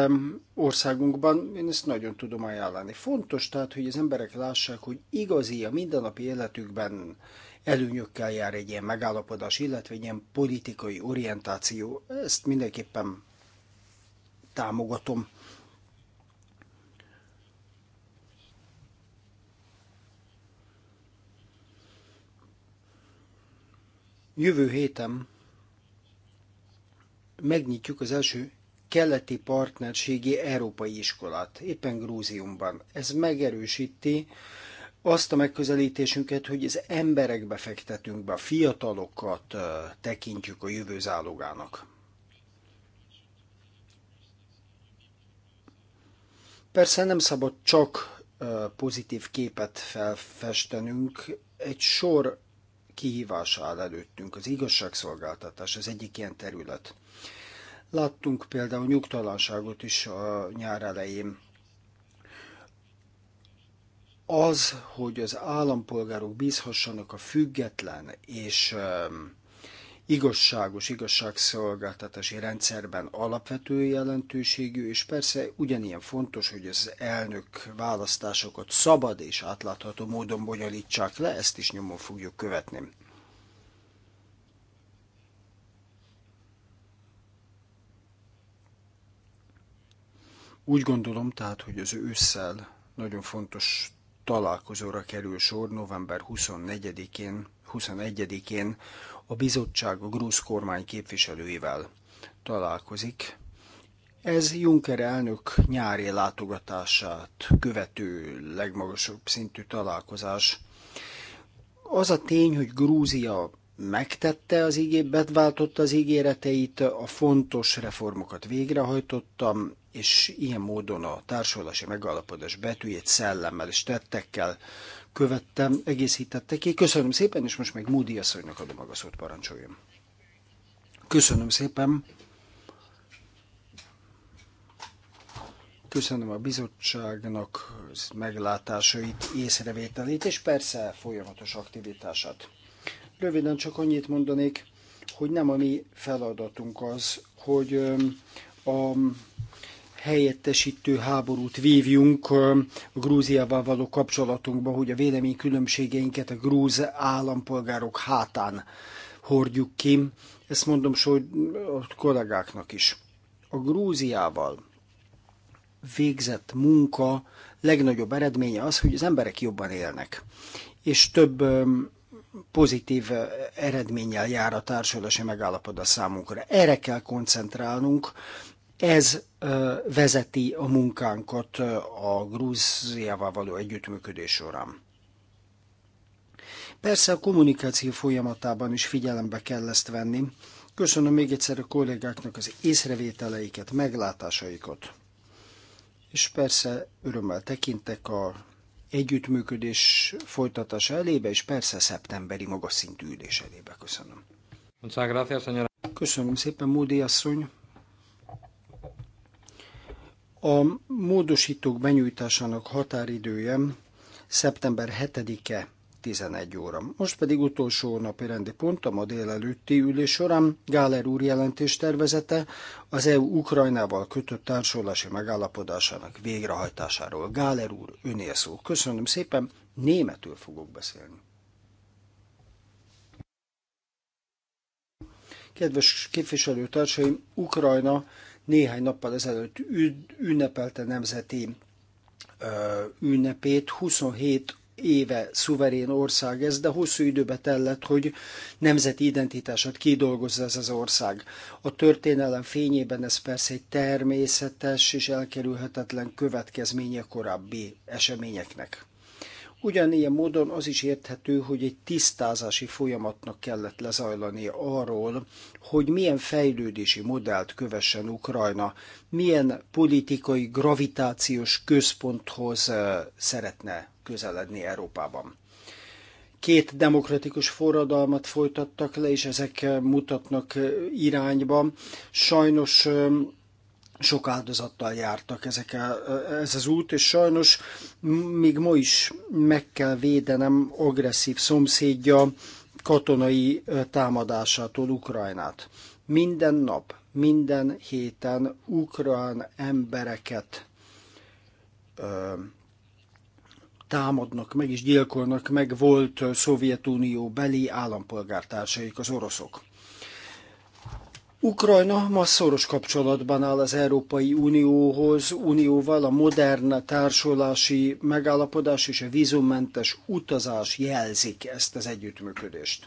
országunkban, én ezt nagyon tudom ajánlani. Fontos tehát, hogy az emberek lássák, hogy igazi a mindennapi életükben előnyökkel jár egy ilyen megállapodás, illetve egy ilyen politikai orientáció. Ezt mindenképpen támogatom. Jövő héten megnyitjuk az első keleti partnerségi európai iskolát, éppen Grúziumban. Ez megerősíti azt a megközelítésünket, hogy az emberekbe fektetünk be, a fiatalokat tekintjük a jövő zálogának. Persze nem szabad csak pozitív képet felfestenünk, egy sor kihívása áll előttünk. Az igazságszolgáltatás az egyik ilyen terület. Láttunk például nyugtalanságot is a nyár elején. Az, hogy az állampolgárok bízhassanak a független és um, igazságos igazságszolgáltatási rendszerben alapvető jelentőségű, és persze ugyanilyen fontos, hogy az elnök választásokat szabad és átlátható módon bonyolítsák le, ezt is nyomon fogjuk követni. Úgy gondolom tehát, hogy az ősszel nagyon fontos találkozóra kerül sor november 24-én, 21-én, a bizottság a grúz kormány képviselőivel találkozik. Ez Juncker elnök nyári látogatását követő legmagasabb szintű találkozás. Az a tény, hogy Grúzia megtette az ígéret, váltotta az ígéreteit, a fontos reformokat végrehajtottam, és ilyen módon a társulási megállapodás betűjét szellemmel és tettekkel követtem, egész hitettek ki. Köszönöm szépen, és most meg Moody asszonynak adom maga szót, parancsoljon. Köszönöm szépen. Köszönöm a bizottságnak meglátásait, észrevételét, és persze folyamatos aktivitását. Röviden csak annyit mondanék, hogy nem a mi feladatunk az, hogy a helyettesítő háborút vívjunk a Grúziával való kapcsolatunkba, hogy a vélemény különbségeinket a grúz állampolgárok hátán hordjuk ki. Ezt mondom hogy a kollégáknak is. A Grúziával végzett munka legnagyobb eredménye az, hogy az emberek jobban élnek, és több pozitív eredménnyel jár a társadalmi megállapodás számunkra. Erre kell koncentrálnunk, ez vezeti a munkánkat a Grúziával való együttműködés során. Persze a kommunikáció folyamatában is figyelembe kell ezt venni. Köszönöm még egyszer a kollégáknak az észrevételeiket, meglátásaikat. És persze örömmel tekintek a együttműködés folytatása elébe, és persze szeptemberi magas szintű ülés elébe. Köszönöm. Köszönöm szépen, Módi asszony. A módosítók benyújtásának határidője szeptember 7-e 11 óra. Most pedig utolsó napi rendi pont a ma délelőtti ülés során Gáler úr jelentés tervezete az EU Ukrajnával kötött társulási megállapodásának végrehajtásáról. Gáler úr, önél szó. Köszönöm szépen, németül fogok beszélni. Kedves képviselőtársaim, Ukrajna néhány nappal ezelőtt ünnepelte nemzeti ünnepét, 27 éve szuverén ország ez, de hosszú időbe tellett, hogy nemzeti identitását kidolgozza ez az ország. A történelem fényében ez persze egy természetes és elkerülhetetlen következménye korábbi eseményeknek. Ugyanilyen módon az is érthető, hogy egy tisztázási folyamatnak kellett lezajlani arról, hogy milyen fejlődési modellt kövessen Ukrajna, milyen politikai gravitációs központhoz szeretne közeledni Európában. Két demokratikus forradalmat folytattak le, és ezek mutatnak irányba. Sajnos sok áldozattal jártak ezek a, ez az út, és sajnos még ma is meg kell védenem agresszív szomszédja katonai támadásától Ukrajnát. Minden nap, minden héten ukrán embereket ö, támadnak meg és gyilkolnak meg volt Szovjetunió beli állampolgártársaik, az oroszok. Ukrajna ma szoros kapcsolatban áll az Európai Unióhoz, Unióval a modern társulási megállapodás és a vízummentes utazás jelzik ezt az együttműködést.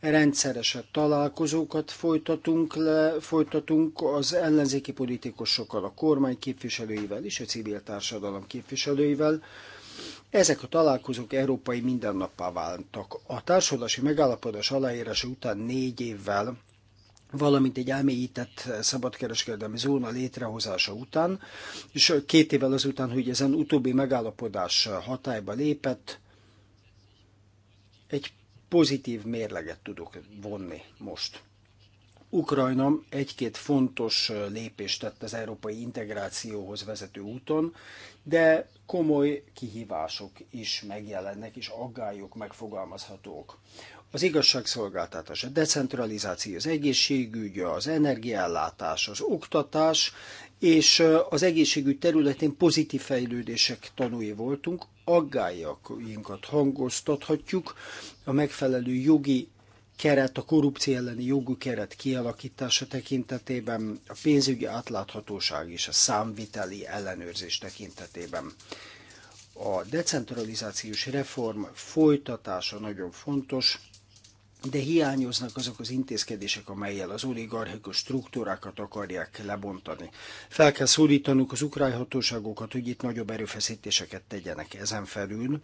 Rendszeresen találkozókat folytatunk, le, folytatunk az ellenzéki politikusokkal, a kormány képviselőivel és a civil társadalom képviselőivel, ezek a találkozók európai mindennappá váltak. A társulási megállapodás aláírása után négy évvel valamint egy elmélyített szabadkereskedelmi zóna létrehozása után, és két évvel azután, hogy ezen utóbbi megállapodás hatályba lépett, egy pozitív mérleget tudok vonni most. Ukrajna egy-két fontos lépést tett az európai integrációhoz vezető úton, de komoly kihívások is megjelennek, és aggályok megfogalmazhatók az igazságszolgáltatás, a decentralizáció, az egészségügy, az energiállátás, az oktatás, és az egészségügy területén pozitív fejlődések tanúi voltunk, aggájainkat hangoztathatjuk, a megfelelő jogi keret, a korrupció elleni jogú keret kialakítása tekintetében, a pénzügyi átláthatóság és a számviteli ellenőrzés tekintetében. A decentralizációs reform folytatása nagyon fontos, de hiányoznak azok az intézkedések, amelyel az oligarchikus struktúrákat akarják lebontani. Fel kell szólítanunk az ukrán hatóságokat, hogy itt nagyobb erőfeszítéseket tegyenek ezen felül.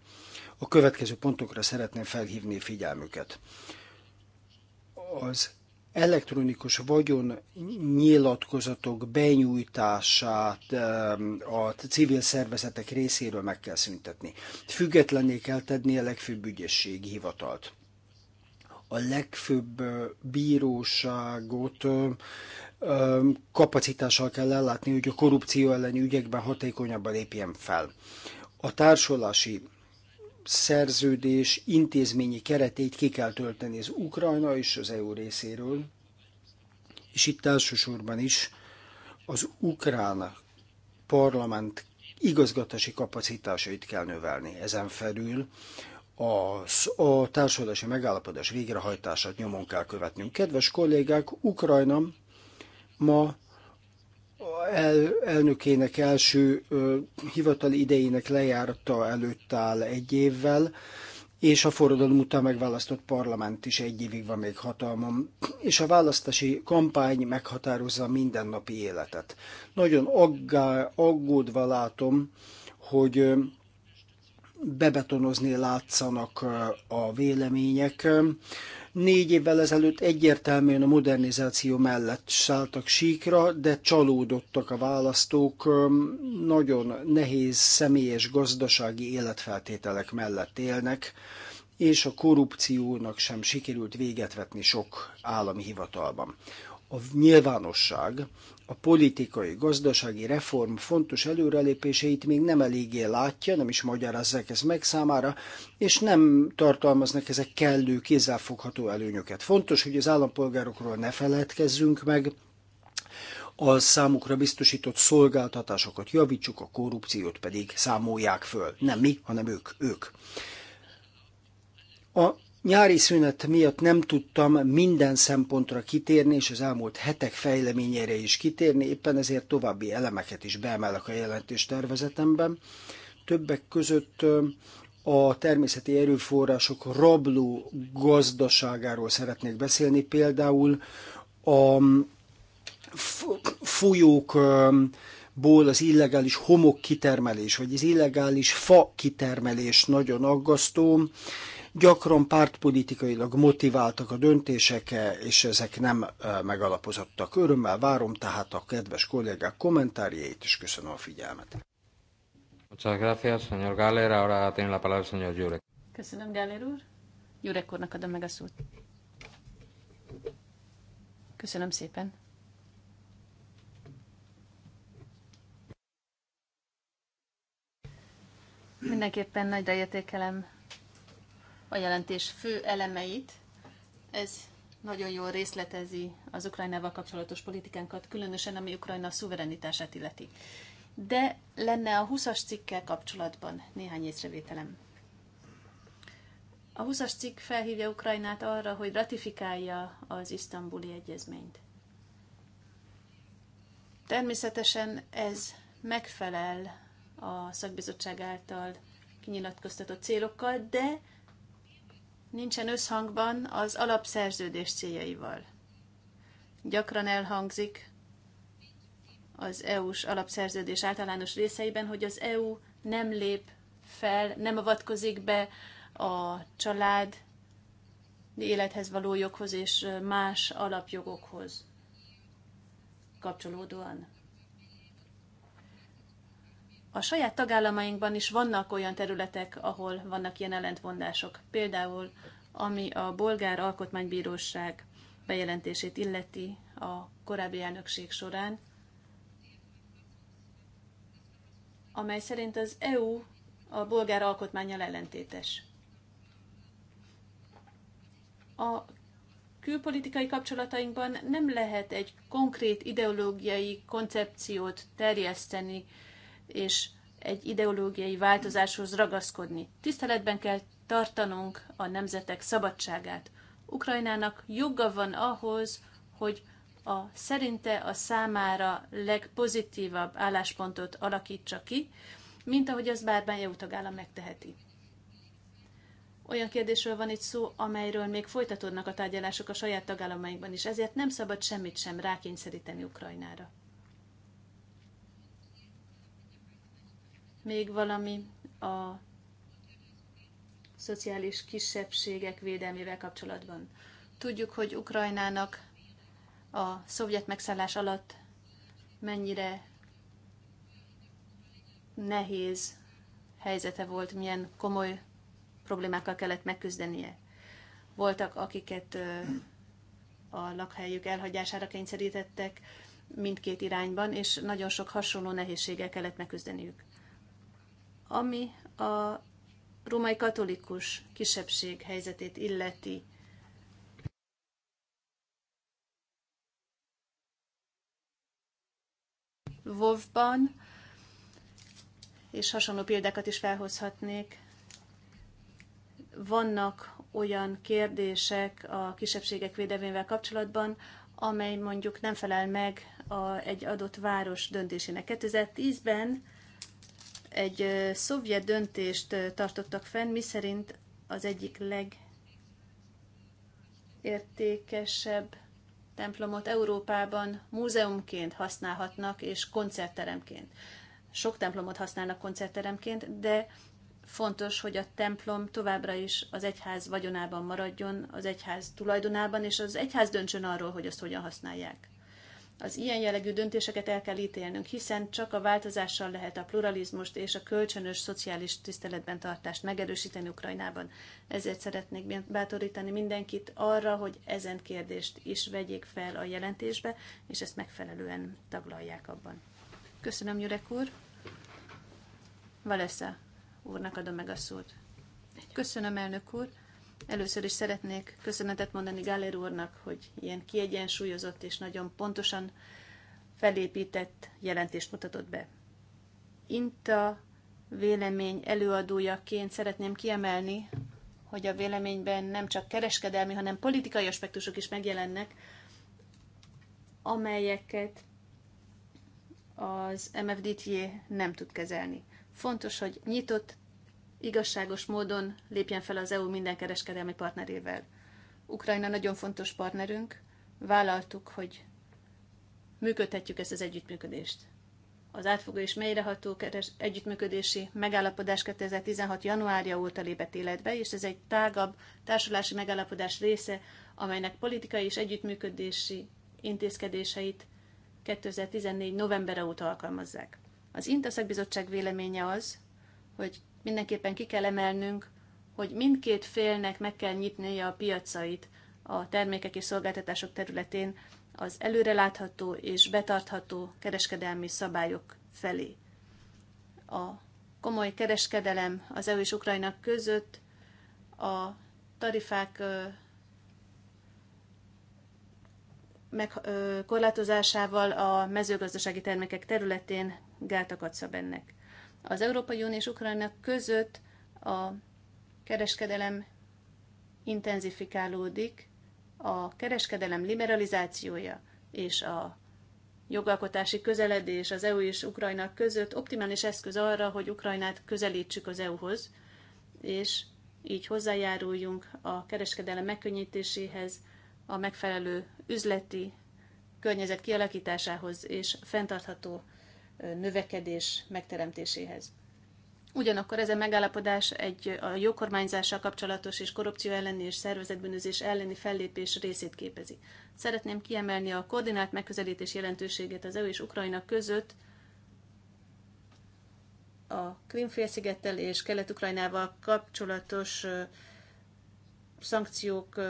A következő pontokra szeretném felhívni figyelmüket. Az elektronikus vagyon nyilatkozatok benyújtását eh, a civil szervezetek részéről meg kell szüntetni. Függetlenné kell tenni a legfőbb ügyességi hivatalt a legfőbb bíróságot kapacitással kell ellátni, hogy a korrupció elleni ügyekben hatékonyabban lépjen fel. A társulási szerződés intézményi keretét ki kell tölteni az Ukrajna és az EU részéről, és itt elsősorban is az ukrán parlament igazgatási kapacitásait kell növelni. Ezen felül a társadalmi megállapodás végrehajtását nyomon kell követnünk. Kedves kollégák, Ukrajna ma el, elnökének első ö, hivatali idejének lejárta előtt áll egy évvel, és a forradalom után megválasztott parlament is egy évig van még hatalmam, és a választási kampány meghatározza a mindennapi életet. Nagyon aggá, aggódva látom, hogy bebetonozni látszanak a vélemények. Négy évvel ezelőtt egyértelműen a modernizáció mellett szálltak síkra, de csalódottak a választók, nagyon nehéz személyes gazdasági életfeltételek mellett élnek, és a korrupciónak sem sikerült véget vetni sok állami hivatalban. A nyilvánosság a politikai, gazdasági reform fontos előrelépéseit még nem eléggé látja, nem is magyarázzák ezt meg számára, és nem tartalmaznak ezek kellő, kézzelfogható előnyöket. Fontos, hogy az állampolgárokról ne feledkezzünk meg, a számukra biztosított szolgáltatásokat javítsuk, a korrupciót pedig számolják föl. Nem mi, hanem ők. ők. A Nyári szünet miatt nem tudtam minden szempontra kitérni, és az elmúlt hetek fejleményére is kitérni, éppen ezért további elemeket is beemelek a jelentés tervezetemben. Többek között a természeti erőforrások rabló gazdaságáról szeretnék beszélni, például a folyókból az illegális homok kitermelés, vagy az illegális fa kitermelés nagyon aggasztó, Gyakran pártpolitikailag motiváltak a döntések, és ezek nem megalapozottak. Örömmel várom tehát a kedves kollégák kommentárjait, és köszönöm a figyelmet. Muchas gracias, señor Galler. Ahora tiene la palabra el señor Jurek. Köszönöm, Galler úr. Jurek úrnak adom meg a szót. Köszönöm szépen. Mindenképpen nagyra értékelem a jelentés fő elemeit. Ez nagyon jól részletezi az Ukrajnával kapcsolatos politikánkat, különösen ami Ukrajna szuverenitását illeti. De lenne a 20-as cikkkel kapcsolatban néhány észrevételem. A 20-as cikk felhívja Ukrajnát arra, hogy ratifikálja az isztambuli egyezményt. Természetesen ez megfelel a szakbizottság által kinyilatkoztatott célokkal, de nincsen összhangban az alapszerződés céljaival. Gyakran elhangzik az EU-s alapszerződés általános részeiben, hogy az EU nem lép fel, nem avatkozik be a család élethez való joghoz és más alapjogokhoz kapcsolódóan. A saját tagállamainkban is vannak olyan területek, ahol vannak ilyen ellentmondások. Például, ami a Bolgár Alkotmánybíróság bejelentését illeti a korábbi elnökség során, amely szerint az EU a bolgár alkotmányjal ellentétes. A külpolitikai kapcsolatainkban nem lehet egy konkrét ideológiai koncepciót terjeszteni és egy ideológiai változáshoz ragaszkodni. Tiszteletben kell tartanunk a nemzetek szabadságát. Ukrajnának joga van ahhoz, hogy a szerinte a számára legpozitívabb álláspontot alakítsa ki, mint ahogy az bármely EU tagállam megteheti. Olyan kérdésről van itt szó, amelyről még folytatódnak a tárgyalások a saját tagállamainkban is, ezért nem szabad semmit sem rákényszeríteni Ukrajnára. Még valami a szociális kisebbségek védelmével kapcsolatban. Tudjuk, hogy Ukrajnának a szovjet megszállás alatt mennyire nehéz helyzete volt, milyen komoly problémákkal kellett megküzdenie. Voltak, akiket a lakhelyük elhagyására kényszerítettek mindkét irányban, és nagyon sok hasonló nehézséggel kellett megküzdeniük. Ami a római katolikus kisebbség helyzetét illeti, Wolfban, és hasonló példákat is felhozhatnék. Vannak olyan kérdések a kisebbségek védelmével kapcsolatban, amely mondjuk nem felel meg a, egy adott város döntésének. 2010-ben egy szovjet döntést tartottak fenn, miszerint az egyik legértékesebb templomot Európában múzeumként használhatnak, és koncertteremként. Sok templomot használnak koncertteremként, de fontos, hogy a templom továbbra is az egyház vagyonában maradjon, az egyház tulajdonában, és az egyház döntsön arról, hogy azt hogyan használják. Az ilyen jellegű döntéseket el kell ítélnünk, hiszen csak a változással lehet a pluralizmust és a kölcsönös szociális tiszteletben tartást megerősíteni Ukrajnában. Ezért szeretnék bátorítani mindenkit arra, hogy ezen kérdést is vegyék fel a jelentésbe, és ezt megfelelően taglalják abban. Köszönöm, Jurek úr. Valesza úrnak adom meg a szót. Köszönöm, elnök úr. Először is szeretnék köszönetet mondani Gáler úrnak, hogy ilyen kiegyensúlyozott és nagyon pontosan felépített jelentést mutatott be. Inta vélemény előadójaként szeretném kiemelni, hogy a véleményben nem csak kereskedelmi, hanem politikai aspektusok is megjelennek, amelyeket az MFDT nem tud kezelni. Fontos, hogy nyitott, igazságos módon lépjen fel az EU minden kereskedelmi partnerével. Ukrajna nagyon fontos partnerünk, vállaltuk, hogy működhetjük ezt az együttműködést. Az átfogó és mélyreható keres- együttműködési megállapodás 2016. januárja óta lépett életbe, és ez egy tágabb társulási megállapodás része, amelynek politikai és együttműködési intézkedéseit 2014. novembere óta alkalmazzák. Az INTA bizottság véleménye az, hogy mindenképpen ki kell emelnünk, hogy mindkét félnek meg kell nyitnia a piacait a termékek és szolgáltatások területén az előrelátható és betartható kereskedelmi szabályok felé. A komoly kereskedelem az EU és Ukrajna között a tarifák meg, korlátozásával a mezőgazdasági termékek területén gátakat szab ennek. Az Európai Unió és Ukrajna között a kereskedelem intenzifikálódik, a kereskedelem liberalizációja és a jogalkotási közeledés az EU és Ukrajna között optimális eszköz arra, hogy Ukrajnát közelítsük az EU-hoz, és így hozzájáruljunk a kereskedelem megkönnyítéséhez, a megfelelő üzleti környezet kialakításához és fenntartható növekedés megteremtéséhez. Ugyanakkor ez a megállapodás egy a jókormányzással kapcsolatos és korrupció elleni és szervezetbűnözés elleni fellépés részét képezi. Szeretném kiemelni a koordinált megközelítés jelentőségét az EU és Ukrajna között a Krimfélszigettel és Kelet-Ukrajnával kapcsolatos szankciók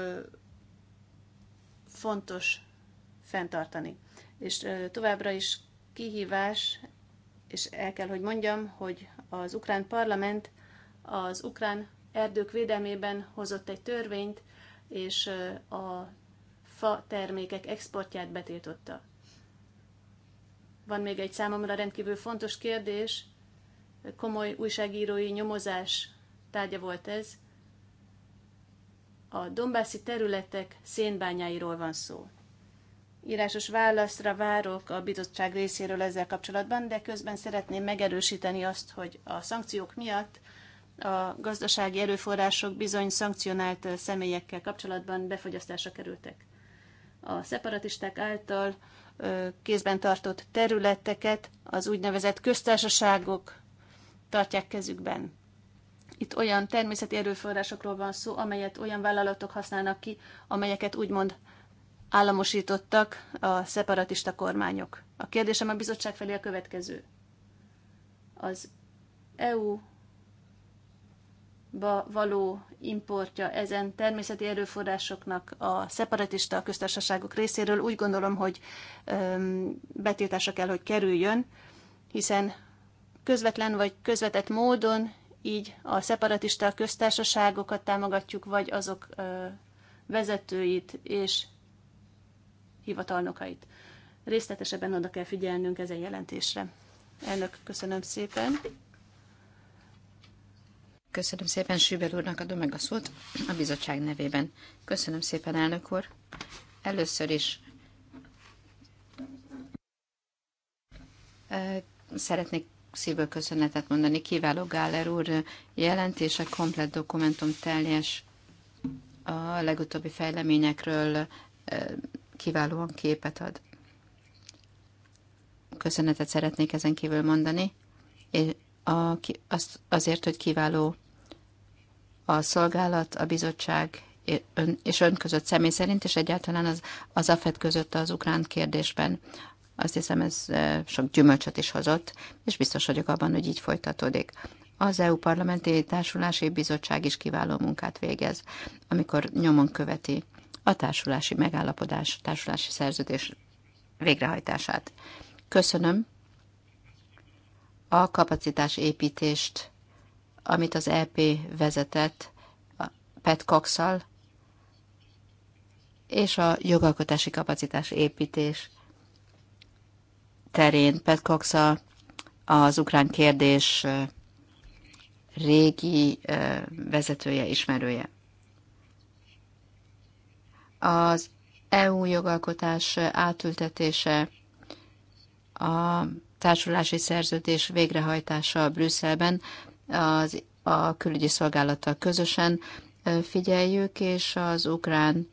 fontos fenntartani. És továbbra is kihívás, és el kell, hogy mondjam, hogy az ukrán parlament az ukrán erdők védelmében hozott egy törvényt, és a fa termékek exportját betiltotta. Van még egy számomra rendkívül fontos kérdés, komoly újságírói nyomozás tárgya volt ez. A dombászi területek szénbányáiról van szó írásos válaszra várok a bizottság részéről ezzel kapcsolatban, de közben szeretném megerősíteni azt, hogy a szankciók miatt a gazdasági erőforrások bizony szankcionált személyekkel kapcsolatban befogyasztásra kerültek. A szeparatisták által kézben tartott területeket az úgynevezett köztársaságok tartják kezükben. Itt olyan természeti erőforrásokról van szó, amelyet olyan vállalatok használnak ki, amelyeket úgymond államosítottak a szeparatista kormányok. A kérdésem a bizottság felé a következő. Az EU ba való importja ezen természeti erőforrásoknak a szeparatista köztársaságok részéről úgy gondolom, hogy öm, kell, hogy kerüljön, hiszen közvetlen vagy közvetett módon így a szeparatista köztársaságokat támogatjuk, vagy azok ö, vezetőit, és hivatalnokait. Részletesebben oda kell figyelnünk ezen jelentésre. Elnök, köszönöm szépen. Köszönöm szépen Süber úrnak adom meg a szót a bizottság nevében. Köszönöm szépen, elnök úr. Először is szeretnék szívből köszönetet mondani. Kiváló Gáler úr jelentése, komplet dokumentum teljes a legutóbbi fejleményekről kiválóan képet ad. Köszönetet szeretnék ezen kívül mondani, és a, az, azért, hogy kiváló a szolgálat, a bizottság és ön között személy szerint, és egyáltalán az, az AFED között az ukrán kérdésben. Azt hiszem, ez e, sok gyümölcsöt is hozott, és biztos vagyok abban, hogy így folytatódik. Az EU Parlamenti Társulási Bizottság is kiváló munkát végez, amikor nyomon követi a társulási megállapodás, társulási szerződés végrehajtását. Köszönöm a kapacitás építést, amit az EP vezetett Pet cox és a jogalkotási kapacitás építés terén Pet cox az ukrán kérdés régi vezetője, ismerője az EU jogalkotás átültetése, a társulási szerződés végrehajtása Brüsszelben az, a külügyi szolgálattal közösen figyeljük, és az ukrán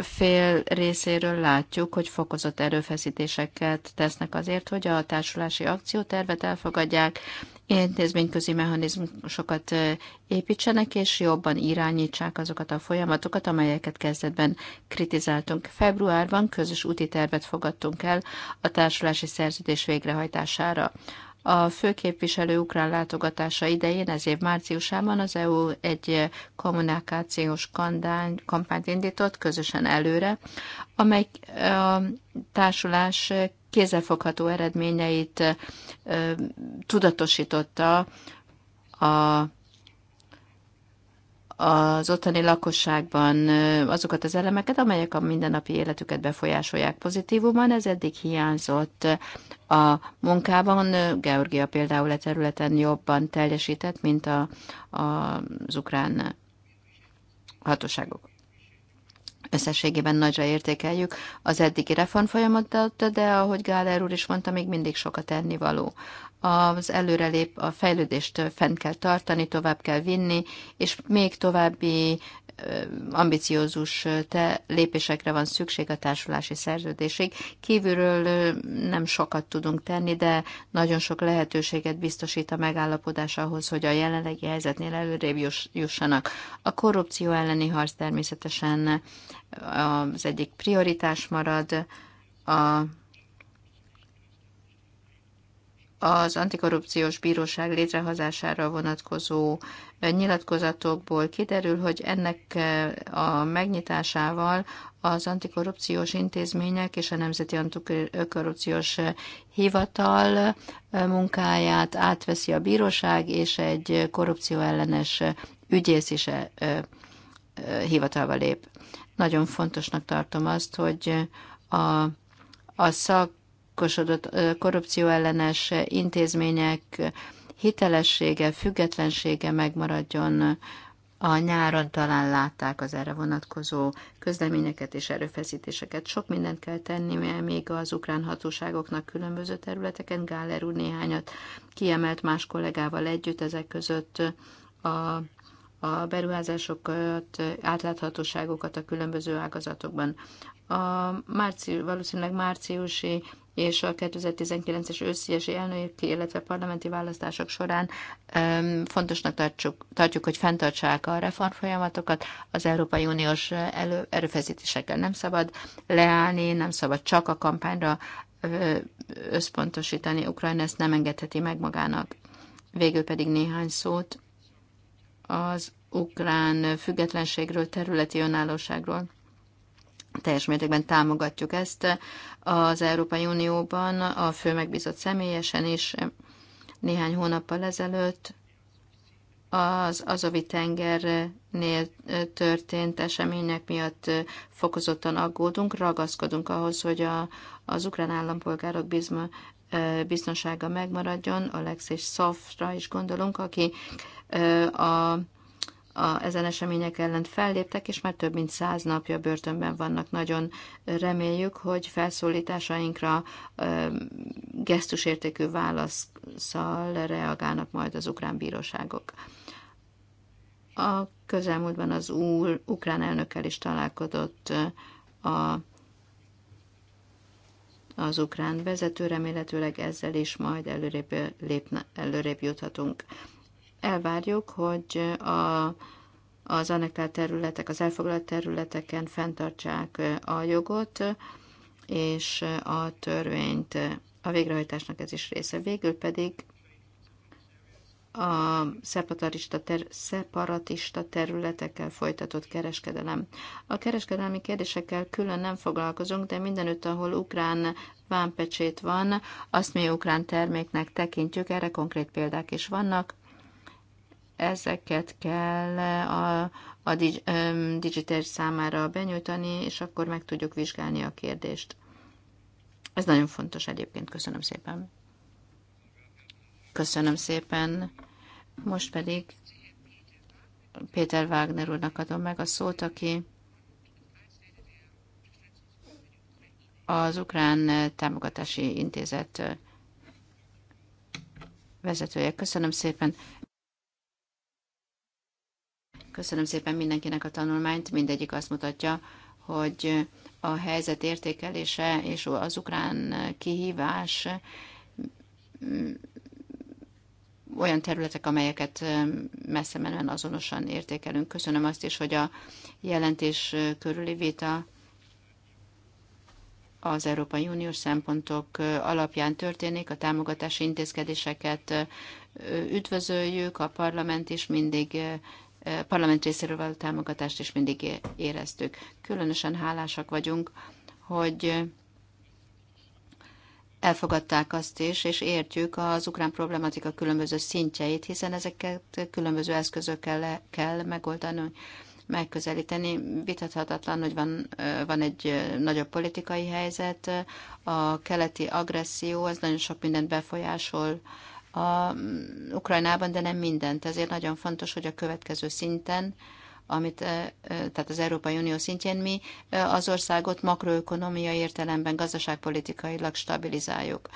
fél részéről látjuk, hogy fokozott erőfeszítéseket tesznek azért, hogy a társulási akciótervet elfogadják, intézményközi mechanizmusokat építsenek, és jobban irányítsák azokat a folyamatokat, amelyeket kezdetben kritizáltunk. Februárban közös úti tervet fogadtunk el a társulási szerződés végrehajtására. A főképviselő ukrán látogatása idején, ez év márciusában az EU egy kommunikációs kandány, kampányt indított közösen előre, amely a társulás kézzelfogható eredményeit tudatosította a az ottani lakosságban azokat az elemeket, amelyek a mindennapi életüket befolyásolják pozitívuman, ez eddig hiányzott a munkában. Georgia például a e területen jobban teljesített, mint a, a, az ukrán hatóságok. Összességében nagyra értékeljük az eddigi reformfolyamatot, de ahogy Gáler úr is mondta, még mindig sokat tennivaló. Az előrelép, a fejlődést fent kell tartani, tovább kell vinni, és még további ambiciózus te lépésekre van szükség a társulási szerződésig. Kívülről nem sokat tudunk tenni, de nagyon sok lehetőséget biztosít a megállapodás ahhoz, hogy a jelenlegi helyzetnél előrébb jussanak. A korrupció elleni harc természetesen az egyik prioritás marad, a az antikorrupciós bíróság létrehozására vonatkozó nyilatkozatokból kiderül, hogy ennek eh, a megnyitásával az antikorrupciós intézmények és a Nemzeti Antikorrupciós Hivatal eh, munkáját átveszi a bíróság, és egy korrupcióellenes ügyész is eh, hivatalba lép. Nagyon fontosnak tartom azt, hogy a, a szak megalkosodott korrupcióellenes intézmények hitelessége, függetlensége megmaradjon. A nyáron talán látták az erre vonatkozó közleményeket és erőfeszítéseket. Sok mindent kell tenni, mert még az ukrán hatóságoknak különböző területeken, Gáler úr néhányat kiemelt más kollégával együtt, ezek között a a beruházásokat, átláthatóságokat a különböző ágazatokban. A márci, valószínűleg márciusi és a 2019-es ősziesi elnöki, illetve parlamenti választások során fontosnak tartjuk, tartjuk, hogy fenntartsák a reformfolyamatokat az Európai Uniós elő, erőfeszítésekkel. Nem szabad leállni, nem szabad csak a kampányra összpontosítani. Ukrajna ezt nem engedheti meg magának. Végül pedig néhány szót az ukrán függetlenségről, területi önállóságról teljes mértékben támogatjuk ezt az Európai Unióban, a fő megbízott személyesen is néhány hónappal ezelőtt az Azovi tengernél történt események miatt fokozottan aggódunk, ragaszkodunk ahhoz, hogy a, az ukrán állampolgárok bizma, biztonsága megmaradjon. és Szafra is gondolunk, aki a a, ezen események ellen felléptek, és már több mint száz napja börtönben vannak. Nagyon reméljük, hogy felszólításainkra ö, gesztusértékű válaszszal reagálnak majd az ukrán bíróságok. A közelmúltban az úr, ukrán elnökkel is találkozott a, az ukrán vezető, remélhetőleg ezzel is majd előrébb, lépne, előrébb juthatunk elvárjuk, hogy a, az annektált területek, az elfoglalt területeken fenntartsák a jogot és a törvényt. A végrehajtásnak ez is része. Végül pedig a szeparatista, ter- szeparatista területekkel folytatott kereskedelem. A kereskedelmi kérdésekkel külön nem foglalkozunk, de mindenütt, ahol ukrán vámpecsét van, azt mi ukrán terméknek tekintjük, erre konkrét példák is vannak ezeket kell a, a digitális számára benyújtani, és akkor meg tudjuk vizsgálni a kérdést. Ez nagyon fontos egyébként. Köszönöm szépen. Köszönöm szépen. Most pedig Péter Wagner úrnak adom meg a szót, aki az Ukrán Támogatási Intézet vezetője. Köszönöm szépen. Köszönöm szépen mindenkinek a tanulmányt, mindegyik azt mutatja, hogy a helyzet értékelése és az ukrán kihívás mm, olyan területek, amelyeket mm, messze menően azonosan értékelünk. Köszönöm azt is, hogy a jelentés körüli vita az Európai Uniós szempontok alapján történik, a támogatási intézkedéseket üdvözöljük, a parlament is mindig parlament részéről való támogatást is mindig éreztük. Különösen hálásak vagyunk, hogy elfogadták azt is, és értjük az ukrán problematika különböző szintjeit, hiszen ezeket különböző eszközökkel le kell megoldani, megközelíteni. Vitathatatlan, hogy van, van egy nagyobb politikai helyzet, a keleti agresszió, ez nagyon sok mindent befolyásol, a mm, Ukrajnában, de nem mindent. Ezért nagyon fontos, hogy a következő szinten, amit, e, e, tehát az Európai Unió szintjén mi e, az országot makroökonomiai értelemben gazdaságpolitikailag stabilizáljuk.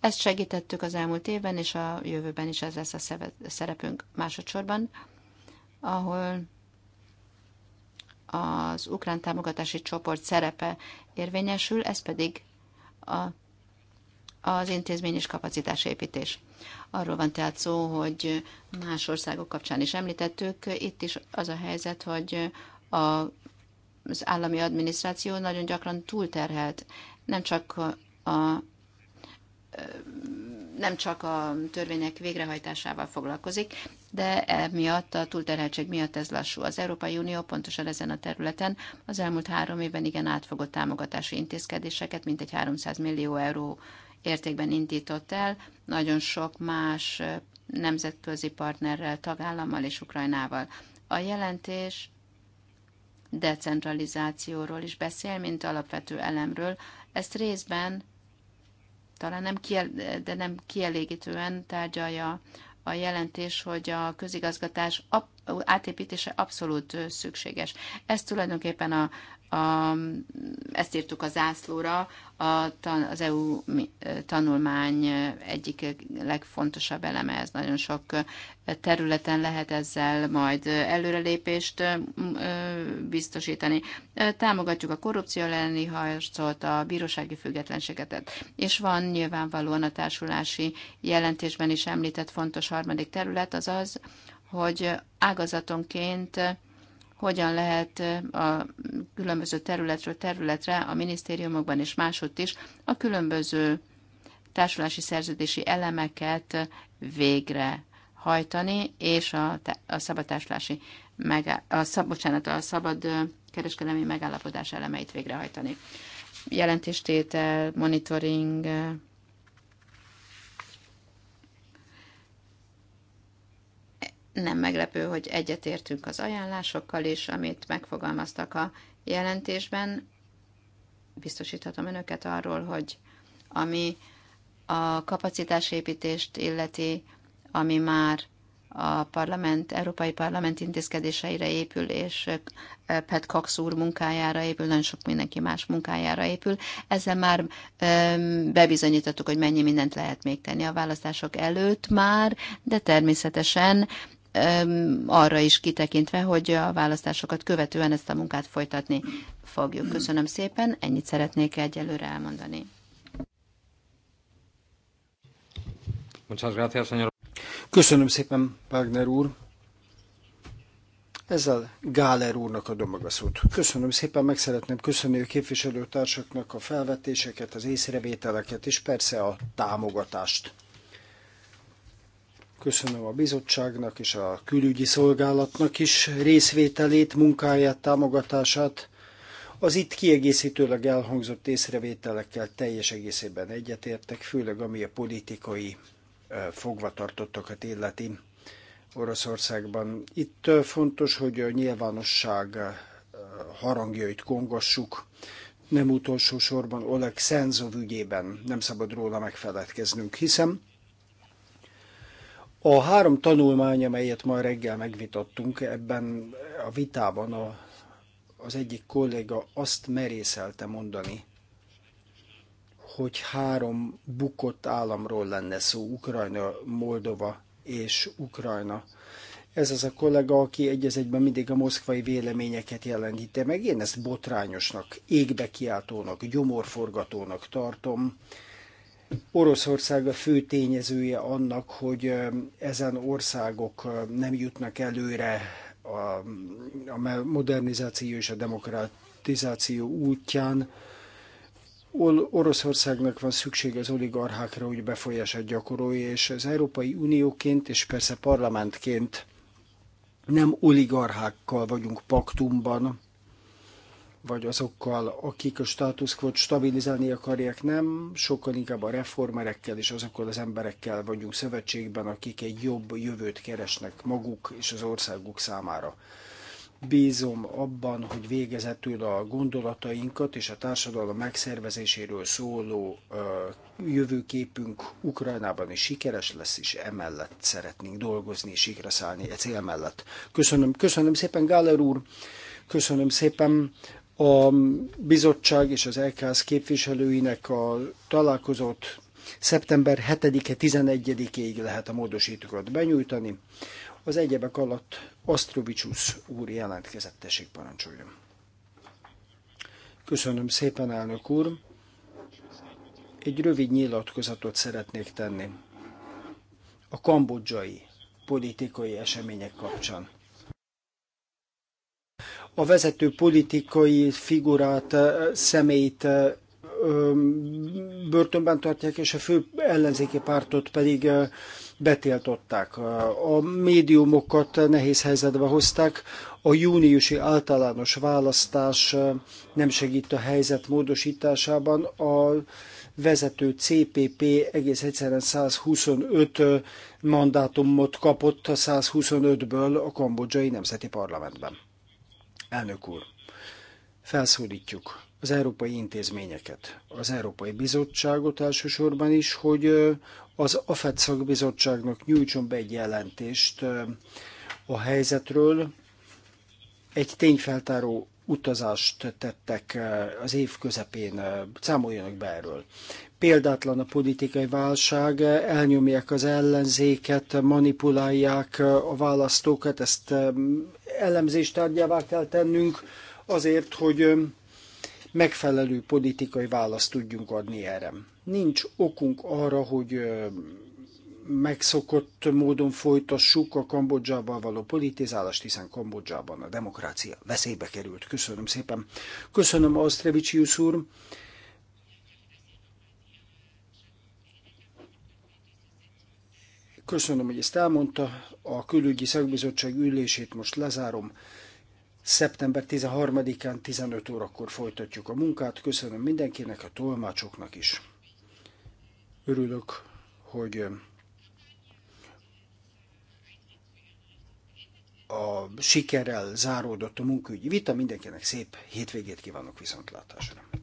Ezt segítettük az elmúlt évben, és a jövőben is ez lesz a szerepünk másodszorban, ahol az ukrán támogatási csoport szerepe érvényesül, ez pedig a, az intézményes építés. Arról van tehát szó, hogy más országok kapcsán is említettük, itt is az a helyzet, hogy a, az állami adminisztráció nagyon gyakran túlterhelt, nem csak a nem csak a törvények végrehajtásával foglalkozik, de miatt a túlterheltség miatt ez lassú. Az Európai Unió pontosan ezen a területen az elmúlt három évben igen átfogott támogatási intézkedéseket, mintegy 300 millió euró értékben indított el, nagyon sok más nemzetközi partnerrel, tagállammal és Ukrajnával. A jelentés decentralizációról is beszél, mint alapvető elemről. Ezt részben, talán nem, kiel, de nem kielégítően tárgyalja a jelentés, hogy a közigazgatás átépítése abszolút szükséges. Ez tulajdonképpen a a, ezt írtuk a zászlóra, a, az EU tanulmány egyik legfontosabb eleme, ez nagyon sok területen lehet ezzel majd előrelépést biztosítani. Támogatjuk a korrupció elleni harcot, a bírósági függetlenséget, és van nyilvánvalóan a társulási jelentésben is említett fontos harmadik terület, az az, hogy ágazatonként hogyan lehet a különböző területről területre, a minisztériumokban és máshogy is a különböző társulási szerződési elemeket végre hajtani, és a, a szabadtársulási meg, a, szab, bocsánat, a szabad kereskedelmi megállapodás elemeit végrehajtani. Jelentéstétel, monitoring, Nem meglepő, hogy egyetértünk az ajánlásokkal is, amit megfogalmaztak a jelentésben. Biztosíthatom önöket arról, hogy ami a kapacitásépítést illeti, ami már a parlament, Európai Parlament intézkedéseire épül, és Pat Cox úr munkájára épül, nagyon sok mindenki más munkájára épül. Ezzel már bebizonyítottuk, hogy mennyi mindent lehet még tenni a választások előtt már, de természetesen arra is kitekintve, hogy a választásokat követően ezt a munkát folytatni fogjuk. Köszönöm szépen, ennyit szeretnék egyelőre elmondani. Köszönöm szépen, Wagner úr. Ezzel Gáler úrnak adom maga szót. Köszönöm szépen, meg szeretném köszönni a képviselőtársaknak a felvetéseket, az észrevételeket, és persze a támogatást. Köszönöm a bizottságnak és a külügyi szolgálatnak is részvételét, munkáját, támogatását. Az itt kiegészítőleg elhangzott észrevételekkel teljes egészében egyetértek, főleg ami a politikai fogvatartottakat illeti Oroszországban. Itt fontos, hogy a nyilvánosság harangjait kongassuk, nem utolsó sorban Oleg Szenzov ügyében nem szabad róla megfeledkeznünk, hiszen a három tanulmány, amelyet ma reggel megvitattunk ebben a vitában, a, az egyik kolléga azt merészelte mondani, hogy három bukott államról lenne szó, Ukrajna, Moldova és Ukrajna. Ez az a kollega, aki egy egyben mindig a moszkvai véleményeket jelentíte meg. Én ezt botrányosnak, égbe kiáltónak, gyomorforgatónak tartom Oroszország a fő tényezője annak, hogy ezen országok nem jutnak előre a, a modernizáció és a demokratizáció útján. Oroszországnak van szüksége az oligarchákra, hogy befolyását gyakorolja, és az Európai Unióként és persze parlamentként nem oligarchákkal vagyunk paktumban, vagy azokkal, akik a status quo stabilizálni akarják, nem, sokkal inkább a reformerekkel és azokkal az emberekkel vagyunk szövetségben, akik egy jobb jövőt keresnek maguk és az országuk számára. Bízom abban, hogy végezetül a gondolatainkat és a társadalom megszervezéséről szóló jövőképünk Ukrajnában is sikeres lesz, és emellett szeretnénk dolgozni és sikra szállni e cél mellett. Köszönöm, köszönöm szépen, Gáler úr! Köszönöm szépen a bizottság és az LKS képviselőinek a találkozót szeptember 7-e 11-ig lehet a módosítókat benyújtani. Az egyebek alatt Asztrovicsus úr jelentkezett, parancsoljon. Köszönöm szépen, elnök úr. Egy rövid nyilatkozatot szeretnék tenni a kambodzsai politikai események kapcsán a vezető politikai figurát, személyt börtönben tartják, és a fő ellenzéki pártot pedig betiltották. A médiumokat nehéz helyzetbe hozták, a júniusi általános választás nem segít a helyzet módosításában. A vezető CPP egész egyszerűen 125 mandátumot kapott a 125-ből a kambodzsai nemzeti parlamentben. Elnök úr, felszólítjuk az európai intézményeket, az Európai Bizottságot elsősorban is, hogy az AFET szakbizottságnak nyújtson be egy jelentést a helyzetről. Egy tényfeltáró utazást tettek az év közepén, számoljanak be erről. Példátlan a politikai válság, elnyomják az ellenzéket, manipulálják a választókat, ezt elemzést tárgyává kell tennünk azért, hogy megfelelő politikai választ tudjunk adni erre. Nincs okunk arra, hogy megszokott módon folytassuk a Kambodzsával való politizálást, hiszen Kambodzsában a demokrácia veszélybe került. Köszönöm szépen. Köszönöm, Asztrevicius úr. Köszönöm, hogy ezt elmondta. A külügyi szakbizottság ülését most lezárom. Szeptember 13-án 15 órakor folytatjuk a munkát. Köszönöm mindenkinek, a tolmácsoknak is. Örülök, hogy a sikerrel záródott a munkaügyi vita. Mindenkinek szép hétvégét kívánok viszontlátásra.